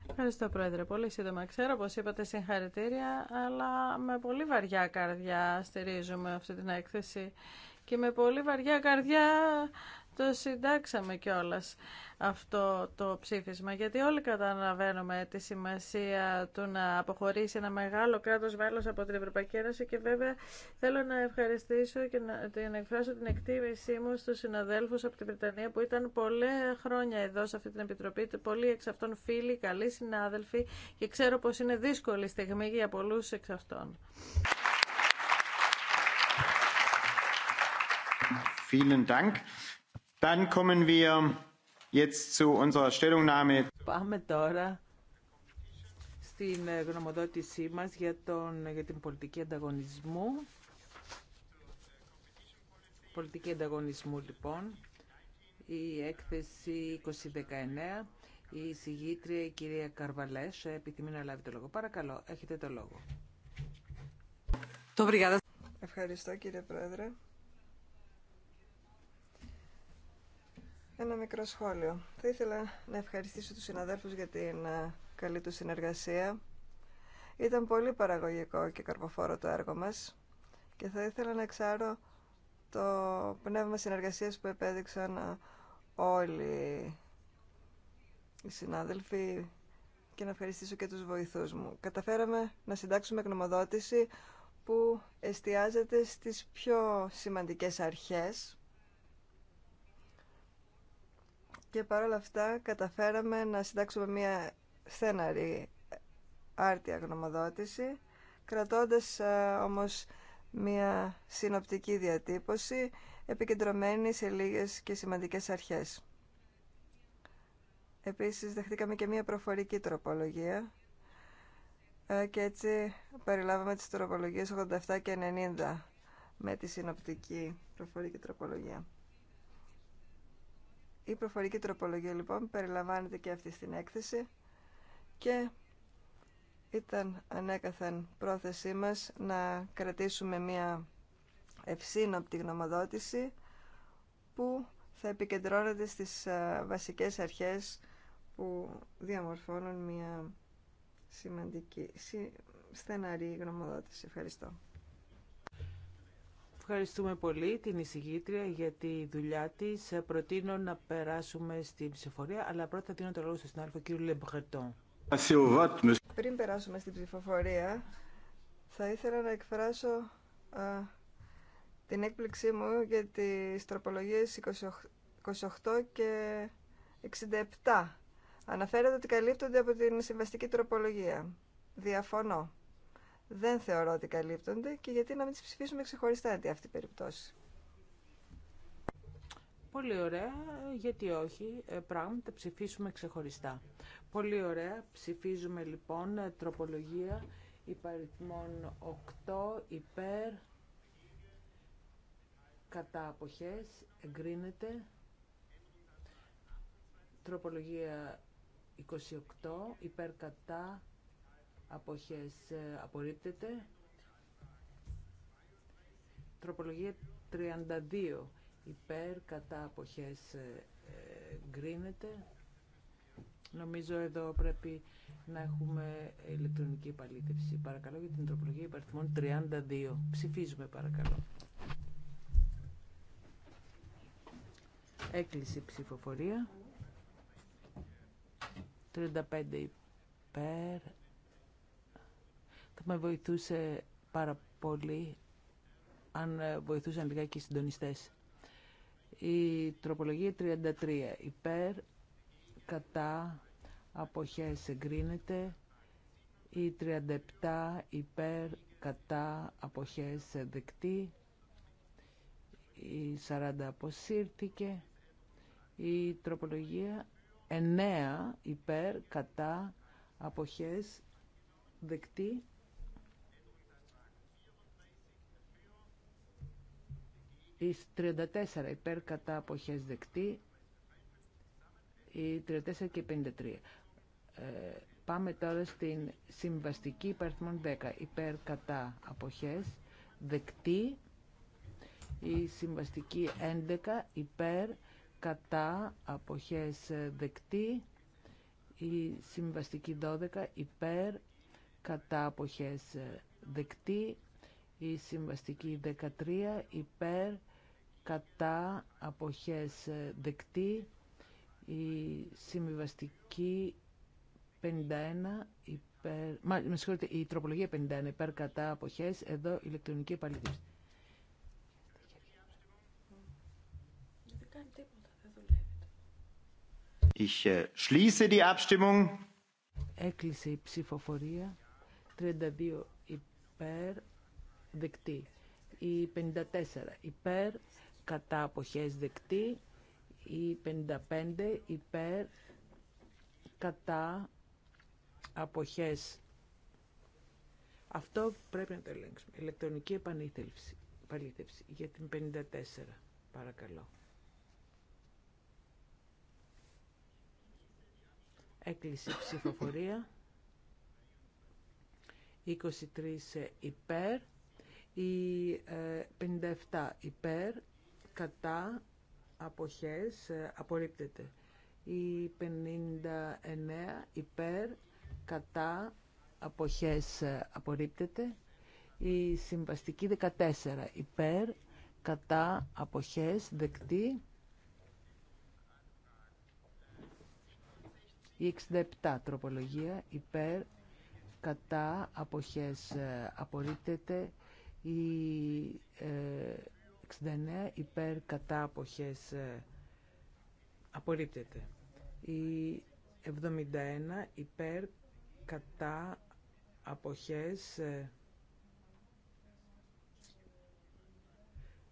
Ευχαριστώ, Πρόεδρε. Πολύ σύντομα. Ξέρω, όπω είπατε, συγχαρητήρια, αλλά με πολύ βαριά καρδιά στηρίζουμε αυτή την έκθεση και με πολύ βαριά καρδιά το συντάξαμε κιόλα αυτό το ψήφισμα, γιατί όλοι καταλαβαίνουμε τη σημασία του να αποχωρήσει ένα μεγάλο κράτος μέλος από την Ευρωπαϊκή Ένωση και βέβαια θέλω να ευχαριστήσω και να, την εκφράσω την εκτίμησή μου στου συναδέλφου από την Βρετανία που ήταν πολλά χρόνια εδώ σε αυτή την Επιτροπή, πολλοί εξ αυτών φίλοι, καλοί συνάδελφοι και ξέρω πω είναι δύσκολη στιγμή για πολλού εξ αυτών. Vielen Dank. Πάμε τώρα στην ε, γνωμοδότησή μας για, τον, για την πολιτική ανταγωνισμού. Πολιτική ανταγωνισμού λοιπόν. Η έκθεση 2019. Η συγγήτρια η κυρία Καρβαλές επιθυμεί να λάβει το λόγο. Παρακαλώ, έχετε το λόγο. Ευχαριστώ κύριε Πρόεδρε. Ένα μικρό σχόλιο. Θα ήθελα να ευχαριστήσω τους συναδέλφους για την ε, καλή του συνεργασία. Ήταν πολύ παραγωγικό και καρποφόρο το έργο μας και θα ήθελα να εξάρω το πνεύμα συνεργασίας που επέδειξαν ε, όλοι οι συνάδελφοι και να ευχαριστήσω και τους βοηθούς μου. Καταφέραμε να συντάξουμε γνωμοδότηση που εστιάζεται στις πιο σημαντικές αρχές και παρόλα αυτά καταφέραμε να συντάξουμε μια στέναρη άρτια γνωμοδότηση κρατώντας ε, όμως μια συνοπτική διατύπωση επικεντρωμένη σε λίγες και σημαντικές αρχές. Επίσης δεχτήκαμε και μια προφορική τροπολογία ε, και έτσι περιλάβαμε τις τροπολογίες 87 και 90 με τη συνοπτική προφορική τροπολογία. Η προφορική τροπολογία λοιπόν περιλαμβάνεται και αυτή στην έκθεση και ήταν ανέκαθεν πρόθεσή μας να κρατήσουμε μια ευσύνοπτη γνωμοδότηση που θα επικεντρώνεται στις ε, βασικές αρχές που διαμορφώνουν μια σημαντική, στεναρή γνωμοδότηση. Ευχαριστώ. Ευχαριστούμε πολύ την εισηγήτρια για τη δουλειά τη. Προτείνω να περάσουμε στην ψηφοφορία, αλλά πρώτα δίνω το λόγο στον συνάδελφο κύριο Λεμπρετόν. Πριν περάσουμε στην ψηφοφορία, θα ήθελα να εκφράσω την έκπληξή μου για τι τροπολογίε 28 και 67. Αναφέρεται ότι καλύπτονται από την συμβαστική τροπολογία. Διαφωνώ δεν θεωρώ ότι καλύπτονται και γιατί να μην τις ψηφίσουμε ξεχωριστά αντί αυτή η περιπτώση. Πολύ ωραία, γιατί όχι, ε, πράγματι τα ψηφίσουμε ξεχωριστά. Πολύ ωραία, ψηφίζουμε λοιπόν ε, τροπολογία υπαριθμών 8 υπέρ κατά αποχές εγκρίνεται τροπολογία 28 υπέρ κατά αποχές ε, απορρίπτεται. Τροπολογία 32 υπέρ κατά αποχές ε, γκρίνεται. Νομίζω εδώ πρέπει να έχουμε ηλεκτρονική επαλήθευση. Παρακαλώ για την τροπολογία υπαριθμών 32. Ψηφίζουμε παρακαλώ. Έκλεισε ψηφοφορία. 35 υπέρ, θα με βοηθούσε πάρα πολύ αν ε, βοηθούσαν λιγάκι οι συντονιστές. Η τροπολογία 33 υπέρ, κατά, αποχές εγκρίνεται. Η 37 υπέρ, κατά, αποχές δεκτή. Η 40 αποσύρθηκε. Η τροπολογία 9 υπέρ, κατά, αποχές δεκτή. Εις 34 υπέρ κατά αποχές δεκτή. η 34 και 53. Ε, πάμε τώρα στην συμβαστική υπαριθμών 10 υπέρ κατά αποχές δεκτή. Η συμβαστική 11 υπέρ κατά αποχές δεκτή. Η συμβαστική 12 υπέρ κατά αποχές δεκτή. Η συμβαστική 13 υπέρ κατά αποχές ε, δεκτή η συμβιβαστική 51 υπέρ, μα, με συγχωρείτε, η τροπολογία 51 υπέρ κατά αποχές, εδώ ηλεκτρονική επαλήθευση. Ich ε, schließe die Abstimmung. Έκλεισε η ψηφοφορία. 32 υπέρ δεκτή. Η 54 υπέρ κατά αποχές δεκτή ή 55 υπέρ κατά αποχές. Αυτό πρέπει να το ελέγξουμε. Ηλεκτρονική επανήθευση για την 54 παρακαλώ. Έκλεισε ψηφοφορία. 23 υπέρ, η 57 ε, υπέρ, κατά αποχές ε, απορρίπτεται. Η 59 υπέρ κατά αποχές ε, απορρίπτεται. Η συμβαστική 14 υπέρ κατά αποχές δεκτή. Η 67 τροπολογία υπέρ κατά αποχές ε, απορρίπτεται. Η 69 υπέρ κατά αποχές ε, απορρίπτεται. Η 71 υπέρ κατά αποχές ε,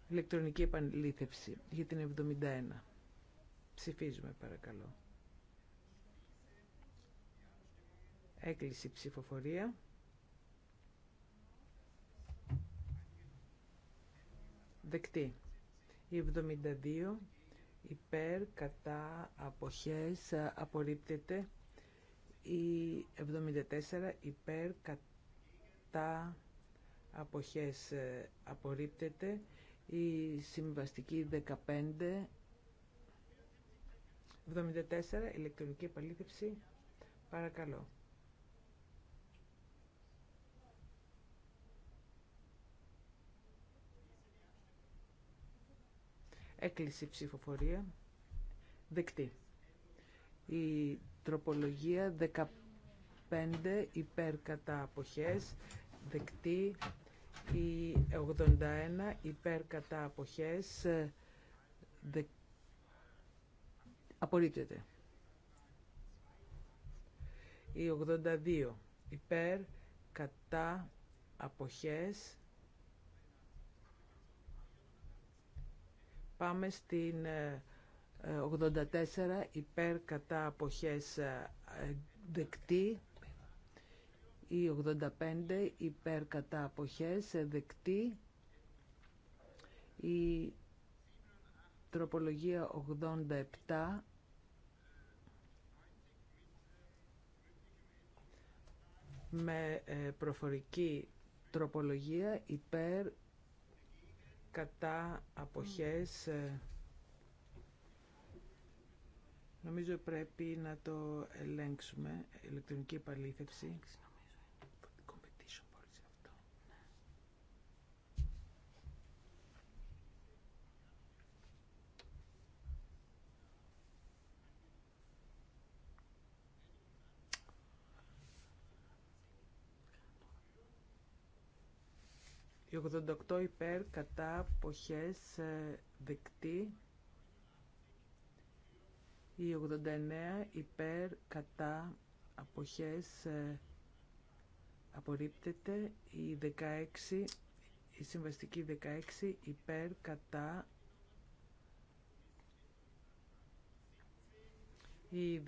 ηλεκτρονική επανλήθευση για την 71. Ψηφίζουμε παρακαλώ. Έκλεισε ψηφοφορία. Δεκτή. Η 72 υπέρ, κατά, αποχές, απορρίπτεται. Η 74 υπέρ, κατά, αποχές, απορρίπτεται. Η συμβαστική 15 74 ηλεκτρονική επαλήθευση. Παρακαλώ. Έκλεισε η ψηφοφορία. Δεκτή. Η τροπολογία 15 υπέρ κατά αποχές. Δεκτή. Η 81 υπέρ κατά αποχές. Δε... Απορρίπτεται. Η 82 υπέρ κατά αποχές Πάμε στην 84 ε, ε, υπέρ κατά αποχές ε, δεκτή. Η 85 υπέρ κατά αποχές δεκτή. Η τροπολογία 87 με προφορική τροπολογία υπέρ κατά αποχές ε, νομίζω πρέπει να το ελέγξουμε ηλεκτρονική επαλήθευση 88 υπέρ κατά αποχές ε, δεκτή. Η 89 υπέρ κατά αποχές ε, απορρίπτεται. Η 16, η συμβαστική 16 υπέρ κατά Η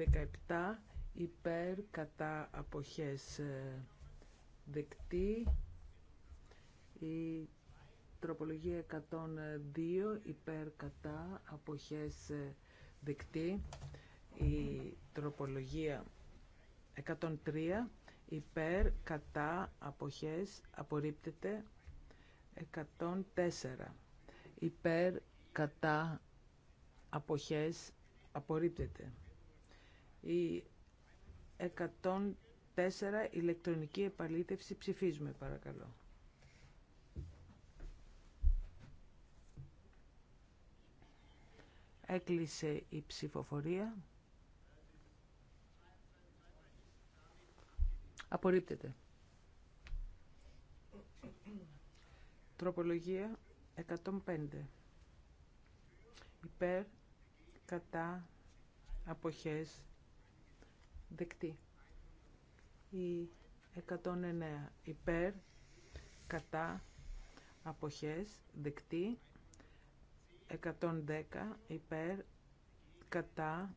17 υπέρ κατά αποχές ε, δεκτή. Η τροπολογία 102 υπέρ κατά αποχές ε, δεκτή. Η τροπολογία 103 υπέρ κατά αποχές απορρίπτεται 104 υπέρ κατά αποχές απορρίπτεται η 104 ηλεκτρονική επαλήθευση ψηφίζουμε παρακαλώ Έκλεισε η ψηφοφορία. Απορρίπτεται. Τροπολογία 105. Υπέρ, κατά, αποχές, δεκτή. Η 109. Υπέρ, κατά, αποχές, δεκτή. 110 υπέρ κατά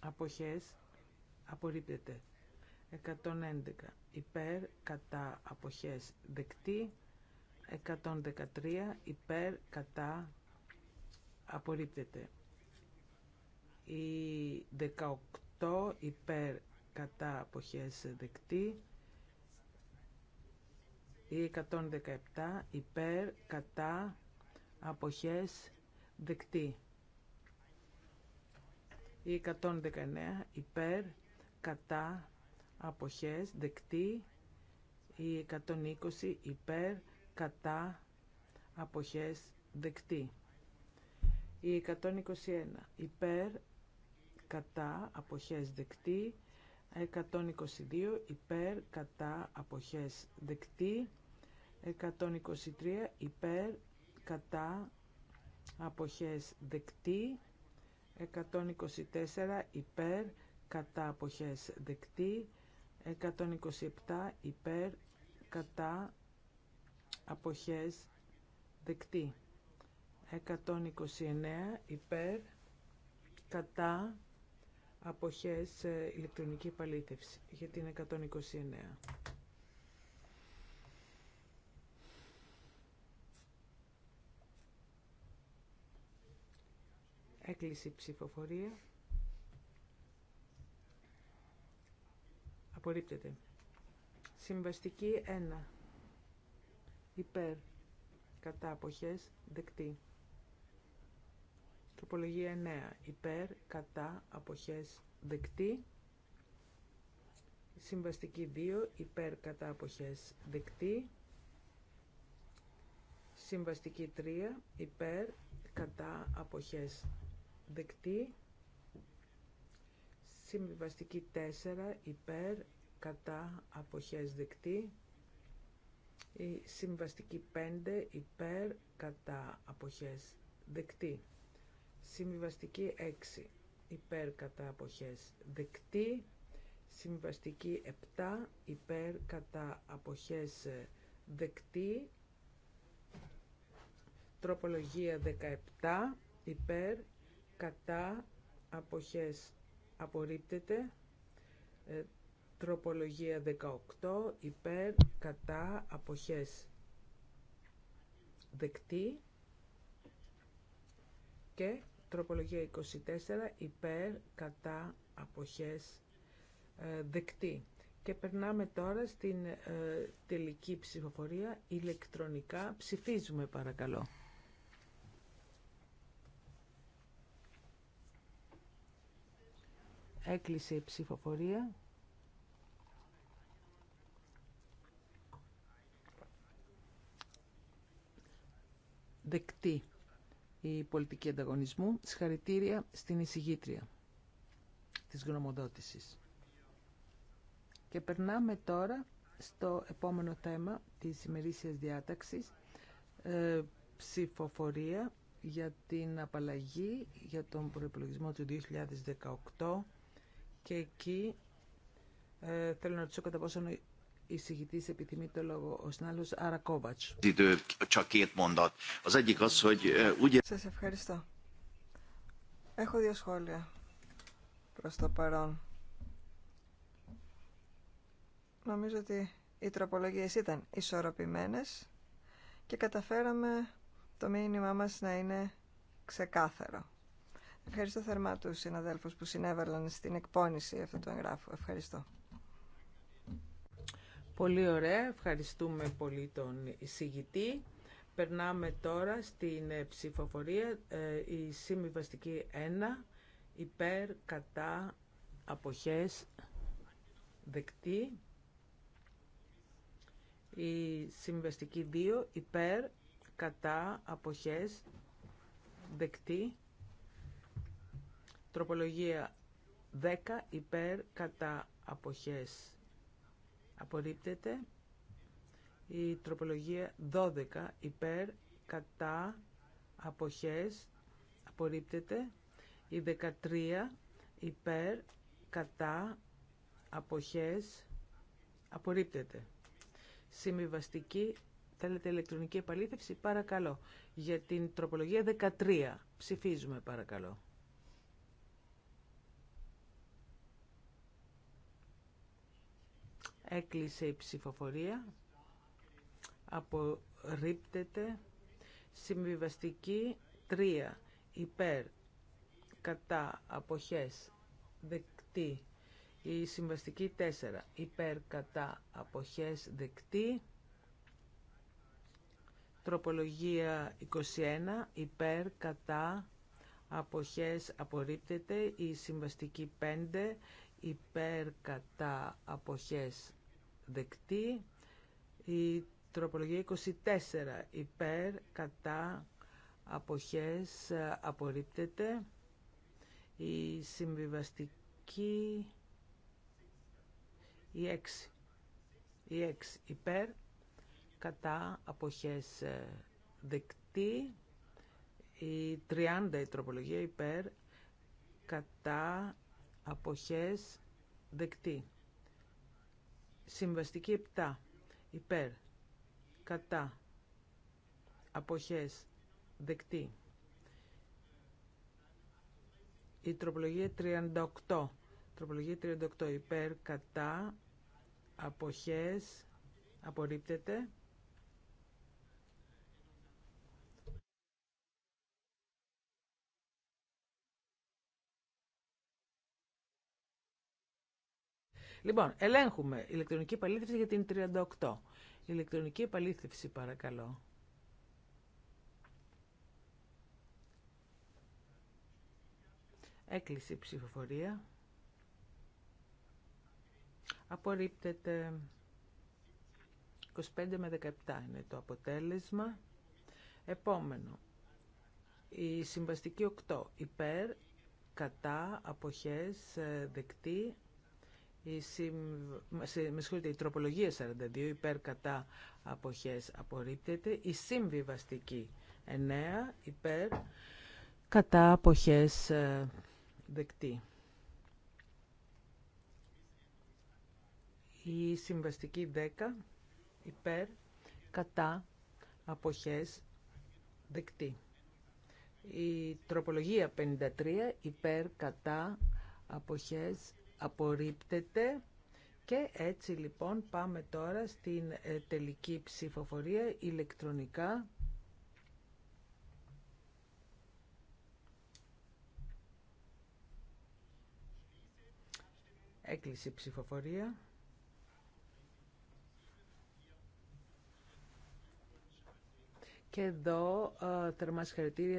αποχές απορρίπτεται 111 υπέρ κατά αποχές δεκτή 113 υπέρ κατά απορρίπτεται η 18 υπέρ κατά αποχές δεκτή ή 117 υπέρ κατά αποχές δεκτή. Η 119 υπέρ κατά αποχές δεκτή. Η 120 υπέρ κατά αποχές δεκτή. Η 121 υπέρ κατά αποχές δεκτή. 122 υπέρ κατά αποχές δεκτή 123 υπέρ κατά αποχές δεκτή 124 υπέρ κατά αποχές δεκτή 127 υπέρ κατά αποχές δεκτή 129 υπέρ κατά αποχές ε, ηλεκτρονική επαλήθευση για την 129 Έκλεισε ψηφοφορία. Απορρίπτεται. Συμβαστική 1. Υπέρ. Κατά αποχές. Δεκτή. Τροπολογία 9. Υπέρ. Κατά αποχές. Δεκτή. Συμβαστική 2. Υπέρ. Κατά αποχές. Δεκτή. Συμβαστική 3. Υπέρ. Κατά αποχές δεκτή συμβιβαστική 4 υπέρ κατά αποχές δεκτή η συμβαστική 5 υπέρ κατά αποχές δεκτή συμβιβαστική 6 υπέρ κατά αποχές δεκτή συμβαστική 7 υπέρ κατά αποχές δεκτή τροπολογία 17 υπέρ κατά αποχές απορρίπτεται ε, τροπολογία 18 υπέρ κατά αποχές δεκτή και τροπολογία 24 υπέρ κατά αποχές ε, δεκτή και περνάμε τώρα στην ε, τελική ψηφοφορία ηλεκτρονικά ψηφίζουμε παρακαλώ Έκλεισε η ψηφοφορία. Δεκτή η πολιτική ανταγωνισμού. Συγχαρητήρια στην εισηγήτρια της γνωμοδότησης. Και περνάμε τώρα στο επόμενο θέμα της ημερήσιας διάταξης. Ε, ψηφοφορία για την απαλλαγή για τον προϋπολογισμό του 2018 και εκεί ε, θέλω να ρωτήσω κατά πόσο εισηγητή επιθυμεί το λόγο, ο συνάδελφο Αρακόβατ. Σα ευχαριστώ. Έχω δύο σχόλια προ το παρόν. Νομίζω ότι οι τροπολογίε ήταν ισορροπημένε και καταφέραμε το μήνυμά μα να είναι ξεκάθαρο. Ευχαριστώ θερμά τους συναδέλφους που συνέβαλαν στην εκπόνηση αυτού του εγγράφου. Ευχαριστώ. Πολύ ωραία. Ευχαριστούμε πολύ τον εισηγητή. Περνάμε τώρα στην ε, ψηφοφορία. Ε, η συμβιβαστική 1 υπέρ, κατά, αποχές, δεκτή. Η συμβιβαστική 2 υπέρ, κατά, αποχές, δεκτή. Τροπολογία 10 υπέρ κατά αποχές απορρίπτεται. Η τροπολογία 12 υπέρ κατά αποχές απορρίπτεται. Η 13 υπέρ κατά αποχές απορρίπτεται. Συμβιβαστική θέλετε ηλεκτρονική επαλήθευση, παρακαλώ. Για την τροπολογία 13 ψηφίζουμε παρακαλώ. Έκλεισε η ψηφοφορία. Απορρίπτεται. Συμβιβαστική 3. Υπέρ. Κατά. Αποχές. Δεκτή. Η συμβαστική 4. Υπέρ. Κατά. Αποχές. Δεκτή. Τροπολογία 21. Υπέρ. Κατά. Αποχές. Απορρίπτεται. Η συμβαστική 5 υπέρ κατά αποχές δεκτή. Η τροπολογία 24 υπέρ κατά αποχές απορρίπτεται. Η συμβιβαστική η 6. Η 6 υπέρ κατά αποχές δεκτή. Η 30 η τροπολογία υπέρ κατά αποχές δεκτή. Συμβαστική 7. Υπέρ. Κατά. Αποχές. Δεκτή. Η τροπολογία 38. Τροπολογία 38. Υπέρ. Κατά. Αποχές. Απορρίπτεται. Λοιπόν, ελέγχουμε ηλεκτρονική επαλήθευση για την 38. Ηλεκτρονική επαλήθευση παρακαλώ. Έκλεισε η ψηφοφορία. Απορρίπτεται 25 με 17 είναι το αποτέλεσμα. Επόμενο. Η συμβαστική 8. Υπέρ, κατά, αποχές, ε, δεκτή. Η, με η τροπολογία 42 υπέρ κατά αποχές απορρίπτεται. Η συμβιβαστική 9 υπέρ κατά αποχές ε, δεκτή. Η συμβαστική 10 υπέρ κατά αποχές δεκτή. Η τροπολογία 53 υπέρ κατά αποχές απορρίπτεται. Και έτσι λοιπόν πάμε τώρα στην ε, τελική ψηφοφορία ηλεκτρονικά. Έκλεισε η ψηφοφορία. Και εδώ ε, θερμά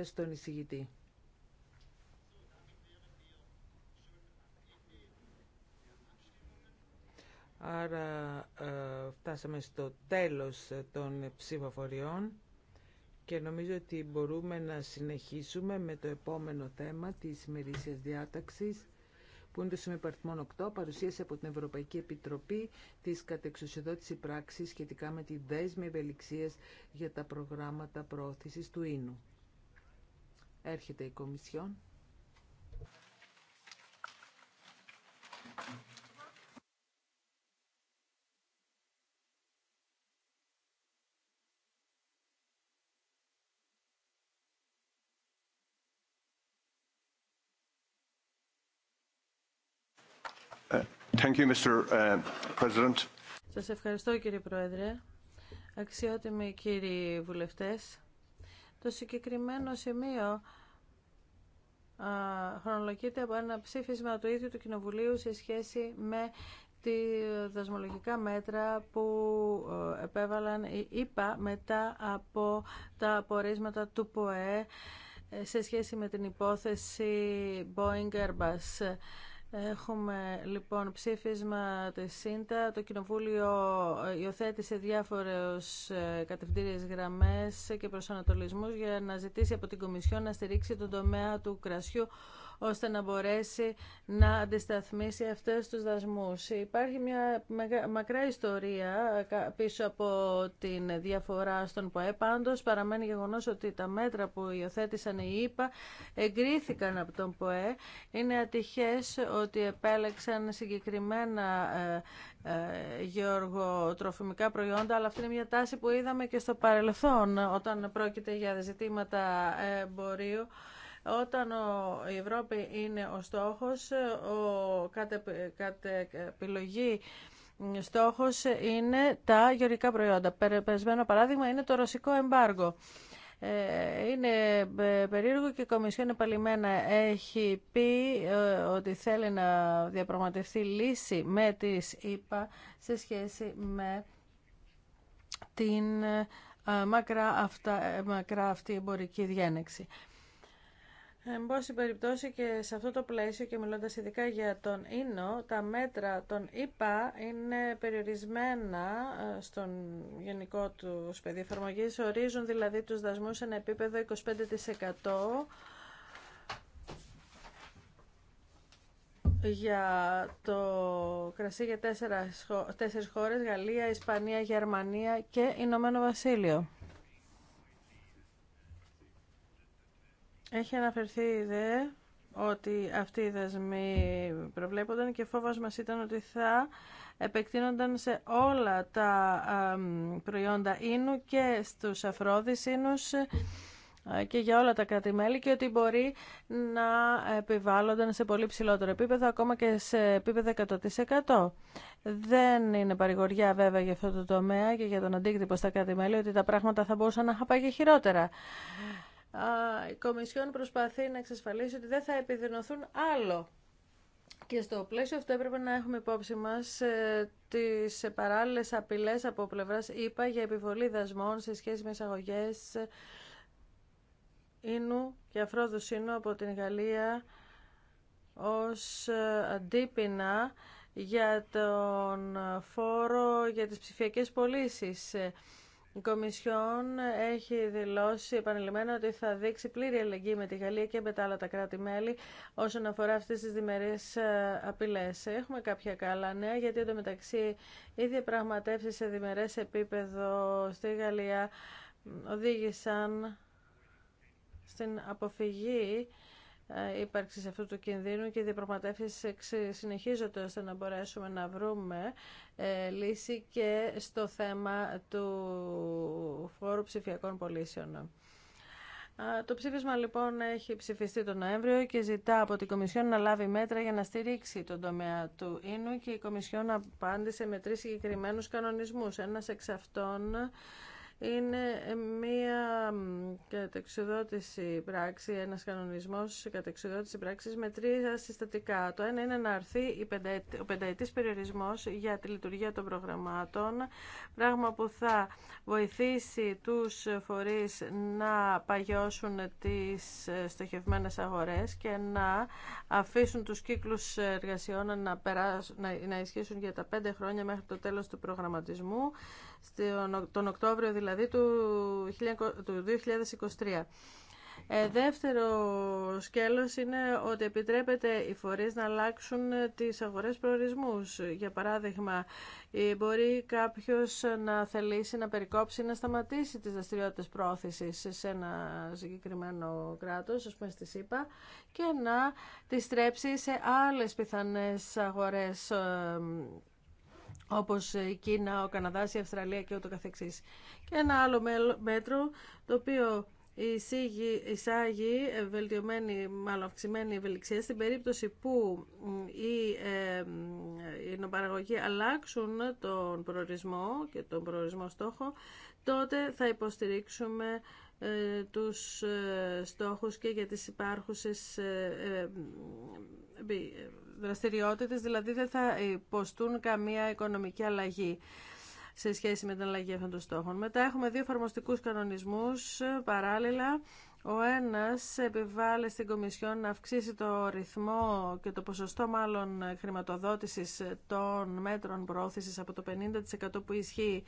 στον εισηγητή. Άρα ε, φτάσαμε στο τέλος των ψηφοφοριών και νομίζω ότι μπορούμε να συνεχίσουμε με το επόμενο θέμα της ημερήσιας διάταξης που είναι το σημείο 8, παρουσίαση από την Ευρωπαϊκή Επιτροπή της κατεξουσιοδότησης πράξης σχετικά με τη δέσμη ευελιξίας για τα προγράμματα προώθησης του ίνου. Έρχεται η Κομισιόν. Thank you, Mr. Uh, President. Σας ευχαριστώ κύριε Πρόεδρε. Αξιότιμοι κύριοι βουλευτές, το συγκεκριμένο σημείο χρονολογείται από ένα ψήφισμα του ίδιου του Κοινοβουλίου σε σχέση με τη δασμολογικά μέτρα που ε, επέβαλαν οι ΙΠΑ μετά από τα απορίσματα του ΠΟΕ ε, σε σχέση με την υπόθεση Boeing Airbus. Έχουμε λοιπόν ψήφισμα τη ΣΥΝΤΑ. Το Κοινοβούλιο ε, υιοθέτησε διάφορες ε, κατευθύντριες γραμμές και προσανατολισμού για να ζητήσει από την Κομισιόν να στηρίξει τον τομέα του κρασιού ώστε να μπορέσει να αντισταθμίσει αυτές τους δασμούς. Υπάρχει μια μακρά ιστορία πίσω από την διαφορά στον ΠΟΕ. Πάντως παραμένει γεγονός ότι τα μέτρα που υιοθέτησαν οι ΙΠΑ εγκρίθηκαν από τον ΠΟΕ. Είναι ατυχές ότι επέλεξαν συγκεκριμένα ε, ε, γεωργοτροφημικά προϊόντα, αλλά αυτή είναι μια τάση που είδαμε και στο παρελθόν όταν πρόκειται για ζητήματα εμπορίου. Όταν η Ευρώπη είναι ο στόχος, ο, κατε, στόχος είναι τα γεωργικά προϊόντα. Περισμένο παράδειγμα είναι το ρωσικό εμπάργο. Ε, είναι ε, περίεργο και η Κομισιόν επαλημένα έχει πει ε, ότι θέλει να διαπραγματευτεί λύση με τις ΗΠΑ σε σχέση με την μακρά, μακρά αυτή εμπορική διένεξη. Εν πάση περιπτώσει και σε αυτό το πλαίσιο και μιλώντας ειδικά για τον Ίνο, τα μέτρα των ΙΠΑ είναι περιορισμένα ε, στον γενικό του πεδίο ορίζουν δηλαδή τους δασμούς σε ένα επίπεδο 25% για το κρασί για τέσσερα, τέσσερις χώρες, Γαλλία, Ισπανία, Γερμανία και Ηνωμένο Βασίλειο. Έχει αναφερθεί η ιδέα ότι αυτοί οι δεσμοί προβλέπονταν και φόβος μας ήταν ότι θα επεκτείνονταν σε όλα τα προϊόντα ίνου και στους αφρόδεις ίνους ε, και για όλα τα κρατη και ότι μπορεί να επιβάλλονταν σε πολύ ψηλότερο επίπεδο, ακόμα και σε επίπεδο 100%. Δεν είναι παρηγοριά βέβαια για αυτό το τομέα και για τον αντίκτυπο στα κρατη ότι τα πράγματα θα μπορούσαν να είχα χειρότερα η Κομισιόν προσπαθεί να εξασφαλίσει ότι δεν θα επιδεινωθούν άλλο. Και στο πλαίσιο αυτό έπρεπε να έχουμε υπόψη μας ε, τις παράλληλες απειλές από πλευράς ΗΠΑ για επιβολή δασμών σε σχέση με εισαγωγές Ίνου και Αφρόδου Ίνου από την Γαλλία ως ε, αντίπεινα για τον ε, φόρο για τις ψηφιακές πωλήσει. Η Κομισιόν έχει δηλώσει επανειλημμένα ότι θα δείξει πλήρη ελεγγύη με τη Γαλλία και με τα άλλα τα κράτη-μέλη όσον αφορά αυτές τις διμερείς ε, απειλές. Έχουμε κάποια καλά νέα γιατί εντωμεταξύ οι διαπραγματεύσει σε διμερές επίπεδο στη Γαλλία οδήγησαν στην αποφυγή ε, ύπαρξη αυτού του κινδύνου και οι διαπραγματεύσεις συνεχίζονται ώστε να μπορέσουμε να βρούμε ε, λύση και στο θέμα του φόρου ψηφιακών πωλήσεων. Το ψήφισμα λοιπόν έχει ψηφιστεί τον Νοέμβριο και ζητά από την Κομισιόν να λάβει μέτρα για να στηρίξει τον τομέα του Ίνου και η Κομισιόν απάντησε με τρεις συγκεκριμένους κανονισμούς. Ένας εξ αυτών είναι μία κατεξοδότηση πράξη, ένας κανονισμός κατεξοδότηση πράξης με τρία συστατικά. Το ένα είναι να αρθεί ο πενταετής περιορισμός για τη λειτουργία των προγραμμάτων, πράγμα που θα βοηθήσει τους φορείς να παγιώσουν τις ε, στοχευμένες αγορές και να αφήσουν τους κύκλους εργασιών να, περάσουν, να ισχύσουν για τα πέντε χρόνια μέχρι το τέλος του προγραμματισμού τον Οκτώβριο δηλαδή του 2023. Ε, δεύτερο σκέλος είναι ότι επιτρέπεται οι φορείς να αλλάξουν τις αγορές προορισμούς. Για παράδειγμα, ε, μπορεί κάποιος να θελήσει να περικόψει να σταματήσει τις δραστηριότητε πρόθεσης σε ένα συγκεκριμένο κράτος, ας πούμε στη ΣΥΠΑ, και να τις στρέψει σε άλλες πιθανές αγορές ε, όπως ε, η Κίνα, ο Καναδάς, η Αυστραλία και ούτω καθεξής. Και ένα άλλο μέτρο το οποίο εισάγει βελτιωμένη, μάλλον αυξημένη ευελιξία στην περίπτωση που οι, ε, οι νοπαραγωγοί αλλάξουν τον προορισμό και τον προορισμό στόχο, τότε θα υποστηρίξουμε ε, τους στόχους και για τις υπάρχουσες δραστηριότητες, δηλαδή δεν θα υποστούν καμία οικονομική αλλαγή σε σχέση με την αλλαγή αυτών των στόχων. Μετά έχουμε δύο εφαρμοστικούς κανονισμούς παράλληλα. Ο ένας επιβάλλει στην Κομισιόν να αυξήσει το ρυθμό και το ποσοστό μάλλον χρηματοδότησης των μέτρων πρόθεσης από το 50% που ισχύει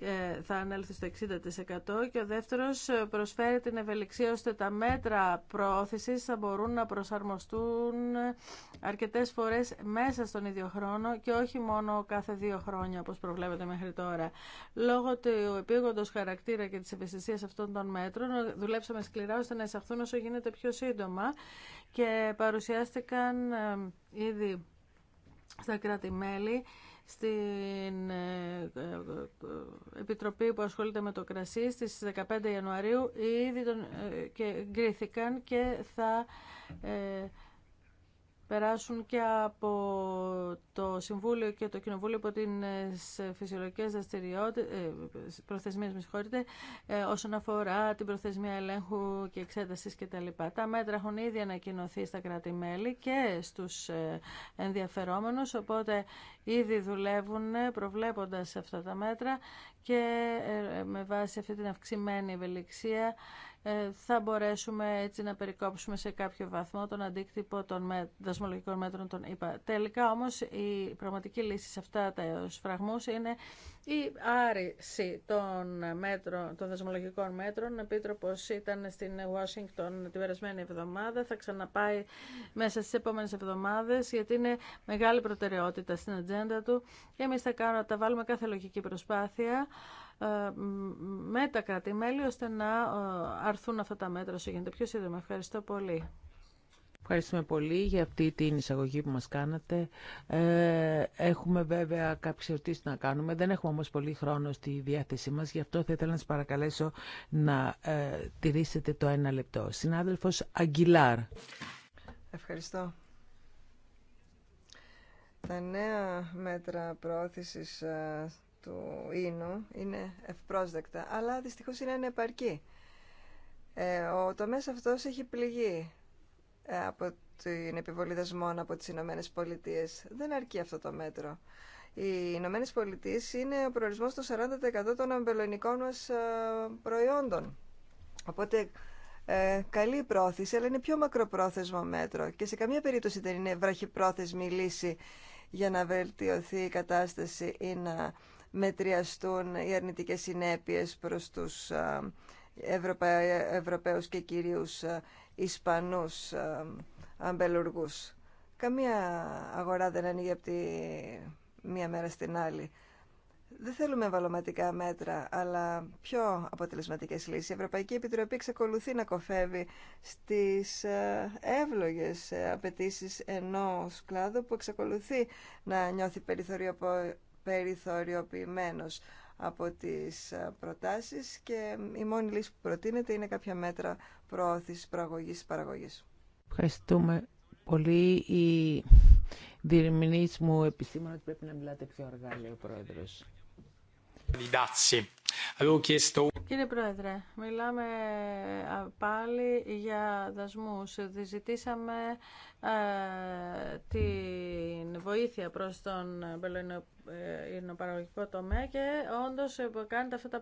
ε, θα ανέλθει στο 60% και ο δεύτερος ε, προσφέρει την ευελιξία ώστε τα μέτρα προώθησης θα μπορούν να προσαρμοστούν ε, αρκετές φορές μέσα στον ίδιο χρόνο και όχι μόνο κάθε δύο χρόνια όπως προβλέπεται μέχρι τώρα. Λόγω του επίγοντος χαρακτήρα και της ευαισθησίας αυτών των μέτρων δουλέψαμε σκληρά ώστε να εισαχθούν όσο γίνεται πιο σύντομα και παρουσιάστηκαν ήδη στα κράτη-μέλη στην ε, ε, ε, Επιτροπή που ασχολείται με το κρασί στις 15 Ιανουαρίου ήδη τον, και γκρίθηκαν και θα ε, περάσουν και από το Συμβούλιο και το Κοινοβούλιο από τις ε, φυσιολογικές δραστηριότητες, ε, προθεσμίες με συγχωρείτε, ε, όσον αφορά την προθεσμία ελέγχου και εξέτασης κτλ. Τα μέτρα έχουν ήδη ανακοινωθεί στα κράτη-μέλη και στους ενδιαφερόμενους, οπότε ήδη δουλεύουν προβλέποντας αυτά τα μέτρα και με βάση αυτή την αυξημένη ευελιξία ε, θα μπορέσουμε έτσι να περικόψουμε σε κάποιο βαθμό τον αντίκτυπο των δασμολογικών μέτρων των ΙΠΑ. Τελικά όμως η πραγματική λύση σε αυτά τα σφραγμούς είναι η άρση των, μέτρων, των δασμολογικών μέτρων. Ο Επίτροπος ήταν στην Ουάσιγκτον την περασμένη εβδομάδα, θα ξαναπάει μέσα στις επόμενες εβδομάδες γιατί είναι μεγάλη προτεραιότητα στην ατζέντα του και εμείς θα, κάνουμε, θα βάλουμε κάθε λογική προσπάθεια ε, με τα κρατη ώστε να ε, αρθούν αυτά τα μέτρα όσο γίνεται πιο σύντομα. Ευχαριστώ πολύ. Ευχαριστούμε πολύ για αυτή την εισαγωγή που μας κάνατε. Ε, έχουμε βέβαια κάποιες ερωτήσεις να κάνουμε. Δεν έχουμε όμως πολύ χρόνο στη διάθεσή μας. Γι' αυτό θα ήθελα να σας παρακαλέσω να ε, τηρήσετε το ένα λεπτό. Συνάδελφος Αγγιλάρ. Ευχαριστώ. Τα νέα μέτρα προώθησης του ίνου είναι ευπρόσδεκτα, αλλά δυστυχώς είναι ανεπαρκή. Ε, ο τομέας αυτός έχει πληγεί ε, από την επιβολή δεσμών από τις Ηνωμένε Πολιτείε. Δεν αρκεί αυτό το μέτρο. Οι Ηνωμένε Πολιτείε είναι ο προορισμός των 40% των αμπελονικών μα ε, προϊόντων. Οπότε ε, καλή πρόθεση, αλλά είναι πιο μακροπρόθεσμο μέτρο και σε καμία περίπτωση δεν είναι βραχυπρόθεσμη λύση για να βελτιωθεί η κατάσταση ή να μετριαστούν οι αρνητικές συνέπειες προς τους Ευρωπαίους και κυρίους Ισπανούς αμπελουργούς. Καμία αγορά δεν ανοίγει από τη μία μέρα στην άλλη. Δεν θέλουμε βαλωματικά μέτρα, αλλά πιο αποτελεσματικέ λύσει. Η Ευρωπαϊκή Επιτροπή εξακολουθεί να κοφεύει στις εύλογες ε, απαιτήσει ενός κλάδου που εξακολουθεί να νιώθει από περιθωριοποιημένος από τις προτάσεις και η μόνη λύση που προτείνεται είναι κάποια μέτρα προώθησης παραγωγής παραγωγής. Ευχαριστούμε πολύ. Οι διερμηνείς μου επισήμων ότι πρέπει να μιλάτε πιο αργά, λέει ο Πρόεδρος. Κύριε Πρόεδρε, μιλάμε πάλι για δασμούς. Διζητήσαμε ε, την βοήθεια προς τον πελοϊνοπαραγωγικό ε, τομέα και όντως ε, κάνετε αυτά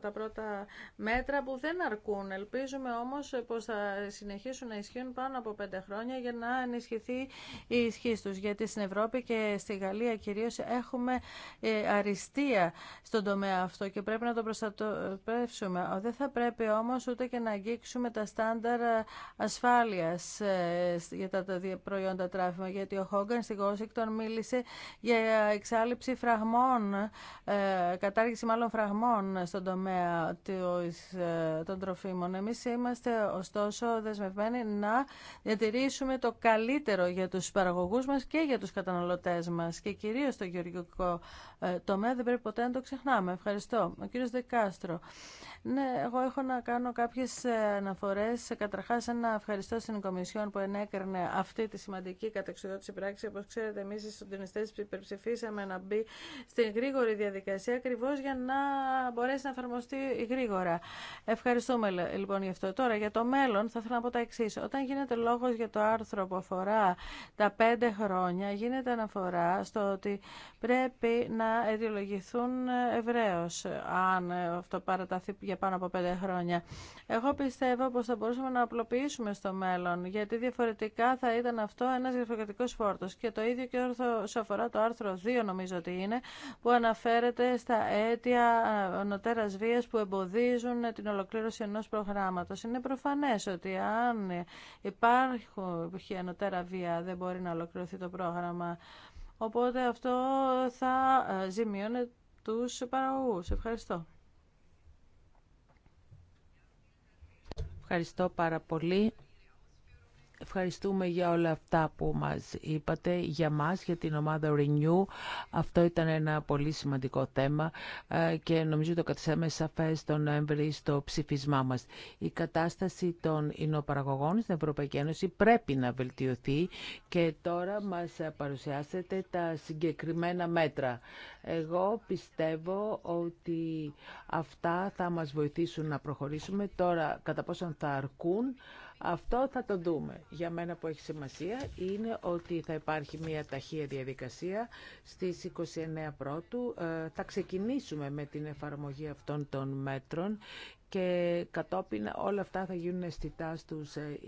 τα πρώτα, μέτρα που δεν αρκούν. Ελπίζουμε όμως ε, πως θα συνεχίσουν να ισχύουν πάνω από πέντε χρόνια για να ενισχυθεί η ισχύ τους. Γιατί στην Ευρώπη και στη Γαλλία κυρίως έχουμε αριστεία στον τομέα αυτό και πρέπει να το προστατεύσουμε. Δεν θα πρέπει όμως ούτε και να αγγίξουμε τα στάνταρ ασφάλειας ε, για τα προϊόντα τράφημα, γιατί ο Χόγκαν στη Γόσικτον μίλησε για εξάλληψη φραγμών, ε, κατάργηση μάλλον φραγμών στον τομέα ε, των τροφίμων. Εμείς είμαστε ωστόσο δεσμευμένοι να διατηρήσουμε το καλύτερο για τους παραγωγούς μας και για τους καταναλωτές μας και κυρίως στο γεωργικό τομέα δεν πρέπει ποτέ το ξεχνάμε. Ευχαριστώ. Ο κύριος Δεκάστρο. Ναι, εγώ έχω να κάνω κάποιες ε, αναφορές. Καταρχάς, ένα ευχαριστώ στην Κομισιόν που ενέκρινε αυτή τη σημαντική κατεξοδότηση πράξη. Όπως ξέρετε, εμείς οι συντονιστές υπερψηφίσαμε να μπει στην γρήγορη διαδικασία, ακριβώ για να μπορέσει να εφαρμοστεί γρήγορα. Ευχαριστούμε λοιπόν γι' αυτό. Τώρα, για το μέλλον, θα ήθελα να πω τα εξή. Όταν γίνεται λόγος για το άρθρο που αφορά τα πέντε χρόνια, γίνεται αναφορά στο ότι πρέπει να αιτιολογηθούν ε, ευρέω, αν ε, αυτό παραταθεί για πάνω από πέντε χρόνια. Εγώ πιστεύω πω θα μπορούσαμε να απλοποιήσουμε στο μέλλον γιατί διαφορετικά θα ήταν αυτό ένα γραφειοκρατικός φόρτο. και το ίδιο και σε αφορά το άρθρο 2 νομίζω ότι είναι που αναφέρεται στα αίτια ε, νοτέρα βία που εμποδίζουν την ολοκλήρωση ενό προγράμματο. Είναι προφανέ ότι αν υπάρχει νοτέρα βία δεν μπορεί να ολοκληρωθεί το πρόγραμμα Οπότε αυτό θα ζημιώνει τους παραγωγούς. Ευχαριστώ. Ευχαριστώ πάρα πολύ. Ευχαριστούμε για όλα αυτά που μας είπατε. Για μας, για την ομάδα Renew, αυτό ήταν ένα πολύ σημαντικό θέμα ε, και νομίζω το κατασέμε σαφές τον Νοέμβρη στο ψηφισμά μας. Η κατάσταση των εινοπαραγωγών στην Ευρωπαϊκή Ένωση πρέπει να βελτιωθεί και τώρα μας παρουσιάσετε τα συγκεκριμένα μέτρα. Εγώ πιστεύω ότι αυτά θα μας βοηθήσουν να προχωρήσουμε. Τώρα, κατά πόσον θα αρκούν, αυτό θα το δούμε. Για μένα που έχει σημασία είναι ότι θα υπάρχει μια ταχεία διαδικασία στις 29 πρώτου. Ε, θα ξεκινήσουμε με την εφαρμογή αυτών των μέτρων και κατόπιν όλα αυτά θα γίνουν αισθητά στους ε,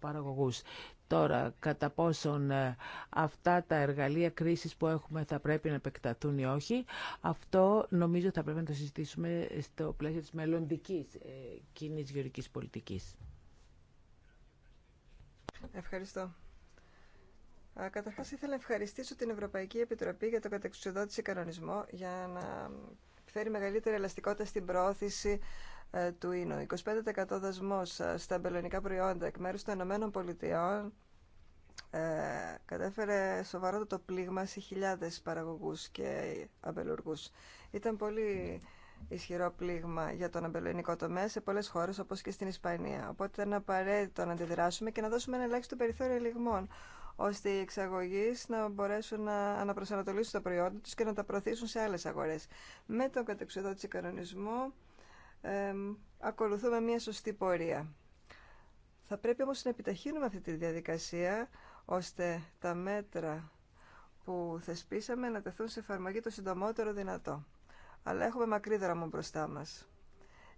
παραγωγούς. Τώρα, κατά πόσον ε, αυτά τα εργαλεία κρίσης που έχουμε θα πρέπει να επεκταθούν ή όχι, αυτό νομίζω θα πρέπει να το συζητήσουμε στο πλαίσιο της μελλοντικής κοινή γεωρικής πολιτικής. Ευχαριστώ. Καταρχά, ήθελα να ευχαριστήσω την Ευρωπαϊκή Επιτροπή για το κατεξουσιοδότηση κανονισμό για να φέρει μεγαλύτερη ελαστικότητα στην προώθηση ε, του ίνου. 25% δασμός ε, στα μπελονικά προϊόντα εκ μέρους των Ηνωμένων Πολιτειών ε, κατέφερε σοβαρότατο πλήγμα σε χιλιάδες παραγωγούς και αμπελουργούς. Ήταν πολύ ισχυρό πλήγμα για τον αμπελοϊνικό τομέα σε πολλέ χώρε, όπω και στην Ισπανία. Οπότε ήταν απαραίτητο να αντιδράσουμε και να δώσουμε ένα ελάχιστο περιθώριο λιγμών ώστε οι εξαγωγεί να μπορέσουν να αναπροσανατολίσουν τα προϊόντα του και να τα προωθήσουν σε άλλε αγορέ. Με τον κατεξοδότηση κανονισμού, ε, ακολουθούμε μια σωστή πορεία. Θα πρέπει όμως να επιταχύνουμε αυτή τη διαδικασία ώστε τα μέτρα που θεσπίσαμε να τεθούν σε εφαρμογή το συντομότερο δυνατό αλλά έχουμε μακρύ δρόμο μπροστά μα.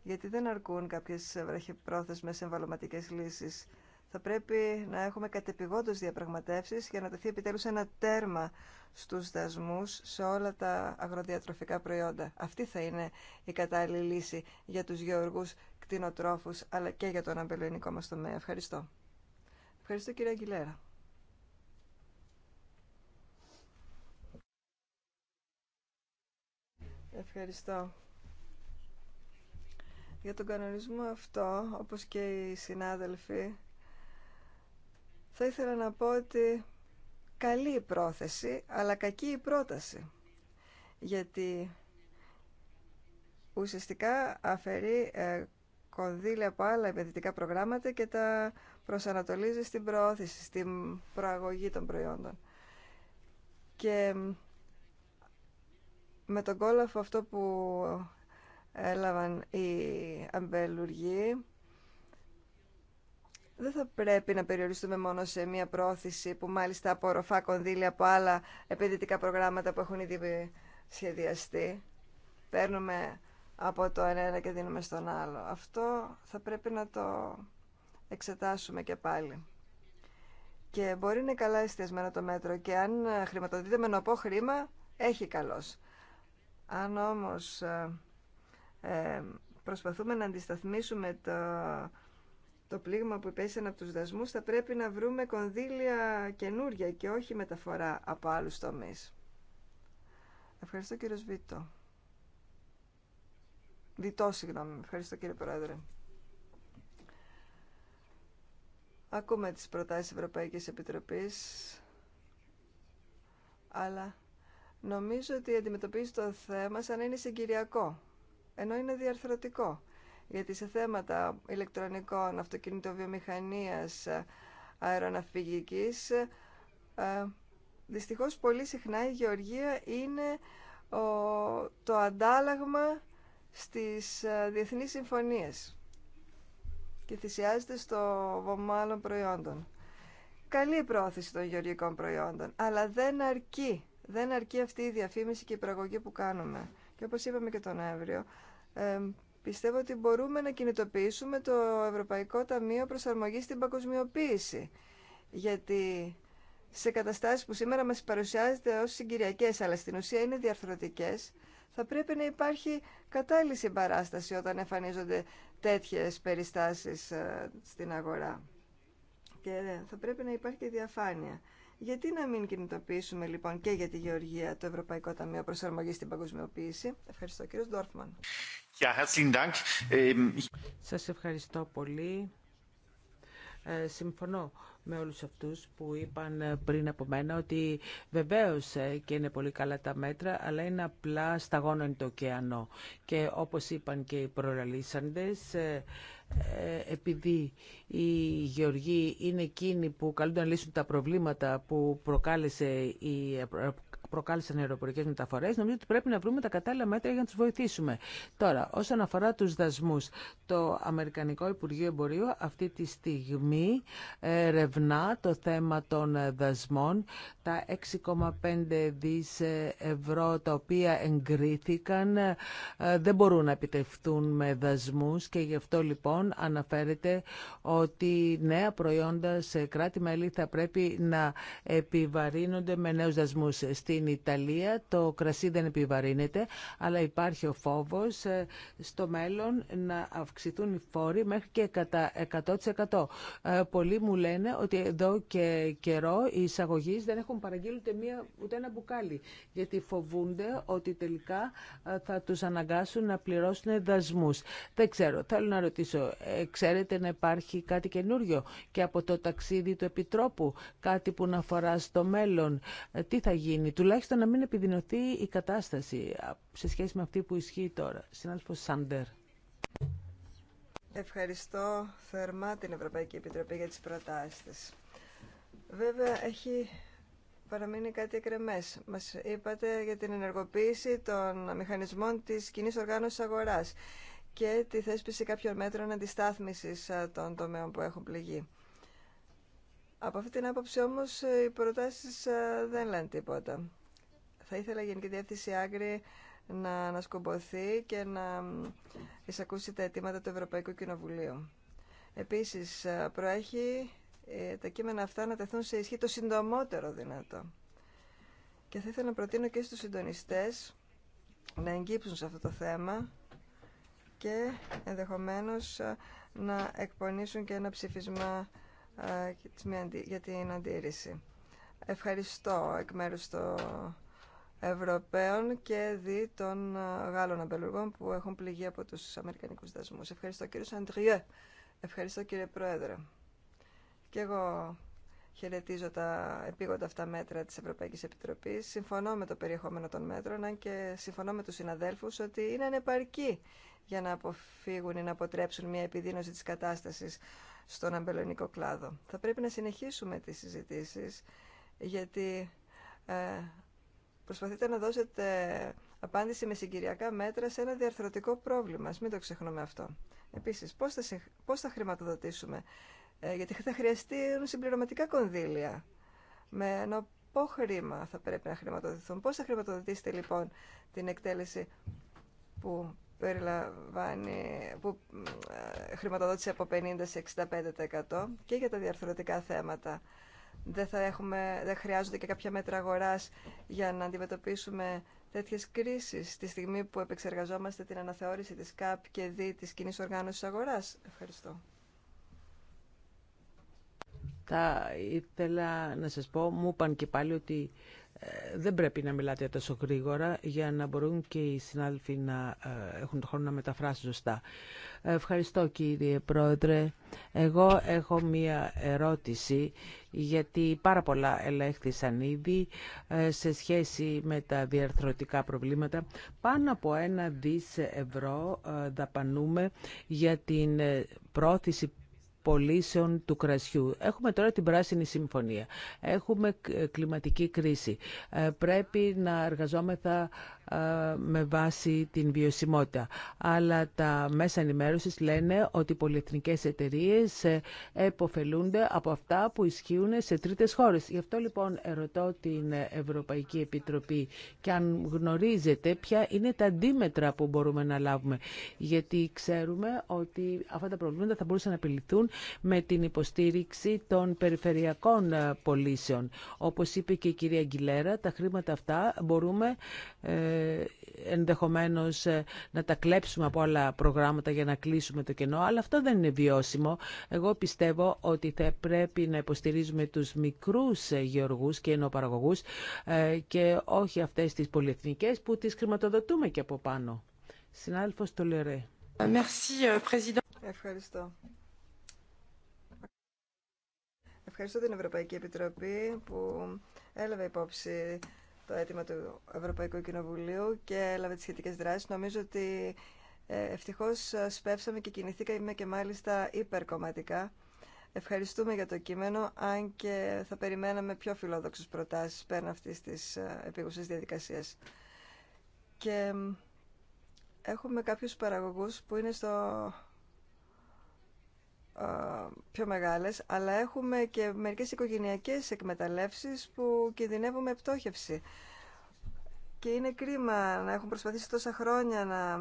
Γιατί δεν αρκούν κάποιες βραχυπρόθεσμε εμβαλωματικέ λύσεις. Θα πρέπει να έχουμε κατεπηγόντω διαπραγματεύσεις για να τεθεί επιτέλου ένα τέρμα στους δασμούς σε όλα τα αγροδιατροφικά προϊόντα. Αυτή θα είναι η κατάλληλη λύση για τους γεωργούς κτηνοτρόφου αλλά και για τον αμπελοϊνικό μα τομέα. Ευχαριστώ. Ευχαριστώ κύριε Αγγιλέρα. Ευχαριστώ. Για τον κανονισμό αυτό, όπως και οι συνάδελφοι, θα ήθελα να πω ότι καλή η πρόθεση, αλλά κακή η πρόταση. Γιατί ουσιαστικά αφαιρεί ε, κονδύλια από άλλα επενδυτικά προγράμματα και τα προσανατολίζει στην προώθηση, στην προαγωγή των προϊόντων. Και με τον κόλαφο αυτό που έλαβαν οι αμπελουργοί δεν θα πρέπει να περιοριστούμε μόνο σε μία πρόθεση που μάλιστα απορροφά κονδύλια από άλλα επενδυτικά προγράμματα που έχουν ήδη σχεδιαστεί. Παίρνουμε από το ένα και δίνουμε στον άλλο. Αυτό θα πρέπει να το εξετάσουμε και πάλι. Και μπορεί να είναι καλά εστιασμένο το μέτρο και αν χρηματοδοτείται με χρήμα, έχει καλός. Αν όμως ε, ε, προσπαθούμε να αντισταθμίσουμε το, το πλήγμα που υπέστησαν από τους δασμούς, θα πρέπει να βρούμε κονδύλια καινούρια και όχι μεταφορά από άλλους τομείς. Ευχαριστώ κύριο Διτό, συγγνώμη. Ευχαριστώ κύριε Πρόεδρε. Ακούμε τις προτάσεις Ευρωπαϊκής Επιτροπής, αλλά Νομίζω ότι αντιμετωπίζει το θέμα σαν να είναι συγκυριακό, ενώ είναι διαρθρωτικό. Γιατί σε θέματα ηλεκτρονικών, αυτοκινητοβιομηχανίας, αεροναυπηγικής, ε, δυστυχώς πολύ συχνά η γεωργία είναι το αντάλλαγμα στις ε, διεθνείς συμφωνίες και θυσιάζεται στο βομάλων άλλων προϊόντων. Καλή πρόθεση των γεωργικών προϊόντων, αλλά δεν αρκεί δεν αρκεί αυτή η διαφήμιση και η πραγωγή που κάνουμε. Και όπως είπαμε και τον Αύριο, πιστεύω ότι μπορούμε να κινητοποιήσουμε το Ευρωπαϊκό Ταμείο Προσαρμογή στην Παγκοσμιοποίηση. Γιατί σε καταστάσεις που σήμερα μας παρουσιάζεται ως συγκυριακές, αλλά στην ουσία είναι διαρθρωτικές, θα πρέπει να υπάρχει κατάλληλη συμπαράσταση όταν εμφανίζονται τέτοιες περιστάσεις ε, στην αγορά. Και θα πρέπει να υπάρχει και διαφάνεια. Γιατί να μην κινητοποιήσουμε λοιπόν και για τη Γεωργία το Ευρωπαϊκό Ταμείο Προσαρμογής στην Παγκοσμιοποίηση. Ευχαριστώ κύριος Ντόρφμαν. Ähm, Σας ευχαριστώ πολύ. Ε, συμφωνώ με όλους αυτούς που είπαν ε, πριν από μένα ότι βεβαίως ε, και είναι πολύ καλά τα μέτρα, αλλά είναι απλά σταγόνο το ωκεανό. Και όπως είπαν και οι προραλήσαντες, ε, επειδή οι γεωργοί είναι εκείνοι που καλούνται να λύσουν τα προβλήματα που προκάλεσε η προκάλεσαν οι αεροπορικέ μεταφορές, νομίζω ότι πρέπει να βρούμε τα κατάλληλα μέτρα για να τους βοηθήσουμε. Τώρα, όσον αφορά τους δασμούς, το Αμερικανικό Υπουργείο Εμπορίου αυτή τη στιγμή ερευνά το θέμα των δασμών, τα 6,5 δι ευρώ τα οποία εγκρίθηκαν ε, δεν μπορούν να επιτευχθούν με δασμούς και γι' αυτό λοιπόν αναφέρεται ότι νέα προϊόντα σε κράτη-μέλη θα πρέπει να επιβαρύνονται με νέου δασμού στην Ιταλία το κρασί δεν επιβαρύνεται, αλλά υπάρχει ο φόβος ε, στο μέλλον να αυξηθούν οι φόροι μέχρι και κατά 100%. Ε, πολλοί μου λένε ότι εδώ και καιρό οι εισαγωγεί δεν έχουν παραγγείλει ούτε, μία, ούτε ένα μπουκάλι, γιατί φοβούνται ότι τελικά ε, θα τους αναγκάσουν να πληρώσουν δασμούς. Δεν ξέρω, θέλω να ρωτήσω, ξέρετε να υπάρχει κάτι καινούριο και από το ταξίδι του Επιτρόπου, κάτι που να αφορά στο μέλλον, τι θα γίνει, τουλάχιστον να μην επιδεινωθεί η κατάσταση σε σχέση με αυτή που ισχύει τώρα. Συνάδελφος Σάντερ. Ευχαριστώ θερμά την Ευρωπαϊκή Επιτροπή για τις προτάσεις Βέβαια, έχει παραμείνει κάτι εκρεμές. Μας είπατε για την ενεργοποίηση των μηχανισμών της κοινή οργάνωσης αγοράς και τη θέσπιση κάποιων μέτρων αντιστάθμισης των τομέων που έχουν πληγεί. Από αυτή την άποψη όμως οι προτάσεις δεν λένε τίποτα. Θα ήθελα η Γενική Διεύθυνση Άγκρη να ανασκομποθεί και να εισακούσει τα αιτήματα του Ευρωπαϊκού Κοινοβουλίου. Επίσης, ε, προέχει ε, τα κείμενα αυτά να τεθούν σε ισχύ το συντομότερο δυνατό. Και θα ήθελα να προτείνω και στους συντονιστές να εγκύψουν σε αυτό το θέμα και ενδεχομένως ε, να εκπονήσουν και ένα ψηφισμά για την αντίρρηση. Ευχαριστώ εκ μέρους του Ευρωπαίων και δι των ε, Γάλλων αμπελουργών που έχουν πληγεί από τους Αμερικανικούς δασμούς. Ευχαριστώ κύριε Σαντριέ. Ευχαριστώ κύριε Πρόεδρε. Και εγώ χαιρετίζω τα επίγοντα αυτά μέτρα της Ευρωπαϊκής Επιτροπής. Συμφωνώ με το περιεχόμενο των μέτρων, αν και συμφωνώ με τους συναδέλφους ότι είναι ανεπαρκή για να αποφύγουν ή να αποτρέψουν μια επιδείνωση της κατάστασης στον αμπελονικό κλάδο. Θα πρέπει να συνεχίσουμε τις συζητήσεις, γιατί ε, Προσπαθείτε να δώσετε απάντηση με συγκυριακά μέτρα σε ένα διαρθρωτικό πρόβλημα. Μην το ξεχνούμε αυτό. Επίσης, πώς θα, πώς θα χρηματοδοτήσουμε. Ε, γιατί θα χρειαστεί συμπληρωματικά κονδύλια. Με ένα πό θα πρέπει να χρηματοδοτηθούν. Πώς θα χρηματοδοτήσετε λοιπόν την εκτέλεση που περιλαμβάνει που ε, χρηματοδότησε από 50 σε 65% και για τα διαρθρωτικά θέματα δεν, θα έχουμε, δεν χρειάζονται και κάποια μέτρα αγορά για να αντιμετωπίσουμε τέτοιε κρίσει τη στιγμή που επεξεργαζόμαστε την αναθεώρηση τη ΚΑΠ και δι τη κοινή οργάνωση αγορά. Ευχαριστώ. Θα ήθελα να σας πω, μου είπαν και πάλι ότι ε, δεν πρέπει να μιλάτε τόσο γρήγορα για να μπορούν και οι συνάδελφοι να ε, έχουν το χρόνο να μεταφράσουν σωστά. Ευχαριστώ κύριε Πρόεδρε. Εγώ έχω μία ερώτηση γιατί πάρα πολλά ελέγχθησαν ήδη ε, σε σχέση με τα διαρθρωτικά προβλήματα. Πάνω από ένα δις ευρώ δαπανούμε για την πρόθεση πωλήσεων του κρασιού. Έχουμε τώρα την Πράσινη Συμφωνία. Έχουμε ε, κλιματική κρίση. Ε, πρέπει να εργαζόμεθα ε, με βάση την βιωσιμότητα. Αλλά τα μέσα ενημέρωση λένε ότι οι πολυεθνικές εταιρείες εποφελούνται από αυτά που ισχύουν σε τρίτες χώρες. Γι' αυτό λοιπόν ερωτώ την Ευρωπαϊκή Επιτροπή και αν γνωρίζετε ποια είναι τα αντίμετρα που μπορούμε να λάβουμε. Γιατί ξέρουμε ότι αυτά τα προβλήματα θα μπορούσαν να απειληθούν με την υποστήριξη των περιφερειακών ε, πωλήσεων. Όπως είπε και η κυρία Αγγιλέρα, τα χρήματα αυτά μπορούμε ε, ενδεχομένως ε, να τα κλέψουμε από άλλα προγράμματα για να κλείσουμε το κενό, αλλά αυτό δεν είναι βιώσιμο. Εγώ πιστεύω ότι θα πρέπει να υποστηρίζουμε τους μικρούς ε, γεωργούς και ενοπαραγωγούς και όχι αυτές τις πολυεθνικές που τις χρηματοδοτούμε και από πάνω. Συνάδελφος Τολερέ. Ευχαριστώ. Ευχαριστώ την Ευρωπαϊκή Επιτροπή που έλαβε υπόψη το αίτημα του Ευρωπαϊκού Κοινοβουλίου και έλαβε τις σχετικές δράσεις. Νομίζω ότι ε, ευτυχώς σπεύσαμε και κινηθήκαμε και μάλιστα υπερκομματικά. Ευχαριστούμε για το κείμενο, αν και θα περιμέναμε πιο φιλόδοξες προτάσεις πέραν αυτής της ε, επίγουσης διαδικασίας. Και έχουμε κάποιους παραγωγούς που είναι στο πιο μεγάλες, αλλά έχουμε και μερικές οικογενειακές εκμεταλλεύσεις που κινδυνεύουν με πτώχευση. Και είναι κρίμα να έχουν προσπαθήσει τόσα χρόνια να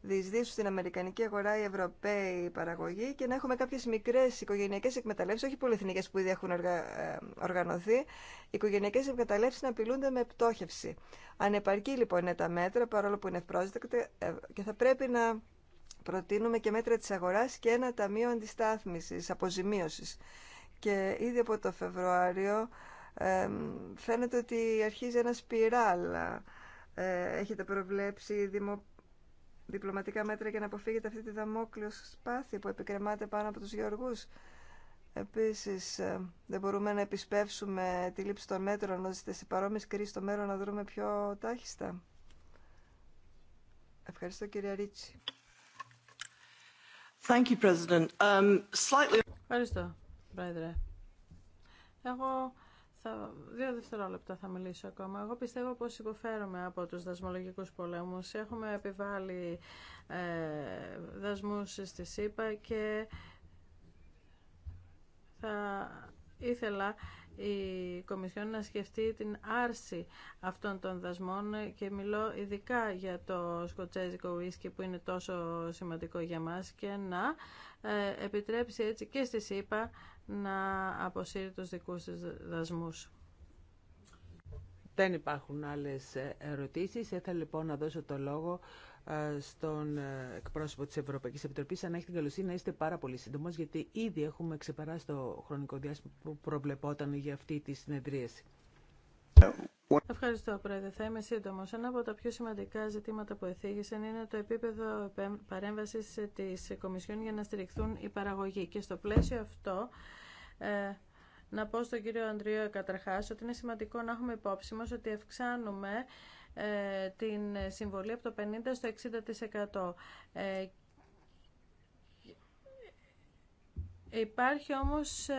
διεισδύσουν στην Αμερικανική αγορά οι Ευρωπαίοι παραγωγή και να έχουμε κάποιες μικρές οικογενειακές εκμεταλλεύσεις, όχι πολυεθνικές που ήδη έχουν ε, οργανωθεί, οικογενειακές εκμεταλλεύσεις να απειλούνται με πτώχευση. Ανεπαρκή λοιπόν είναι τα μέτρα, παρόλο που είναι ευπρόσδεκτα ε, και θα πρέπει να Προτείνουμε και μέτρα της αγοράς και ένα ταμείο αντιστάθμισης, αποζημίωσης. Και ήδη από το Φεβρουάριο φαίνεται ότι αρχίζει ένα σπιράλ. Ε, έχετε προβλέψει δημο... διπλωματικά μέτρα για να αποφύγετε αυτή τη δαμόκλειο σπάθη που επικρεμάται πάνω από τους γεωργούς. Επίσης, ε, δεν μπορούμε να επισπεύσουμε τη λήψη των μέτρων, ώστε σε παρόμοιες κρίσεις στο μέρο να δρούμε πιο τάχιστα. Ευχαριστώ κύριε Ρίτσι. Um, Ευχαριστώ, Πρόεδρε. Εγώ θα, δύο δευτερόλεπτα θα μιλήσω ακόμα. Εγώ πιστεύω πως υποφέρουμε από τους δασμολογικούς πολέμους. Έχουμε επιβάλει ε, δασμούς στη ΣΥΠΑ και θα ήθελα η Κομισιόν να σκεφτεί την άρση αυτών των δασμών και μιλώ ειδικά για το σκοτσέζικο ουίσκι που είναι τόσο σημαντικό για μας και να ε, επιτρέψει έτσι και στη ΣΥΠΑ να αποσύρει τους δικούς δασμούς. Δεν υπάρχουν άλλες ερωτήσεις. Έθελα λοιπόν να δώσω το λόγο ε, στον ε, εκπρόσωπο της Ευρωπαϊκής Επιτροπής αν έχει την καλοσύνη να είστε πάρα πολύ σύντομος γιατί ήδη έχουμε ξεπεράσει το χρονικό διάστημα που προβλεπόταν για αυτή τη συνεδρίαση. Ευχαριστώ, Πρόεδρε. Θα είμαι σύντομο. Ένα από τα πιο σημαντικά ζητήματα που εθίγησαν είναι το επίπεδο παρέμβαση τη Κομισιόν για να στηριχθούν οι παραγωγοί. Και στο πλαίσιο αυτό, ε, να πω στον κύριο Ανδρίο καταρχά ότι είναι σημαντικό να έχουμε υπόψη μα ότι αυξάνουμε ε, την συμβολή από το 50% στο 60%. Ε, υπάρχει όμως ε,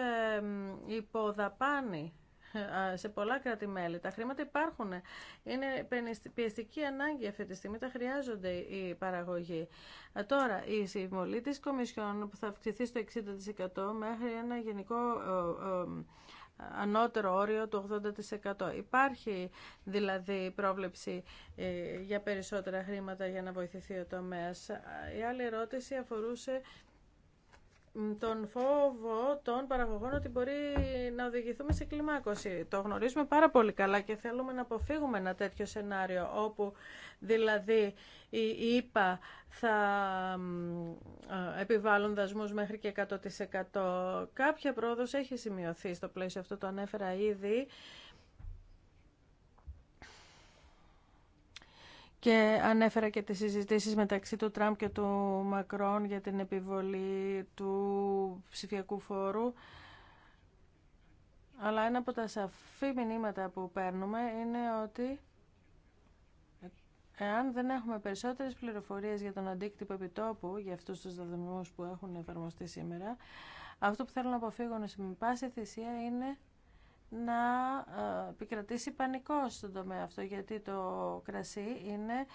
υποδαπάνη σε πολλά κράτη-μέλη. Τα χρήματα υπάρχουν. Είναι πιεστική ανάγκη αυτή τη στιγμή. Τα χρειάζονται οι παραγωγοί. Τώρα, η συμβολή της Κομισιόν που θα αυξηθεί στο 60% μέχρι ένα γενικό ανώτερο όριο του 80%. Υπάρχει δηλαδή πρόβλεψη ε, για περισσότερα χρήματα για να βοηθηθεί ο τομέας. Η άλλη ερώτηση αφορούσε τον φόβο των παραγωγών ότι μπορεί να οδηγηθούμε σε κλιμάκωση. Το γνωρίζουμε πάρα πολύ καλά και θέλουμε να αποφύγουμε ένα τέτοιο σενάριο όπου δηλαδή οι ΙΠΑ θα ε, επιβάλλουν δασμούς μέχρι και 100%. Κάποια πρόοδος έχει σημειωθεί στο πλαίσιο αυτό, το ανέφερα ήδη. και ανέφερα και τις συζητήσεις μεταξύ του Τραμπ και του Μακρόν για την επιβολή του ψηφιακού φόρου. Αλλά ένα από τα σαφή μηνύματα που παίρνουμε είναι ότι εάν δεν έχουμε περισσότερες πληροφορίες για τον αντίκτυπο επιτόπου, για αυτούς τους δεδομένους που έχουν εφαρμοστεί σήμερα, αυτό που θέλω να αποφύγω σε πάση θυσία είναι να ε, επικρατήσει πανικό στον τομέα αυτό, γιατί το κρασί είναι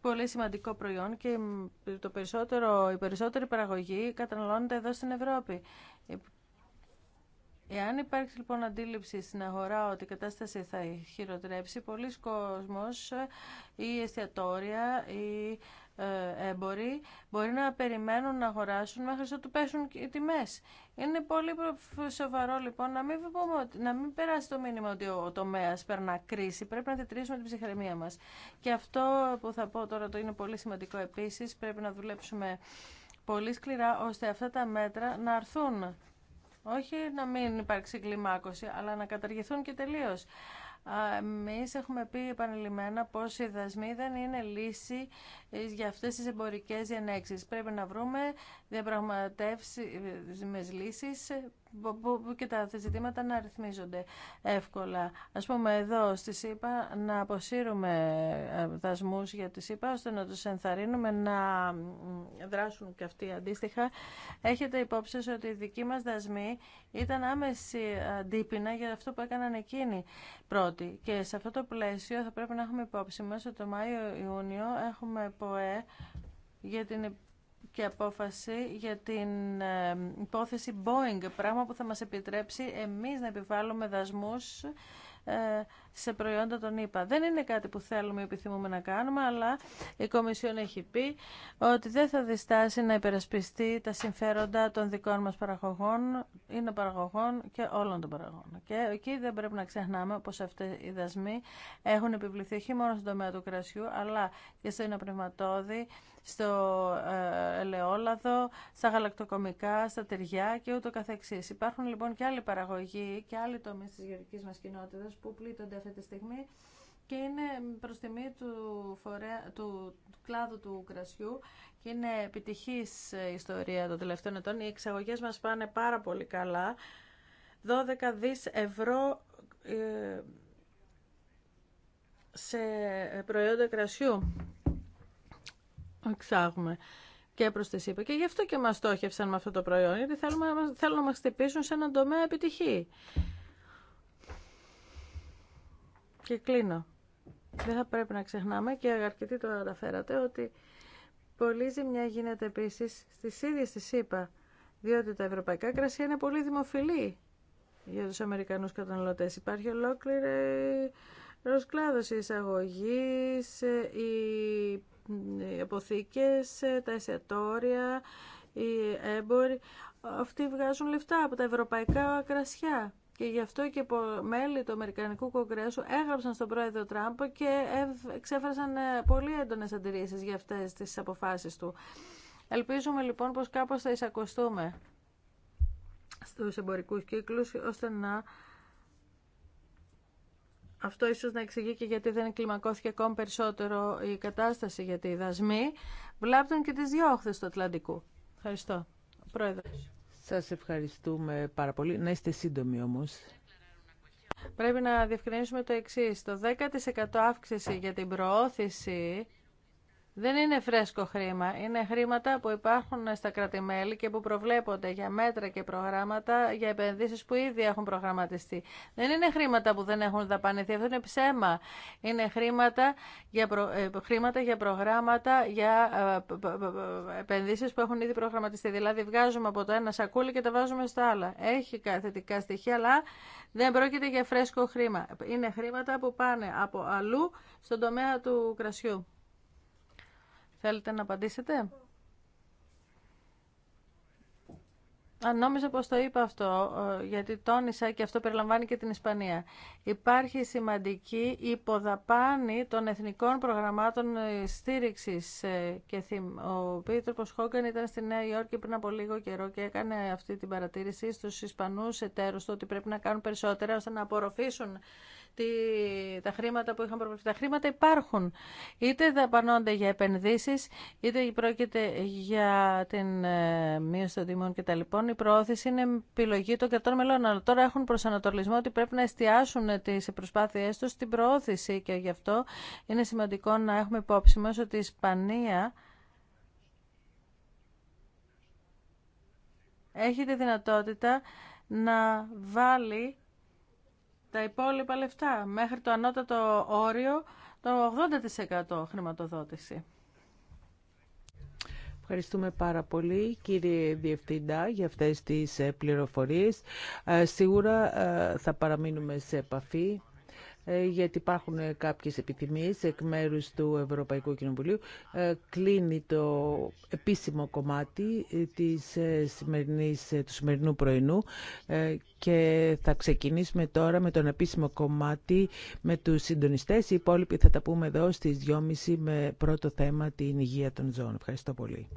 πολύ σημαντικό προϊόν και το περισσότερο, η περισσότερη παραγωγή καταναλώνεται εδώ στην Ευρώπη. Εάν υπάρξει λοιπόν αντίληψη στην αγορά ότι η κατάσταση θα χειροτρέψει, πολλοί κόσμος ή ε, εστιατόρια ή ε, έμποροι μπορεί να περιμένουν να αγοράσουν μέχρι να του πέσουν οι τιμές. Είναι πολύ σοβαρό λοιπόν να μην, να μην περάσει το μήνυμα ότι ο τομέα περνά κρίση. Πρέπει να τετρίσουμε την ψυχραιμία μας. Και αυτό που θα πω τώρα το είναι πολύ σημαντικό επίσης. Πρέπει να δουλέψουμε πολύ σκληρά ώστε αυτά τα μέτρα να αρθούν. Όχι να μην υπάρξει κλιμάκωση, αλλά να καταργηθούν και τελείως. Εμεί έχουμε πει επανειλημμένα πω οι δασμοί δεν είναι λύση ε, για αυτές τις εμπορικές ενέξει. Πρέπει να βρούμε διαπραγματεύσεις ε, λύσεις και τα ζητήματα να ρυθμίζονται εύκολα. Α πούμε εδώ στη ΣΥΠΑ να αποσύρουμε ε, δασμού για τη ΣΥΠΑ ώστε να του ενθαρρύνουμε να δράσουν και αυτοί αντίστοιχα. Έχετε υπόψη ότι οι δικοί μας δασμοί ήταν άμεση αντίπεινα για αυτό που έκαναν εκείνοι πρώτοι. Και σε αυτό το πλαίσιο θα πρέπει να έχουμε υπόψη μα ότι το Μάιο-Ιούνιο έχουμε ΠΟΕ για την και απόφαση για την ε, υπόθεση Boeing, πράγμα που θα μας επιτρέψει εμείς να επιβάλλουμε δασμούς ε, σε προϊόντα των ΗΠΑ. Δεν είναι κάτι που θέλουμε ή επιθυμούμε να κάνουμε, αλλά η Κομισιόν έχει πει ότι δεν θα διστάσει να υπερασπιστεί τα συμφέροντα των δικών μας παραγωγών, είναι παραγωγών και όλων των παραγωγών. Και εκεί δεν πρέπει να ξεχνάμε πως αυτοί οι δασμοί έχουν επιβληθεί όχι μόνο στον τομέα του κρασιού, αλλά και στο πνευματόδη, στο ε, ελαιόλαδο, στα γαλακτοκομικά, στα τυριά και ούτω καθεξής. Υπάρχουν λοιπόν και άλλοι παραγωγοί και άλλοι τομείς της γεωργικής μας κοινότητας που πλήττονται αυτή τη στιγμή και είναι προς τιμή του, φορέα, του, κλάδου του κρασιού και είναι επιτυχής ιστορία των τελευταίων ετών. Οι εξαγωγές μας πάνε πάρα πολύ καλά. 12 δις ευρώ ε, σε προϊόντα κρασιού εξάγουμε και προς τη ΣΥΠΑ. Και γι' αυτό και μας στόχευσαν με αυτό το προϊόν, γιατί θέλουμε, θέλουν να μας χτυπήσουν σε έναν τομέα επιτυχή. Και κλείνω. Δεν θα πρέπει να ξεχνάμε και αρκετοί το αναφέρατε ότι πολλή ζημιά γίνεται επίση στι ίδιε τι ΗΠΑ. Διότι τα ευρωπαϊκά κρασιά είναι πολύ δημοφιλή για του Αμερικανούς καταναλωτέ. Υπάρχει ολόκληρη ροσκλάδο εισαγωγή. οι αποθήκε, τα εστιατόρια, οι έμποροι. Αυτοί βγάζουν λεφτά από τα ευρωπαϊκά κρασιά. Και γι' αυτό και μέλη του Αμερικανικού Κογκρέσου έγραψαν στον πρόεδρο Τραμπ και εξέφρασαν ε, πολύ έντονε αντιρρήσει για αυτές τις αποφάσεις του. Ελπίζουμε λοιπόν πως κάπω θα εισακωστούμε στους εμπορικού κύκλους ώστε να αυτό ίσως να εξηγεί και γιατί δεν κλιμακώθηκε ακόμη περισσότερο η κατάσταση γιατί οι δασμοί βλάπτουν και τις δύο του Ατλαντικού. Ευχαριστώ. Σας ευχαριστούμε πάρα πολύ. Να είστε σύντομοι όμως. Πρέπει να διευκρινίσουμε το εξής. Το 10% αύξηση για την προώθηση δεν είναι φρέσκο χρήμα. Είναι χρήματα που υπάρχουν στα κρατημέλη και που προβλέπονται για μέτρα και προγράμματα για επενδύσει που ήδη έχουν προγραμματιστεί. Δεν είναι χρήματα που δεν έχουν δαπανηθεί. Αυτό είναι ψέμα. Είναι χρήματα για, ε, χρήματα για προγράμματα για ε, επενδύσει που έχουν ήδη προγραμματιστεί. Δηλαδή, βγάζουμε από το ένα σακούλι και τα βάζουμε στα άλλα. Έχει θετικά στοιχεία, αλλά δεν πρόκειται για φρέσκο χρήμα. Είναι χρήματα που πάνε από αλλού στον τομέα του κρασιού. Θέλετε να απαντήσετε. Αν νόμιζα πως το είπα αυτό, ε, γιατί τόνισα και αυτό περιλαμβάνει και την Ισπανία. Υπάρχει σημαντική υποδαπάνη των εθνικών προγραμμάτων ε, στήριξης ε, και ο Πίτροπος Χόγκαν ήταν στη Νέα Υόρκη πριν από λίγο καιρό και έκανε αυτή την παρατήρηση στους Ισπανούς εταίρους του ότι πρέπει να κάνουν περισσότερα ώστε να απορροφήσουν τα χρήματα που είχαν προβληθεί. Τα χρήματα υπάρχουν. Είτε δαπανώνται για επενδύσεις, είτε πρόκειται για την ε, μείωση των τιμών κτλ. Η προώθηση είναι επιλογή των κρατών μελών. Αλλά τώρα έχουν προσανατολισμό ότι πρέπει να εστιάσουν τι προσπάθειέ του στην προώθηση και γι' αυτό είναι σημαντικό να έχουμε υπόψη μα ότι η Ισπανία. έχει τη δυνατότητα να βάλει τα υπόλοιπα λεφτά μέχρι το ανώτατο όριο το 80% χρηματοδότηση. Ευχαριστούμε πάρα πολύ κύριε Διευθυντά για αυτές τις ε, πληροφορίες. Ε, σίγουρα ε, θα παραμείνουμε σε επαφή. Ε, γιατί υπάρχουν ε, κάποιες επιθυμίες εκ μέρους του Ευρωπαϊκού Κοινοβουλίου. Ε, κλείνει το επίσημο κομμάτι της σημερινής, του σημερινού πρωινού και θα ξεκινήσουμε τώρα με τον επίσημο κομμάτι με τους συντονιστές. Οι υπόλοιποι θα τα πούμε εδώ στις 2.30 με πρώτο θέμα την υγεία των ζώων. Ευχαριστώ πολύ.